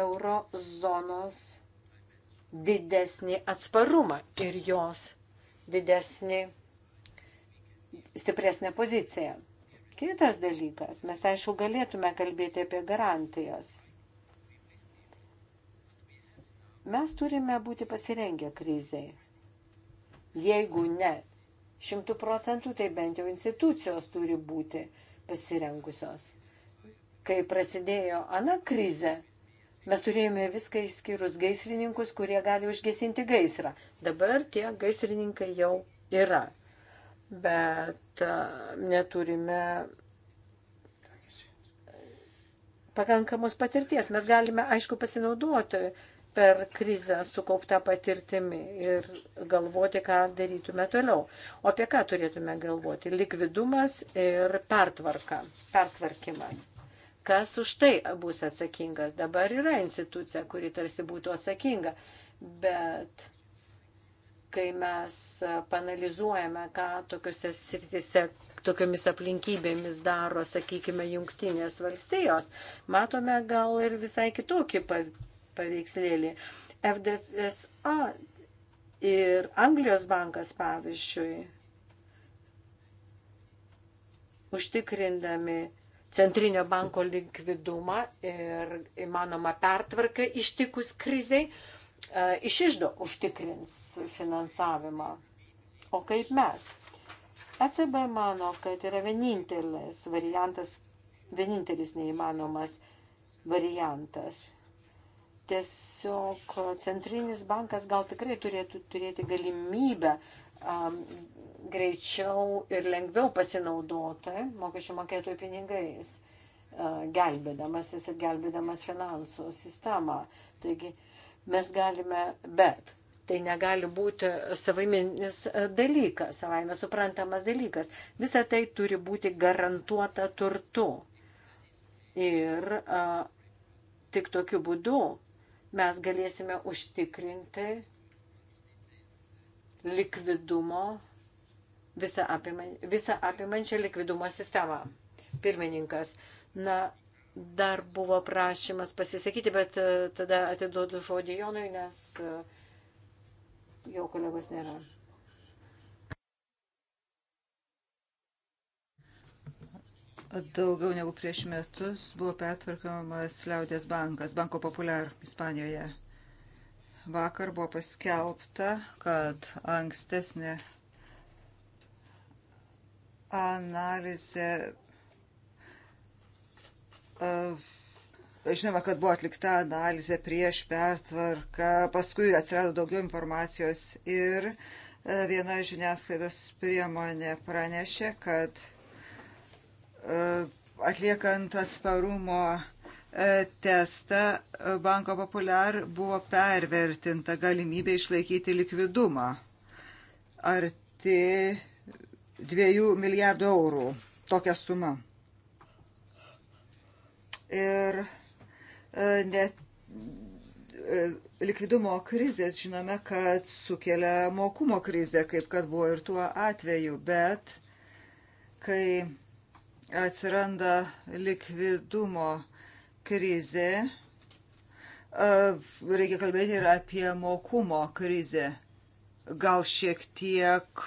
eurozonos didesnį atsparumą ir jos didesnį, stipresnę poziciją. Kitas dalykas, mes aišku galėtume kalbėti apie garantijas. Mes turime būti pasirengę kriziai. Jeigu ne šimtų procentų, tai bent jau institucijos turi būti pasirengusios. Kai prasidėjo ana krize, mes turėjome viską įskyrus gaisrininkus, kurie gali užgesinti gaisrą. Dabar tie gaisrininkai jau yra. Bet neturime pakankamos patirties. Mes galime, aišku, pasinaudoti uh, per krizę sukauptą patirtimi ir galvoti, ką darytume toliau. O apie ką turėtume galvoti? Likvidumas ir pertvarka, pertvarkimas. Kas už tai bus atsakingas? Dabar yra institucija, kuri tarsi būtų atsakinga, bet kai mes panalizuojame, ką tokiuose sritise tokiamis aplinkybėmis daro, sakykime, jungtinės valstijos, matome gal ir visai kitokį paveikslėlį. FDSA ir Anglijos bankas, pavyzdžiui, užtikrindami centrinio banko likvidumą ir įmanoma pertvarką ištikus kriziai, e, iš išdo užtikrins finansavimą. O kaip mes? ECB mano, kad yra vienintelis variantas, vienintelis neįmanomas variantas. Tiesiog centrinis bankas gal tikrai turėtų turėti galimybę um, greičiau ir lengviau pasinaudoti mokesčių mokėtojų pinigais, uh, gelbėdamasis ir gelbėdamas finansų sistemą. Taigi mes galime, bet tai negali būti savaiminis dalykas, savaime suprantamas dalykas. Visa tai turi būti garantuota turtu. Ir a, tik tokiu būdu mes galėsime užtikrinti likvidumo, visą, apiman, visą apimančią likvidumo sistemą. Pirmininkas, na, dar buvo prašymas pasisakyti, bet e, tada atiduodu žodį Jonui, nes e, jo kolegos nėra. Daugiau negu prieš metus buvo pertvarkomas Liaudės bankas, Banko Populiar Ispanijoje. Vakar buvo paskelbta, kad ankstesnė analizė. Uh, Žinoma, kad buvo atlikta analizė prieš pertvarką, paskui atsirado daugiau informacijos ir e, viena žiniasklaidos priemonė pranešė, kad E, atliekant atsparumo e, testą e, Banko Populiar buvo pervertinta galimybė išlaikyti likvidumą arti 2 milijardų eurų tokia suma. Ir net likvidumo krizės žinome, kad sukelia mokumo krizę, kaip kad buvo ir tuo atveju, bet kai atsiranda likvidumo krizė, reikia kalbėti ir apie mokumo krizę, gal šiek tiek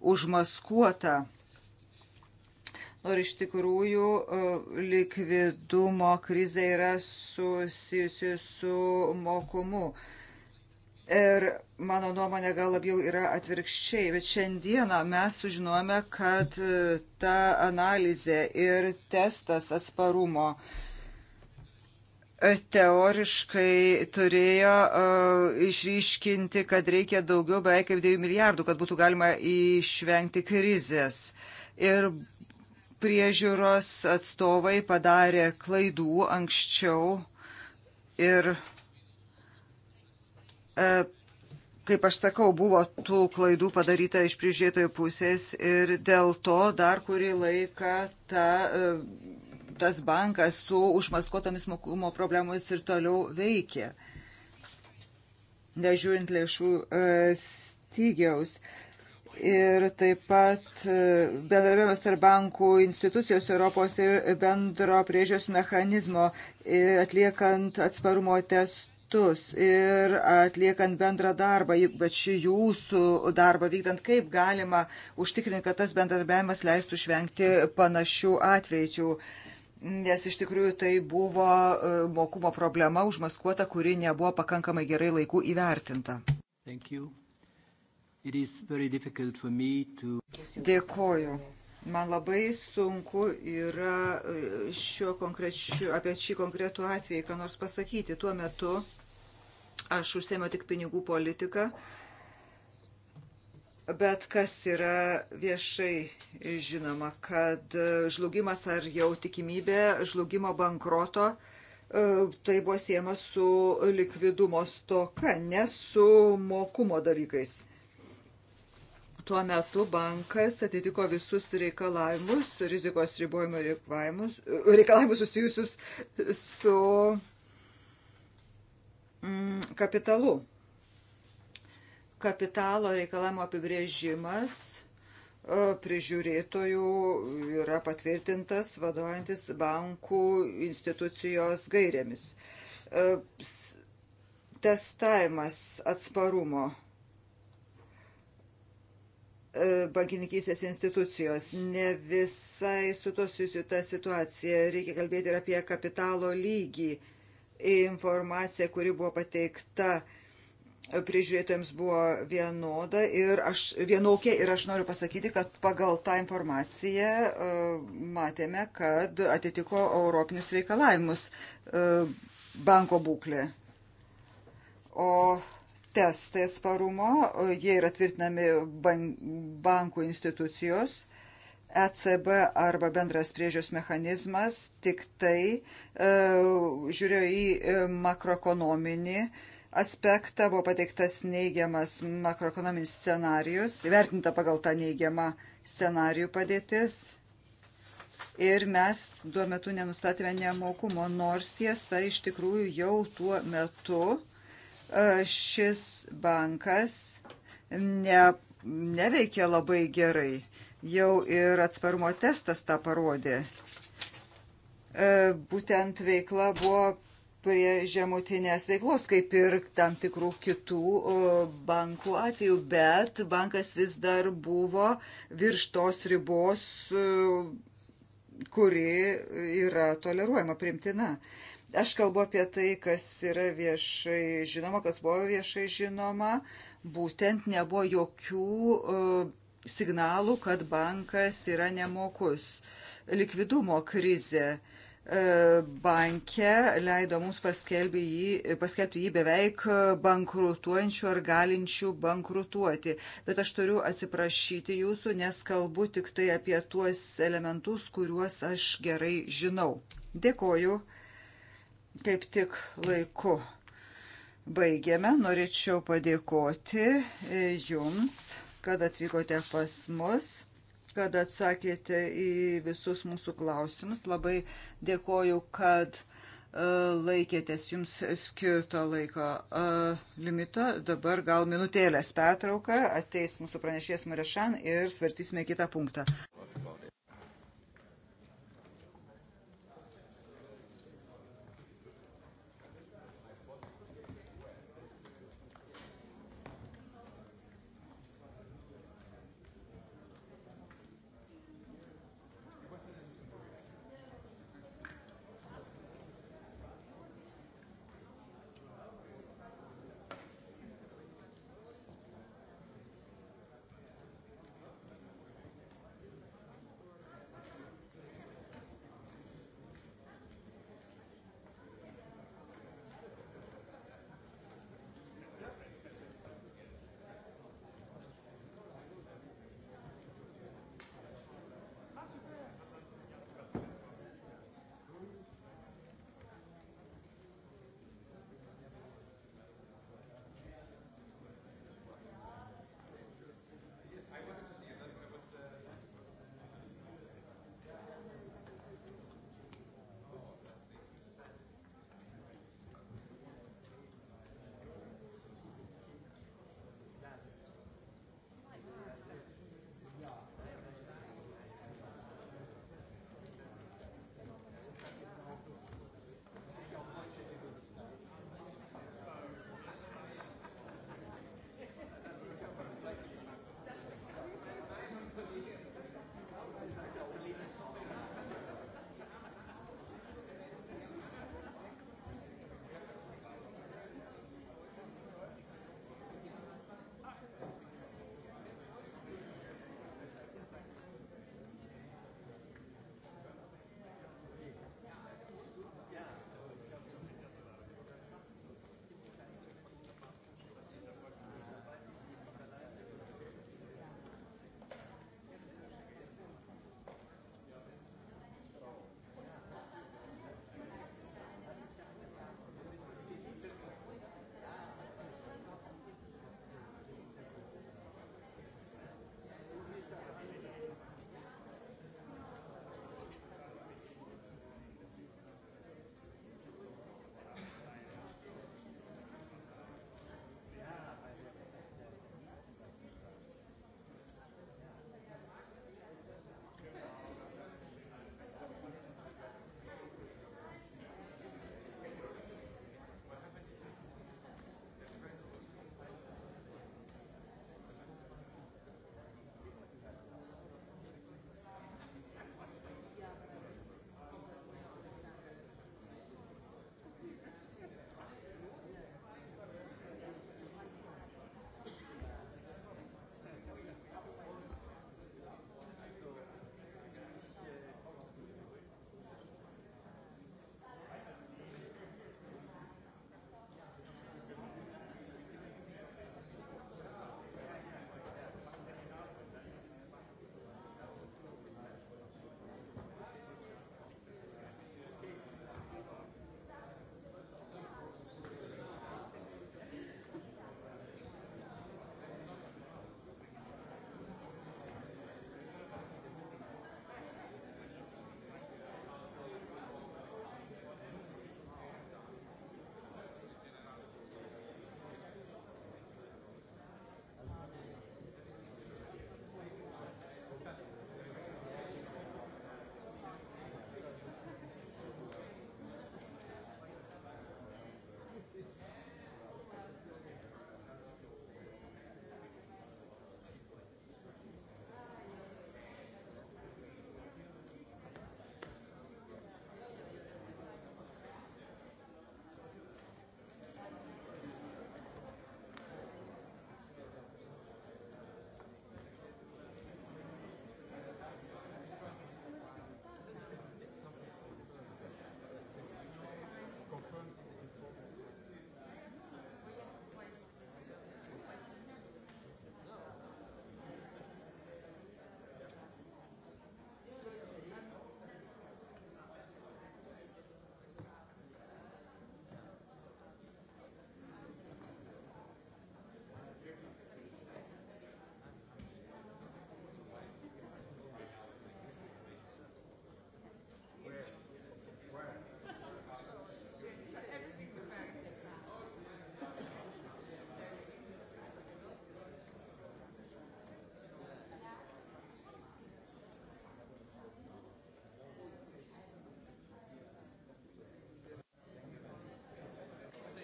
užmaskuota. Nors iš tikrųjų likvidumo krizė yra susijusi su mokumu. Uh, Ir mano nuomonė gal labiau yra atvirkščiai, bet šiandieną mes sužinojame, kad e, ta analizė ir testas atsparumo e, teoriškai turėjo uh, išryškinti, kad reikia daugiau beveik kaip 9 milijardų, kad būtų galima išvengti krizės. Ir priežiūros atstovai padarė klaidų anksčiau ir uh, E, kaip aš sakau, buvo tų klaidų padaryta iš prižiūrėtojų pusės ir dėl to dar kurį laiką ta, e, tas bankas su užmaskuotomis mokumo problemomis ir toliau veikė, nežiūrint lėšų e, stygiaus. Ir taip pat bendravimas tarp bankų institucijos Europos ir bendro priežios mechanizmo atliekant atsparumo testus metus ir atliekant bendrą darbą, ypač jūsų darbą vykdant, kaip galima užtikrinti, kad tas bendradarbiavimas leistų išvengti panašių atvejų. Nes iš tikrųjų tai buvo e, mokumo problema užmaskuota, kuri nebuvo pakankamai gerai laikų įvertinta. To... Dėkoju. Man labai sunku yra e, šiuo konkrečiu, apie šį konkretų atvejį, ką nors pasakyti. Tuo metu aš užsėmiau tik pinigų politiką, bet kas yra viešai žinoma, kad žlugimas ar jau tikimybė žlugimo bankroto, e, tai buvo siejama su likvidumo stoka, ne su mokumo dalykais. Tuo metu bankas atitiko visus reikalavimus, rizikos ribojimo reikalavimus, e, reikalavimus susijusius su mm, kapitalu. Kapitalo reikalamo apibrėžimas e, prižiūrėtojų yra patvirtintas vadovantis bankų institucijos gairėmis. E, testavimas atsparumo e, bankininkysės institucijos. Ne visai su to susijusi ta situacija. Reikia kalbėti ir apie kapitalo lygį informacija, kuri buvo pateikta e, prižiūrėtojams buvo vienoda ir aš vienokia ir aš noriu pasakyti, kad pagal tą informaciją e, matėme, kad atitiko europinius reikalavimus e, banko būklė. O testai atsparumo, jie yra tvirtinami bankų institucijos ECB arba bendras priežios mechanizmas tik tai e, žiūrėjo į e, makroekonominį aspektą, buvo pateiktas neigiamas makroekonominis scenarius, vertinta pagal tą neigiamą scenarių padėtis. Ir mes tuo metu nenustatėme nemokumo, nors tiesa iš tikrųjų jau tuo metu e, šis bankas ne, neveikė labai gerai Jau ir atsparumo testas tą parodė. E, būtent veikla buvo prie žemutinės veiklos, kaip ir tam tikrų kitų e, bankų atveju, bet bankas vis dar buvo virš tos ribos, e, kuri yra toleruojama, primtina. Aš kalbu apie tai, kas yra viešai žinoma, kas buvo viešai žinoma, būtent nebuvo jokių signalų, kad bankas yra nemokus. Likvidumo krizė e, banke leido mums paskelbti jį, paskelbti jį beveik bankrutuojančių ar galinčių bankrutuoti. Bet aš turiu atsiprašyti jūsų, nes kalbu tik tai apie tuos elementus, kuriuos aš gerai žinau. Dėkoju, kaip tik laiku. Baigėme, norėčiau padėkoti e, jums kad atvykote pas mus, kad atsakėte į visus mūsų klausimus. Labai dėkoju, kad e, laikėtės jums skirto laiko e, limito. Dabar gal minutėlės petrauka, ateis mūsų pranešėjas Marešan ir svarstysime kitą punktą.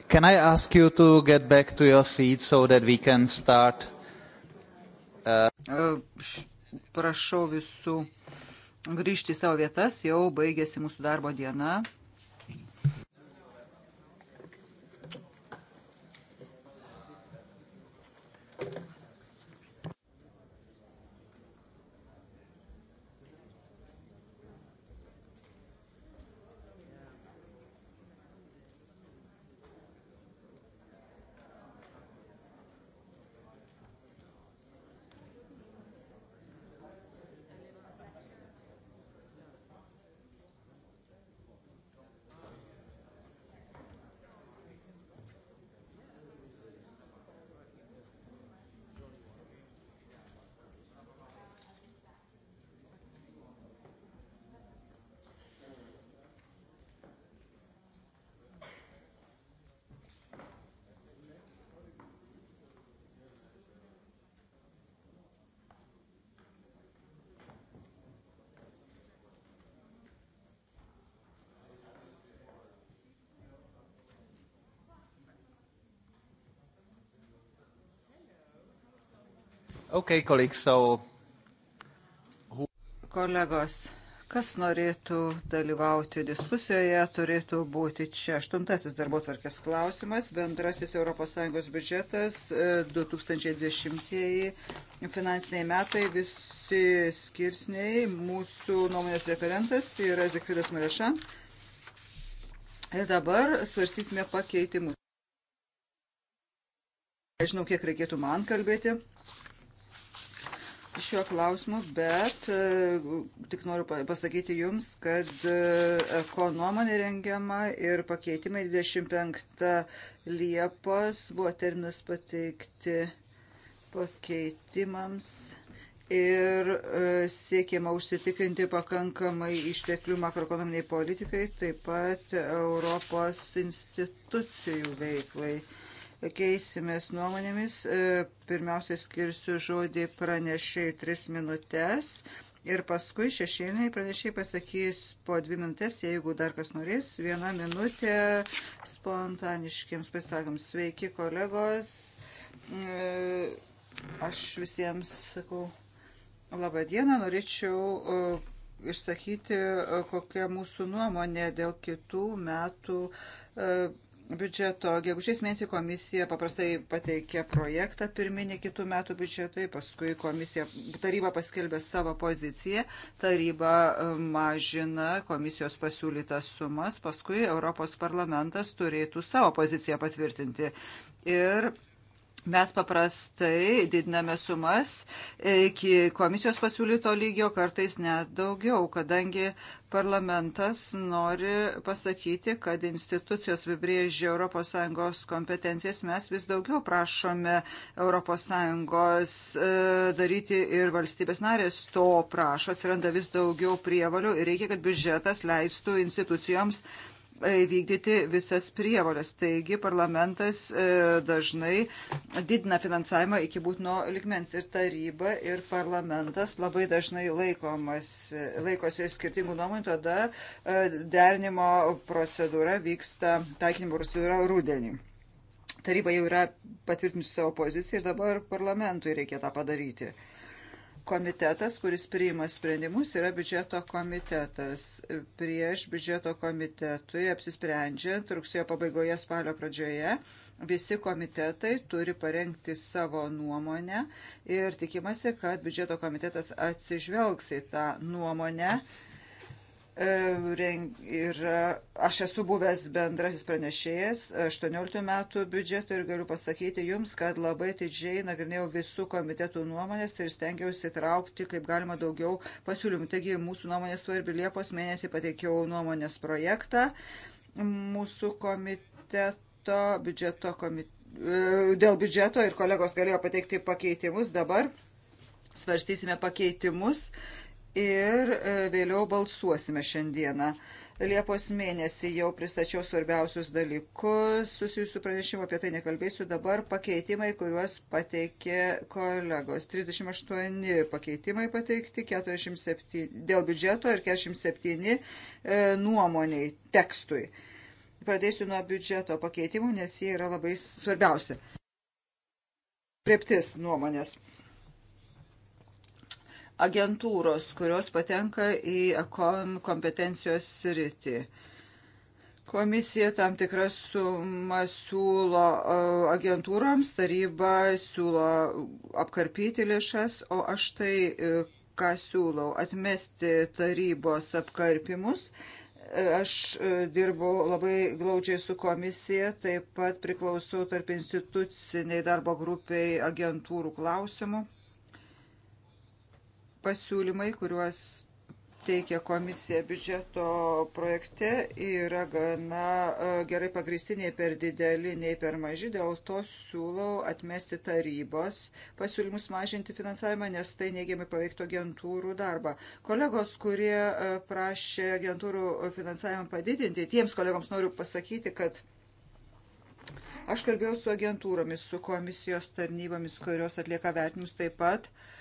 Can I ask you to get back to your seat so that we can start? Uh... uh prašau visų grįžti į savo vietas, jau baigėsi mūsų darbo diena. Okay, colleagues, so... Kolegos, kas norėtų dalyvauti diskusijoje, turėtų būti čia. Aštuntasis darbo tvarkės klausimas, bendrasis ES biudžetas 2020 e, finansiniai metai, visi skirsniai, mūsų nuomonės referentas yra Zekvidas Marešan. Ir dabar svarstysime pakeitimus. Nežinau, kiek reikėtų man kalbėti šiuo klausimu, bet e, tik noriu pasakyti Jums, kad e, ko nuomonė rengiama ir pakeitimai 25 Liepos buvo terminas pateikti pakeitimams ir e, siekiama užsitikrinti pakankamai išteklių makroekonominiai politikai, taip pat Europos institucijų veiklai keisimės nuomonėmis. E, pirmiausia, skirsiu žodį pranešiai tris minutės ir paskui šešėliniai pranešiai pasakys po dvi minutės, jeigu dar kas norės, vieną minutę spontaniškiams pasakams. Sveiki, kolegos. E, aš visiems sakau labą dieną. Norėčiau e, išsakyti, kokia mūsų nuomonė dėl kitų metų biudžeto. Gegužės mėnesį komisija paprastai pateikė projektą pirminį kitų metų biudžetui, paskui komisija, taryba paskelbė savo poziciją, taryba e, mažina komisijos pasiūlytas sumas, paskui Europos parlamentas turėtų savo poziciją patvirtinti. Ir Mes paprastai didiname sumas iki komisijos pasiūlyto lygio, kartais net daugiau, kadangi parlamentas nori pasakyti, kad institucijos vibrėžia ES kompetencijas, mes vis daugiau prašome ES e, daryti ir valstybės narės to prašo, atsiranda vis daugiau prievalių ir reikia, kad biudžetas leistų institucijoms E, vykdyti visas prievolės. Taigi parlamentas e, dažnai didina finansavimą iki būtino likmens ir taryba ir parlamentas labai dažnai laikomas, laikosi skirtingų nuomonių, tada e, derinimo procedūra vyksta, taikinimo procedūra rūdienį. Taryba jau yra patvirtinusi savo poziciją ir dabar parlamentui reikia tą padaryti komitetas, kuris priima sprendimus, yra biudžeto komitetas. Prieš biudžeto komitetui apsisprendžiant rugsėjo pabaigoje spalio pradžioje visi komitetai turi parengti savo nuomonę ir tikimasi, kad biudžeto komitetas atsižvelgs į tą nuomonę Ir, aš esu buvęs bendrasis pranešėjas 18 metų biudžeto ir galiu pasakyti jums, kad labai didžiai nagrinėjau visų komitetų nuomonės ir stengiausi traukti kaip galima daugiau pasiūlymų. Taigi mūsų nuomonė svarbi Liepos mėnesį pateikiau nuomonės projektą mūsų komiteto biudžeto komiteto. Dėl biudžeto ir kolegos galėjo pateikti pakeitimus, dabar svarstysime pakeitimus. Uh, ir e, vėliau balsuosime šiandieną. Liepos mėnesį jau pristačiau svarbiausius dalykus, susijusių pranešimų apie tai nekalbėsiu, dabar pakeitimai, kuriuos pateikė kolegos. 38 pakeitimai pateikti, 47 dėl biudžeto ir 47 e, nuomoniai tekstui. Pradėsiu nuo biudžeto pakeitimų, nes jie yra labai svarbiausi. Prieptis nuomonės agentūros, kurios patenka į ekon kompetencijos sritį. Komisija tam tikras sumą siūlo e, agentūroms, taryba siūlo apkarpyti lėšas, o aš tai, e, ką siūlau, atmesti tarybos apkarpimus. E, aš dirbu labai glaudžiai su komisija, taip pat priklausau tarp instituciniai darbo grupiai agentūrų klausimų Pasiūlymai, kuriuos teikia komisija biudžeto projekte, yra gana e, gerai pagristiniai per dideli, nei per maži, dėl to siūlau atmesti tarybos pasiūlymus mažinti finansavimą, nes tai neigiamai paveiktų agentūrų darbą. Kolegos, kurie e, prašė agentūrų finansavimą padidinti, tiems kolegoms noriu pasakyti, kad Aš kalbėjau su agentūromis, su komisijos tarnybomis, kurios atlieka vertinimus taip pat. Uh,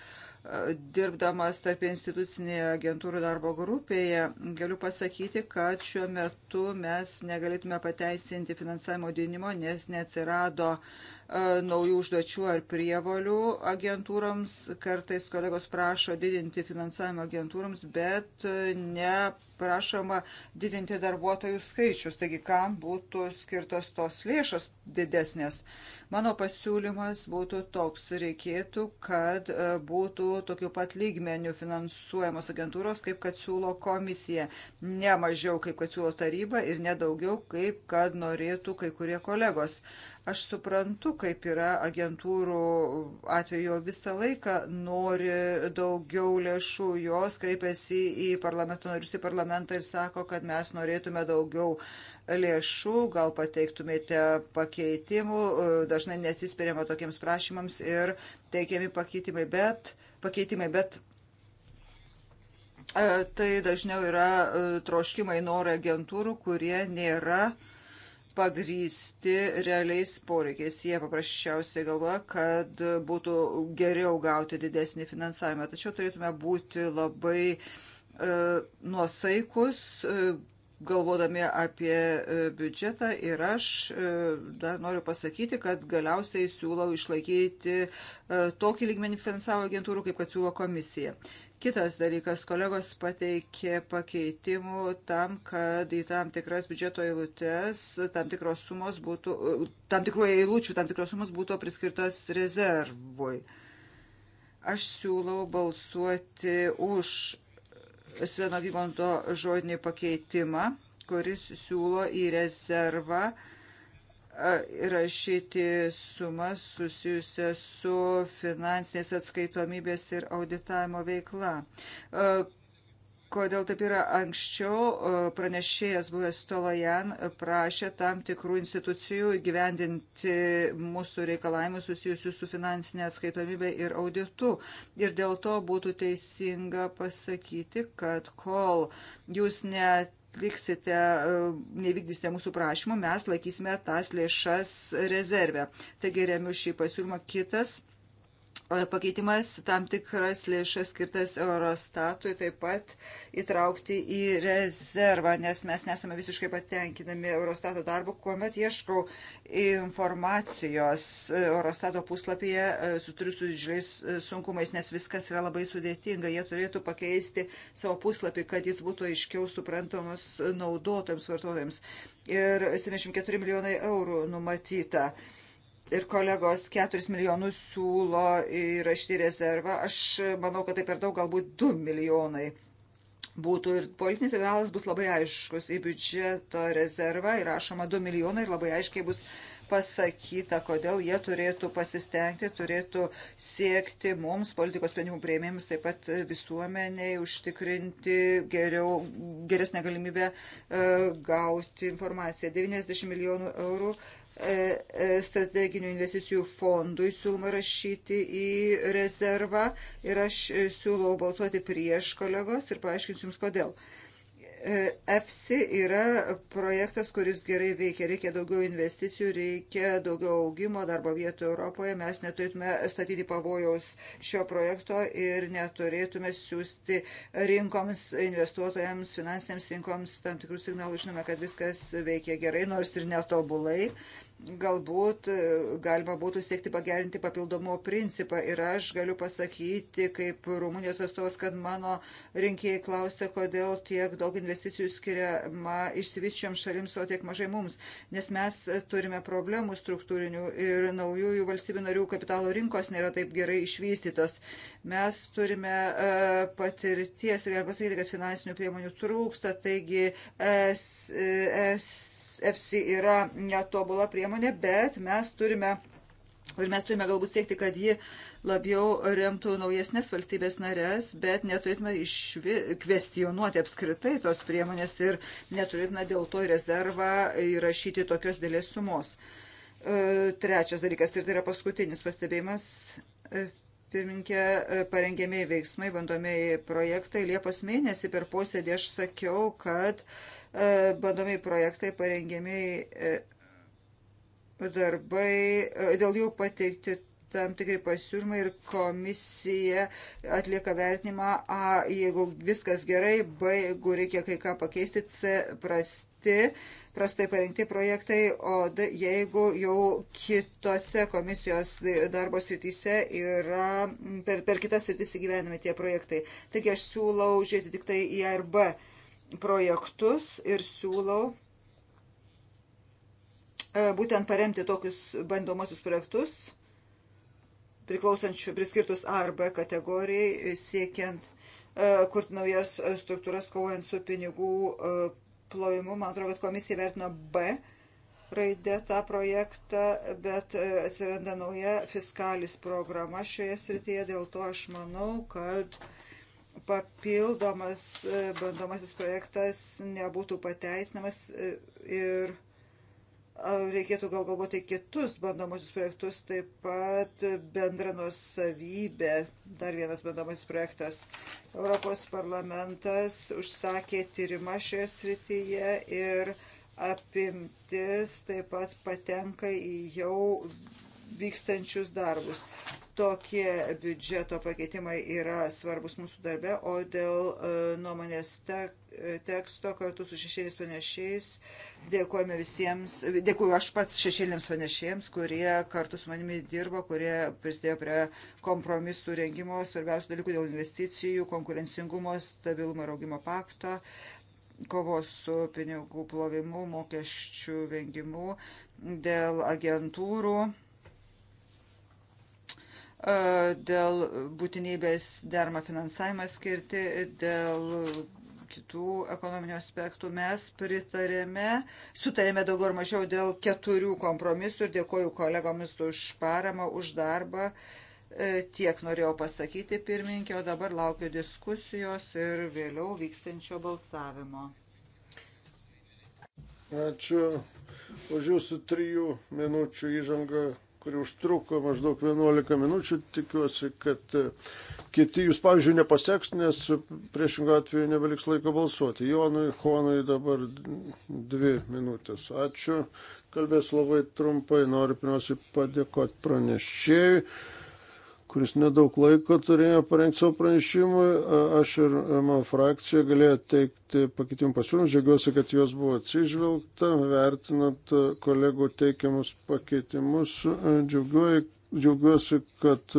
dirbdamas tarp institucinėje agentūrų darbo grupėje, galiu pasakyti, kad šiuo metu mes negalėtume pateisinti finansavimo didinimo, nes neatsirado uh, E, naujų užduočių ar prievolių agentūroms. Kartais kolegos prašo didinti finansavimą agentūroms, bet neprašoma didinti darbuotojų skaičius. Taigi, kam būtų skirtos tos lėšos didesnės? Mano pasiūlymas būtų toks. Reikėtų, kad e, būtų tokiu pat lygmeniu finansuojamos agentūros, kaip kad siūlo komisija. Ne mažiau, kaip kad siūlo taryba ir ne daugiau, kaip kad norėtų kai kurie kolegos. Uh, Aš suprantu, kaip yra agentūrų atveju visą laiką nori daugiau lėšų, jos kreipiasi į parlamento narius, į parlamentą ir sako, kad mes norėtume daugiau lėšų, gal pateiktumėte pakeitimų, dažnai neatsispiriama tokiems prašymams ir teikiami pakeitimai, bet, pakeitimai, bet e, tai dažniau yra e, troškimai norai agentūrų, kurie nėra uh, pagrysti realiais poreikiais. Jie paprasčiausiai galvoja, kad būtų geriau gauti didesnį finansavimą. Tačiau turėtume būti labai e, nuosaikus, e, galvodami apie e, biudžetą. Ir aš e, dar noriu pasakyti, kad galiausiai siūlau išlaikyti e, tokį lygmenį finansavo agentūrų, kaip kad siūlo komisija. E, Kitas dalykas, kolegos pateikė pakeitimų tam, kad į tam tikras biudžeto eilutės, tam tikros sumos būtų, tam tikrų eilučių, tam tikros sumos būtų priskirtos rezervui. Aš siūlau balsuoti už Sveno Vygonto žodinį pakeitimą, kuris siūlo į rezervą uh, rašyti sumas susijusias su finansinės atskaitomybės ir auditavimo veikla. Kodėl taip yra anksčiau, pranešėjas buvęs Tolojan prašė tam tikrų institucijų gyvendinti mūsų reikalavimus susijusius su finansinė atskaitomybė ir auditu. Ir dėl to būtų teisinga pasakyti, kad kol jūs net atliksite, e, nevykdysite mūsų prašymų, mes laikysime tas lėšas rezervę. Taigi remiu šį pasiūlymą kitas E, pakeitimas tam tikras lėšas skirtas Eurostatui taip pat įtraukti į rezervą, nes mes nesame visiškai patenkinami Eurostato darbu, kuomet ieškau informacijos e, Eurostato puslapyje, e, suturiu su didžiuliais sunkumais, nes viskas yra labai sudėtinga. Jie turėtų pakeisti savo puslapį, kad jis būtų aiškiau suprantamas naudotojams, vartotojams. Ir 74 milijonai eurų numatyta. Uh, ir kolegos 4 milijonus siūlo įrašti rezervą. Aš manau, kad tai per daug, galbūt 2 milijonai būtų ir politinis signalas bus labai aiškus. Į biudžeto rezervą įrašoma 2 milijonai ir labai aiškiai bus pasakyta, kodėl jie turėtų pasistengti, turėtų siekti mums, politikos sprendimų prieimėjams, taip pat visuomeniai užtikrinti geriau, geresnę galimybę e, gauti informaciją. 90 milijonų eurų E, e, strateginių investicijų fondui siūloma rašyti į rezervą ir aš e, siūlau balsuoti prieš kolegos ir paaiškinsiu Jums kodėl. EFSI yra projektas, kuris gerai veikia. Reikia daugiau investicijų, reikia daugiau augimo darbo vietų Europoje. Mes neturėtume statyti pavojaus šio projekto ir neturėtume siūsti rinkoms, investuotojams, finansinėms rinkoms tam tikrų signalų. Žinome, kad viskas veikia gerai, nors ir netobulai galbūt e, galima būtų siekti pagerinti papildomo principą. Ir aš galiu pasakyti, kaip Rumunijos atstovas, kad mano rinkėjai klausia, kodėl tiek daug investicijų skiriama išsivyščiom šalims, o tiek mažai mums. Nes mes turime problemų struktūrinių ir naujųjų valstybių narių kapitalo rinkos nėra taip gerai išvystytos. Mes turime e, patirties ir galima pasakyti, kad finansinių priemonių trūksta, taigi es, es, FC yra netobula priemonė, bet mes turime. Ir mes turime galbūt siekti, kad ji labiau remtų naujesnės valstybės narės, bet neturėtume kvestionuoti apskritai tos priemonės ir neturėtume dėl to į rezervą įrašyti tokios dėlės sumos. E, trečias dalykas, ir tai yra paskutinis pastebėjimas, e, pirminkė, e, parengėmiai veiksmai, bandomieji projektai. Liepos mėnesį per posėdį aš sakiau, kad E, bandomiai projektai, parengiamiai e, darbai, e, dėl jų pateikti tam tikri pasiūlymai ir komisija atlieka vertinimą A, jeigu viskas gerai, B, jeigu reikia kai ką pakeisti, C, prasti, prastai parengti projektai, o D, jeigu jau kitose komisijos darbo srityse yra per, per kitas srityse gyvenami tie projektai. Taigi aš siūlau žiūrėti tik tai į A ir B projektus ir siūlau e, būtent paremti tokius bandomosius projektus, priklausančių, priskirtus A ar B kategorijai, e, siekiant e, kurti naujas struktūras, kovojant su pinigų plovimu. Man atrodo, kad komisija vertino B raidę tą projektą, bet atsiranda nauja fiskalis programa šioje srityje, dėl to aš manau, kad uh, papildomas e, bandomasis projektas nebūtų pateisinamas e, ir reikėtų gal galvoti kitus bandomosius projektus, taip pat bendra nuosavybė, dar vienas bandomasis projektas. Europos parlamentas užsakė tyrimą šioje srityje ir apimtis taip pat patenka į jau vykstančius darbus. Tokie biudžeto pakeitimai yra svarbus mūsų darbe, o dėl e, nuomonės tek, teksto kartu su šešėliais panešiais dėkojame visiems, dėkuoju aš pats šešėlėms panešėjams, kurie kartu su manimi dirbo, kurie prisidėjo prie kompromisų rengimo, svarbiausių dalykų dėl investicijų, konkurencingumo, stabilumo ir augimo pakto, kovos su pinigų plovimu, mokesčių vengimu, dėl agentūrų dėl būtinybės derma finansavimą skirti, dėl kitų ekonominių aspektų mes pritarėme, sutarėme daugiau ar mažiau dėl keturių kompromisų ir dėkoju kolegomis už paramą, už darbą. E, tiek norėjau pasakyti pirminkė, o dabar laukiu diskusijos ir vėliau vyksančio balsavimo. Ačiū už jūsų trijų minučių įžangą kuri užtruko maždaug 11 minučių. Tikiuosi, kad e, kiti jūs, pavyzdžiui, nepaseks, nes priešingų atveju nebeliks laiko balsuoti. Jonui, Honui dabar dvi minutės. Ačiū. Kalbės labai trumpai. Noriu pirmiausiai padėkoti pranešėjui kuris nedaug laiko turėjo parengti savo pranešimui, aš ir mano frakcija galėjo teikti pakeitimų pasiūlymus. Žiūrėjusi, kad juos buvo atsižvelgta, vertinant kolegų teikiamus pakeitimus. Džiaugiuoju, džiaugiuosi, kad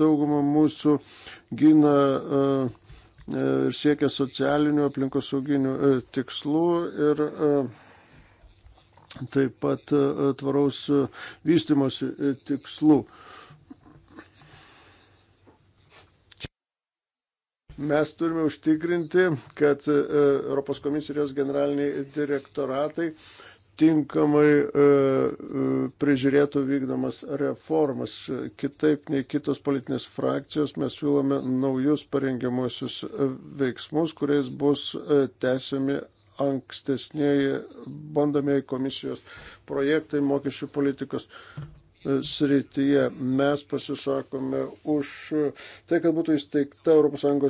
dauguma mūsų gina ir siekia socialinių aplinkosauginių e, tikslų ir taip pat tvaraus vystimosi e, tikslų. mes turime užtikrinti, kad e, Europos komisijos generaliniai direktoratai tinkamai e, e, prižiūrėtų vykdomas reformas. Kitaip nei kitos politinės frakcijos mes siūlome naujus parengiamuosius veiksmus, kuriais bus tęsiami ankstesniai bandomieji komisijos projektai mokesčių politikos srityje. Mes pasisakome už tai, kad būtų įsteigta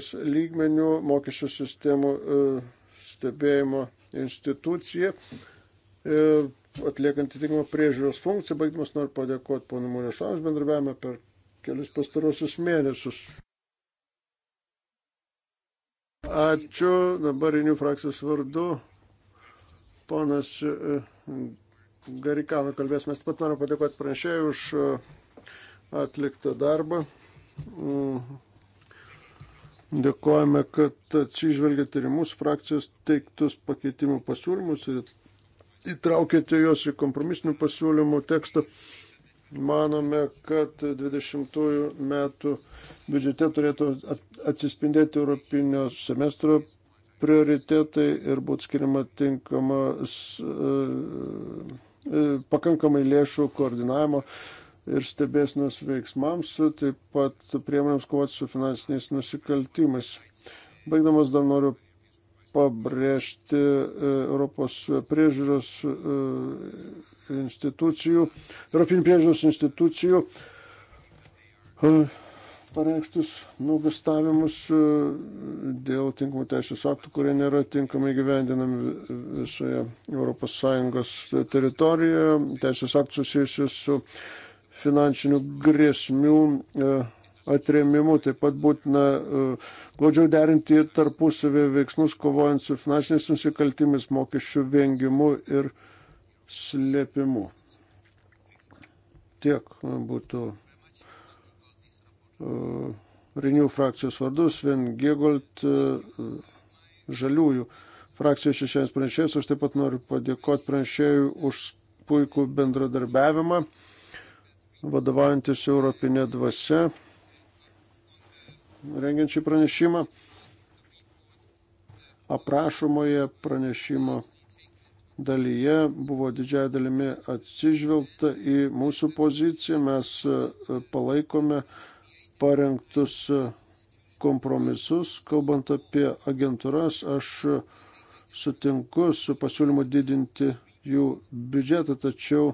ES lygmenių mokesčių sistemų e, stebėjimo institucija e, atliekant atitinkamą priežiūros funkciją. Baigdamas noriu padėkoti ponui Mūrėšams bendravimą per kelius pastarosius mėnesius. Ačiū dabarinių frakcijos vardu. Ponas e, Garikano kalbės. Mes taip pat noriu padėkoti pranešėjai už e, atliktą darbą. Mm. Dėkojame, kad atsižvelgėte ir mūsų frakcijos teiktus pakeitimų pasiūlymus ir įtraukėte juos į kompromisinių pasiūlymų tekstą. Manome, kad 20 metų biudžete turėtų atsispindėti Europinio semestro prioritetai ir būtų skiriama tinkamas. Uh, e, E, pakankamai lėšų koordinavimo ir stebėsnos veiksmams, taip pat priemonėms kovoti su finansiniais nusikaltimais. Baigdamas dar noriu pabrėžti e, Europos priežiūros e, institucijų, Europinių priežiūros institucijų pareikštus nuogastavimus e, dėl tinkamų teisės aktų, kurie nėra tinkamai gyvendinami visoje ES teritorijoje, teisės aktų susijusių su finansinių grėsmių e, atremimu, taip pat būtina e, glaudžiau derinti tarpusavį veiksmus, kovojant su finansiniais nusikaltimis, mokesčių vengimu ir slėpimu. Tiek būtų Rinių frakcijos vardu, Sven Giegolt, žaliųjų frakcijos šešiems pranešėjus. Aš taip pat noriu padėkoti pranešėjui už puikų bendradarbiavimą, vadovaujantis Europinė dvasia, rengiant šį pranešimą. Aprašomoje pranešimo dalyje buvo didžiai dalimi atsižvelgta į mūsų poziciją. Mes palaikome uh, parengtus kompromisus. Kalbant apie agentūras, aš sutinku su pasiūlymu didinti jų biudžetą, tačiau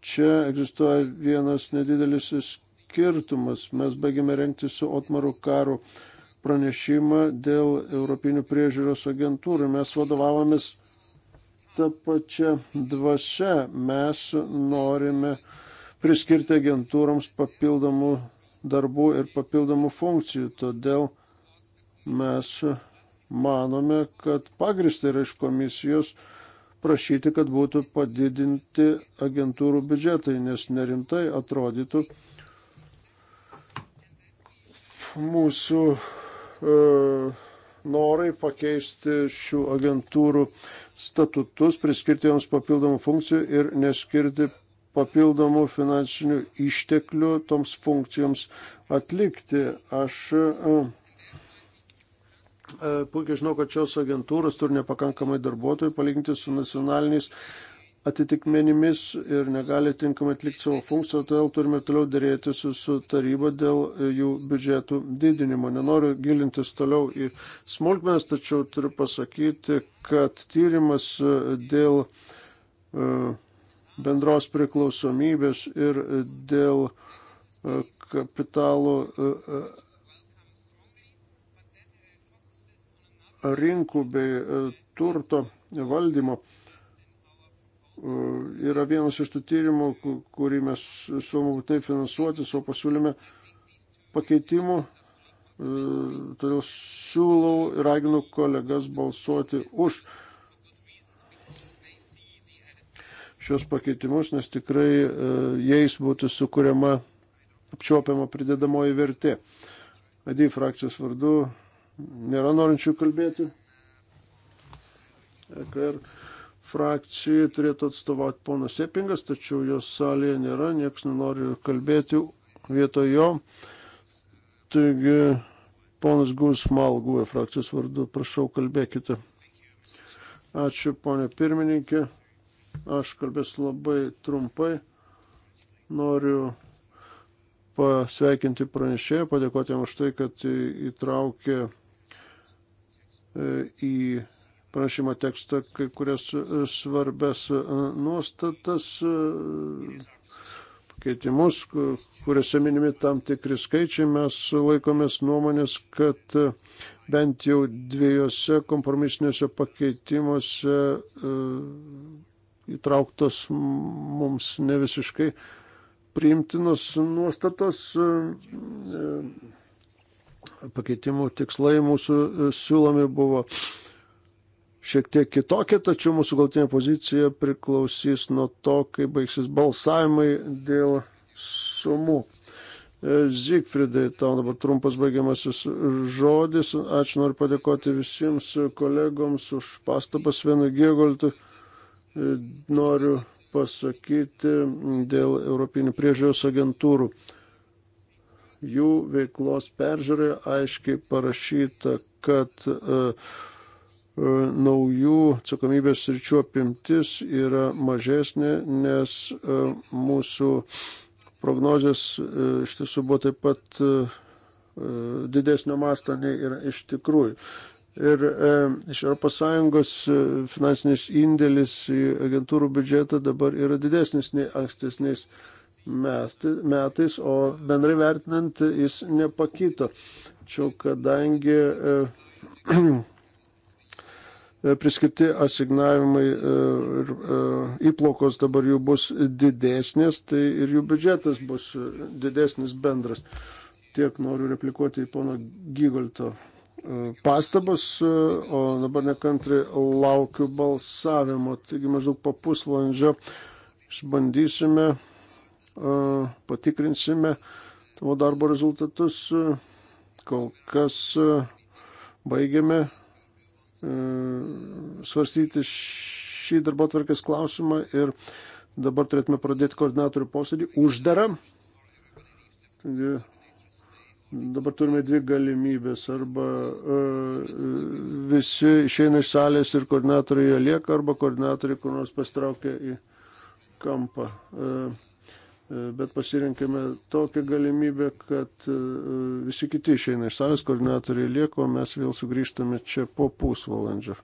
čia egzistuoja vienas nedidelis skirtumas. Mes baigėme renkti su Otmaru karu pranešimą dėl Europinių priežiūros agentūrų. Mes vadovavomės tą pačią dvasę. Mes norime priskirti agentūroms papildomų darbų ir papildomų funkcijų. Todėl mes manome, kad pagristai yra iš komisijos prašyti, kad būtų padidinti agentūrų biudžetai, nes nerimtai atrodytų mūsų e, norai pakeisti šių agentūrų statutus, priskirti joms papildomų funkcijų ir neskirti papildomų finansinių išteklių toms funkcijoms atlikti. Aš e, e, puikiai žinau, kad šios agentūros turi nepakankamai darbuotojų palyginti su nacionaliniais atitikmenimis ir negali tinkamai atlikti savo funkciją, todėl turime toliau dėrėti su, su taryba dėl jų biudžetų didinimo. Nenoriu gilintis toliau į smulkmenas, tačiau turiu pasakyti, kad tyrimas dėl uh, bendros priklausomybės ir dėl e, kapitalų e, e, rinkų bei turto valdymo. Yra vienas iš tų tyrimų, kurį mes siūlome būtinai finansuoti savo pasiūlyme pakeitimų. Todėl siūlau ir raginu kolegas balsuoti už. šios pakeitimus, nes tikrai e, jais būtų sukūriama apčiuopiama pridedamoji vertė. AD frakcijos vardu nėra norinčių kalbėti. EKR frakcijai turėtų atstovauti ponas Sepingas, tačiau jos salėje nėra, nieks nenori kalbėti vietoj jo. Taigi, ponas Gusmal, GUE frakcijos vardu, prašau kalbėkite. Ačiū, ponė pirmininkė. Aš kalbėsiu labai trumpai. Noriu pasveikinti pranešėją, padėkoti jam už tai, kad įtraukė e, į pranešimo tekstą kai kurias e, svarbes e, nuostatas, pakeitimus, kuriuose minimi tam tikri skaičiai. Mes laikomės nuomonės, kad bent jau dviejose kompromisinėse pakeitimuose įtrauktos mums ne visiškai priimtinos nuostatos. E, e, pakeitimų tikslai mūsų e, siūlomi buvo šiek tiek kitokia, tačiau mūsų galtinė pozicija priklausys nuo to, kai baigsis balsavimai dėl sumų. Zygfridai, tau dabar trumpas baigiamasis žodis. Ačiū noriu padėkoti visiems kolegoms už pastabas vienu Giegoltu noriu pasakyti dėl Europinių priežiūros agentūrų. Jų veiklos peržiūrė aiškiai parašyta, kad e, e, naujų atsakomybės ryčių apimtis yra mažesnė, nes e, mūsų prognozijas iš tiesų buvo taip pat didesnio masto nei yra iš tikrųjų. Ir e, iš ES e, finansinis indėlis į agentūrų biudžetą dabar yra didesnis nei ankstesniais metais, o bendrai vertinant jis nepakito. Čia kadangi e, [clears throat] e, priskirti asignavimai e, ir įplaukos dabar jų bus didesnės, tai ir jų biudžetas bus didesnis bendras. Tiek noriu replikuoti į pono Gygolto pastabas, o dabar nekantri laukiu balsavimo. Taigi maždaug po pusvalandžio išbandysime, patikrinsime tavo darbo rezultatus. Kol kas baigiame svarstyti šį darbo tvarkės klausimą ir dabar turėtume pradėti koordinatorių posėdį uždarą. Taigi, Dabar turime dvi galimybės. Arba uh, visi išeina iš salės ir koordinatoriai jie lieka, arba koordinatoriai kur nors pastraukia į kampą. Uh, bet pasirinkime tokią galimybę, kad uh, visi kiti išeina iš salės, koordinatoriai lieka, o mes vėl sugrįžtame čia po pusvalandžio.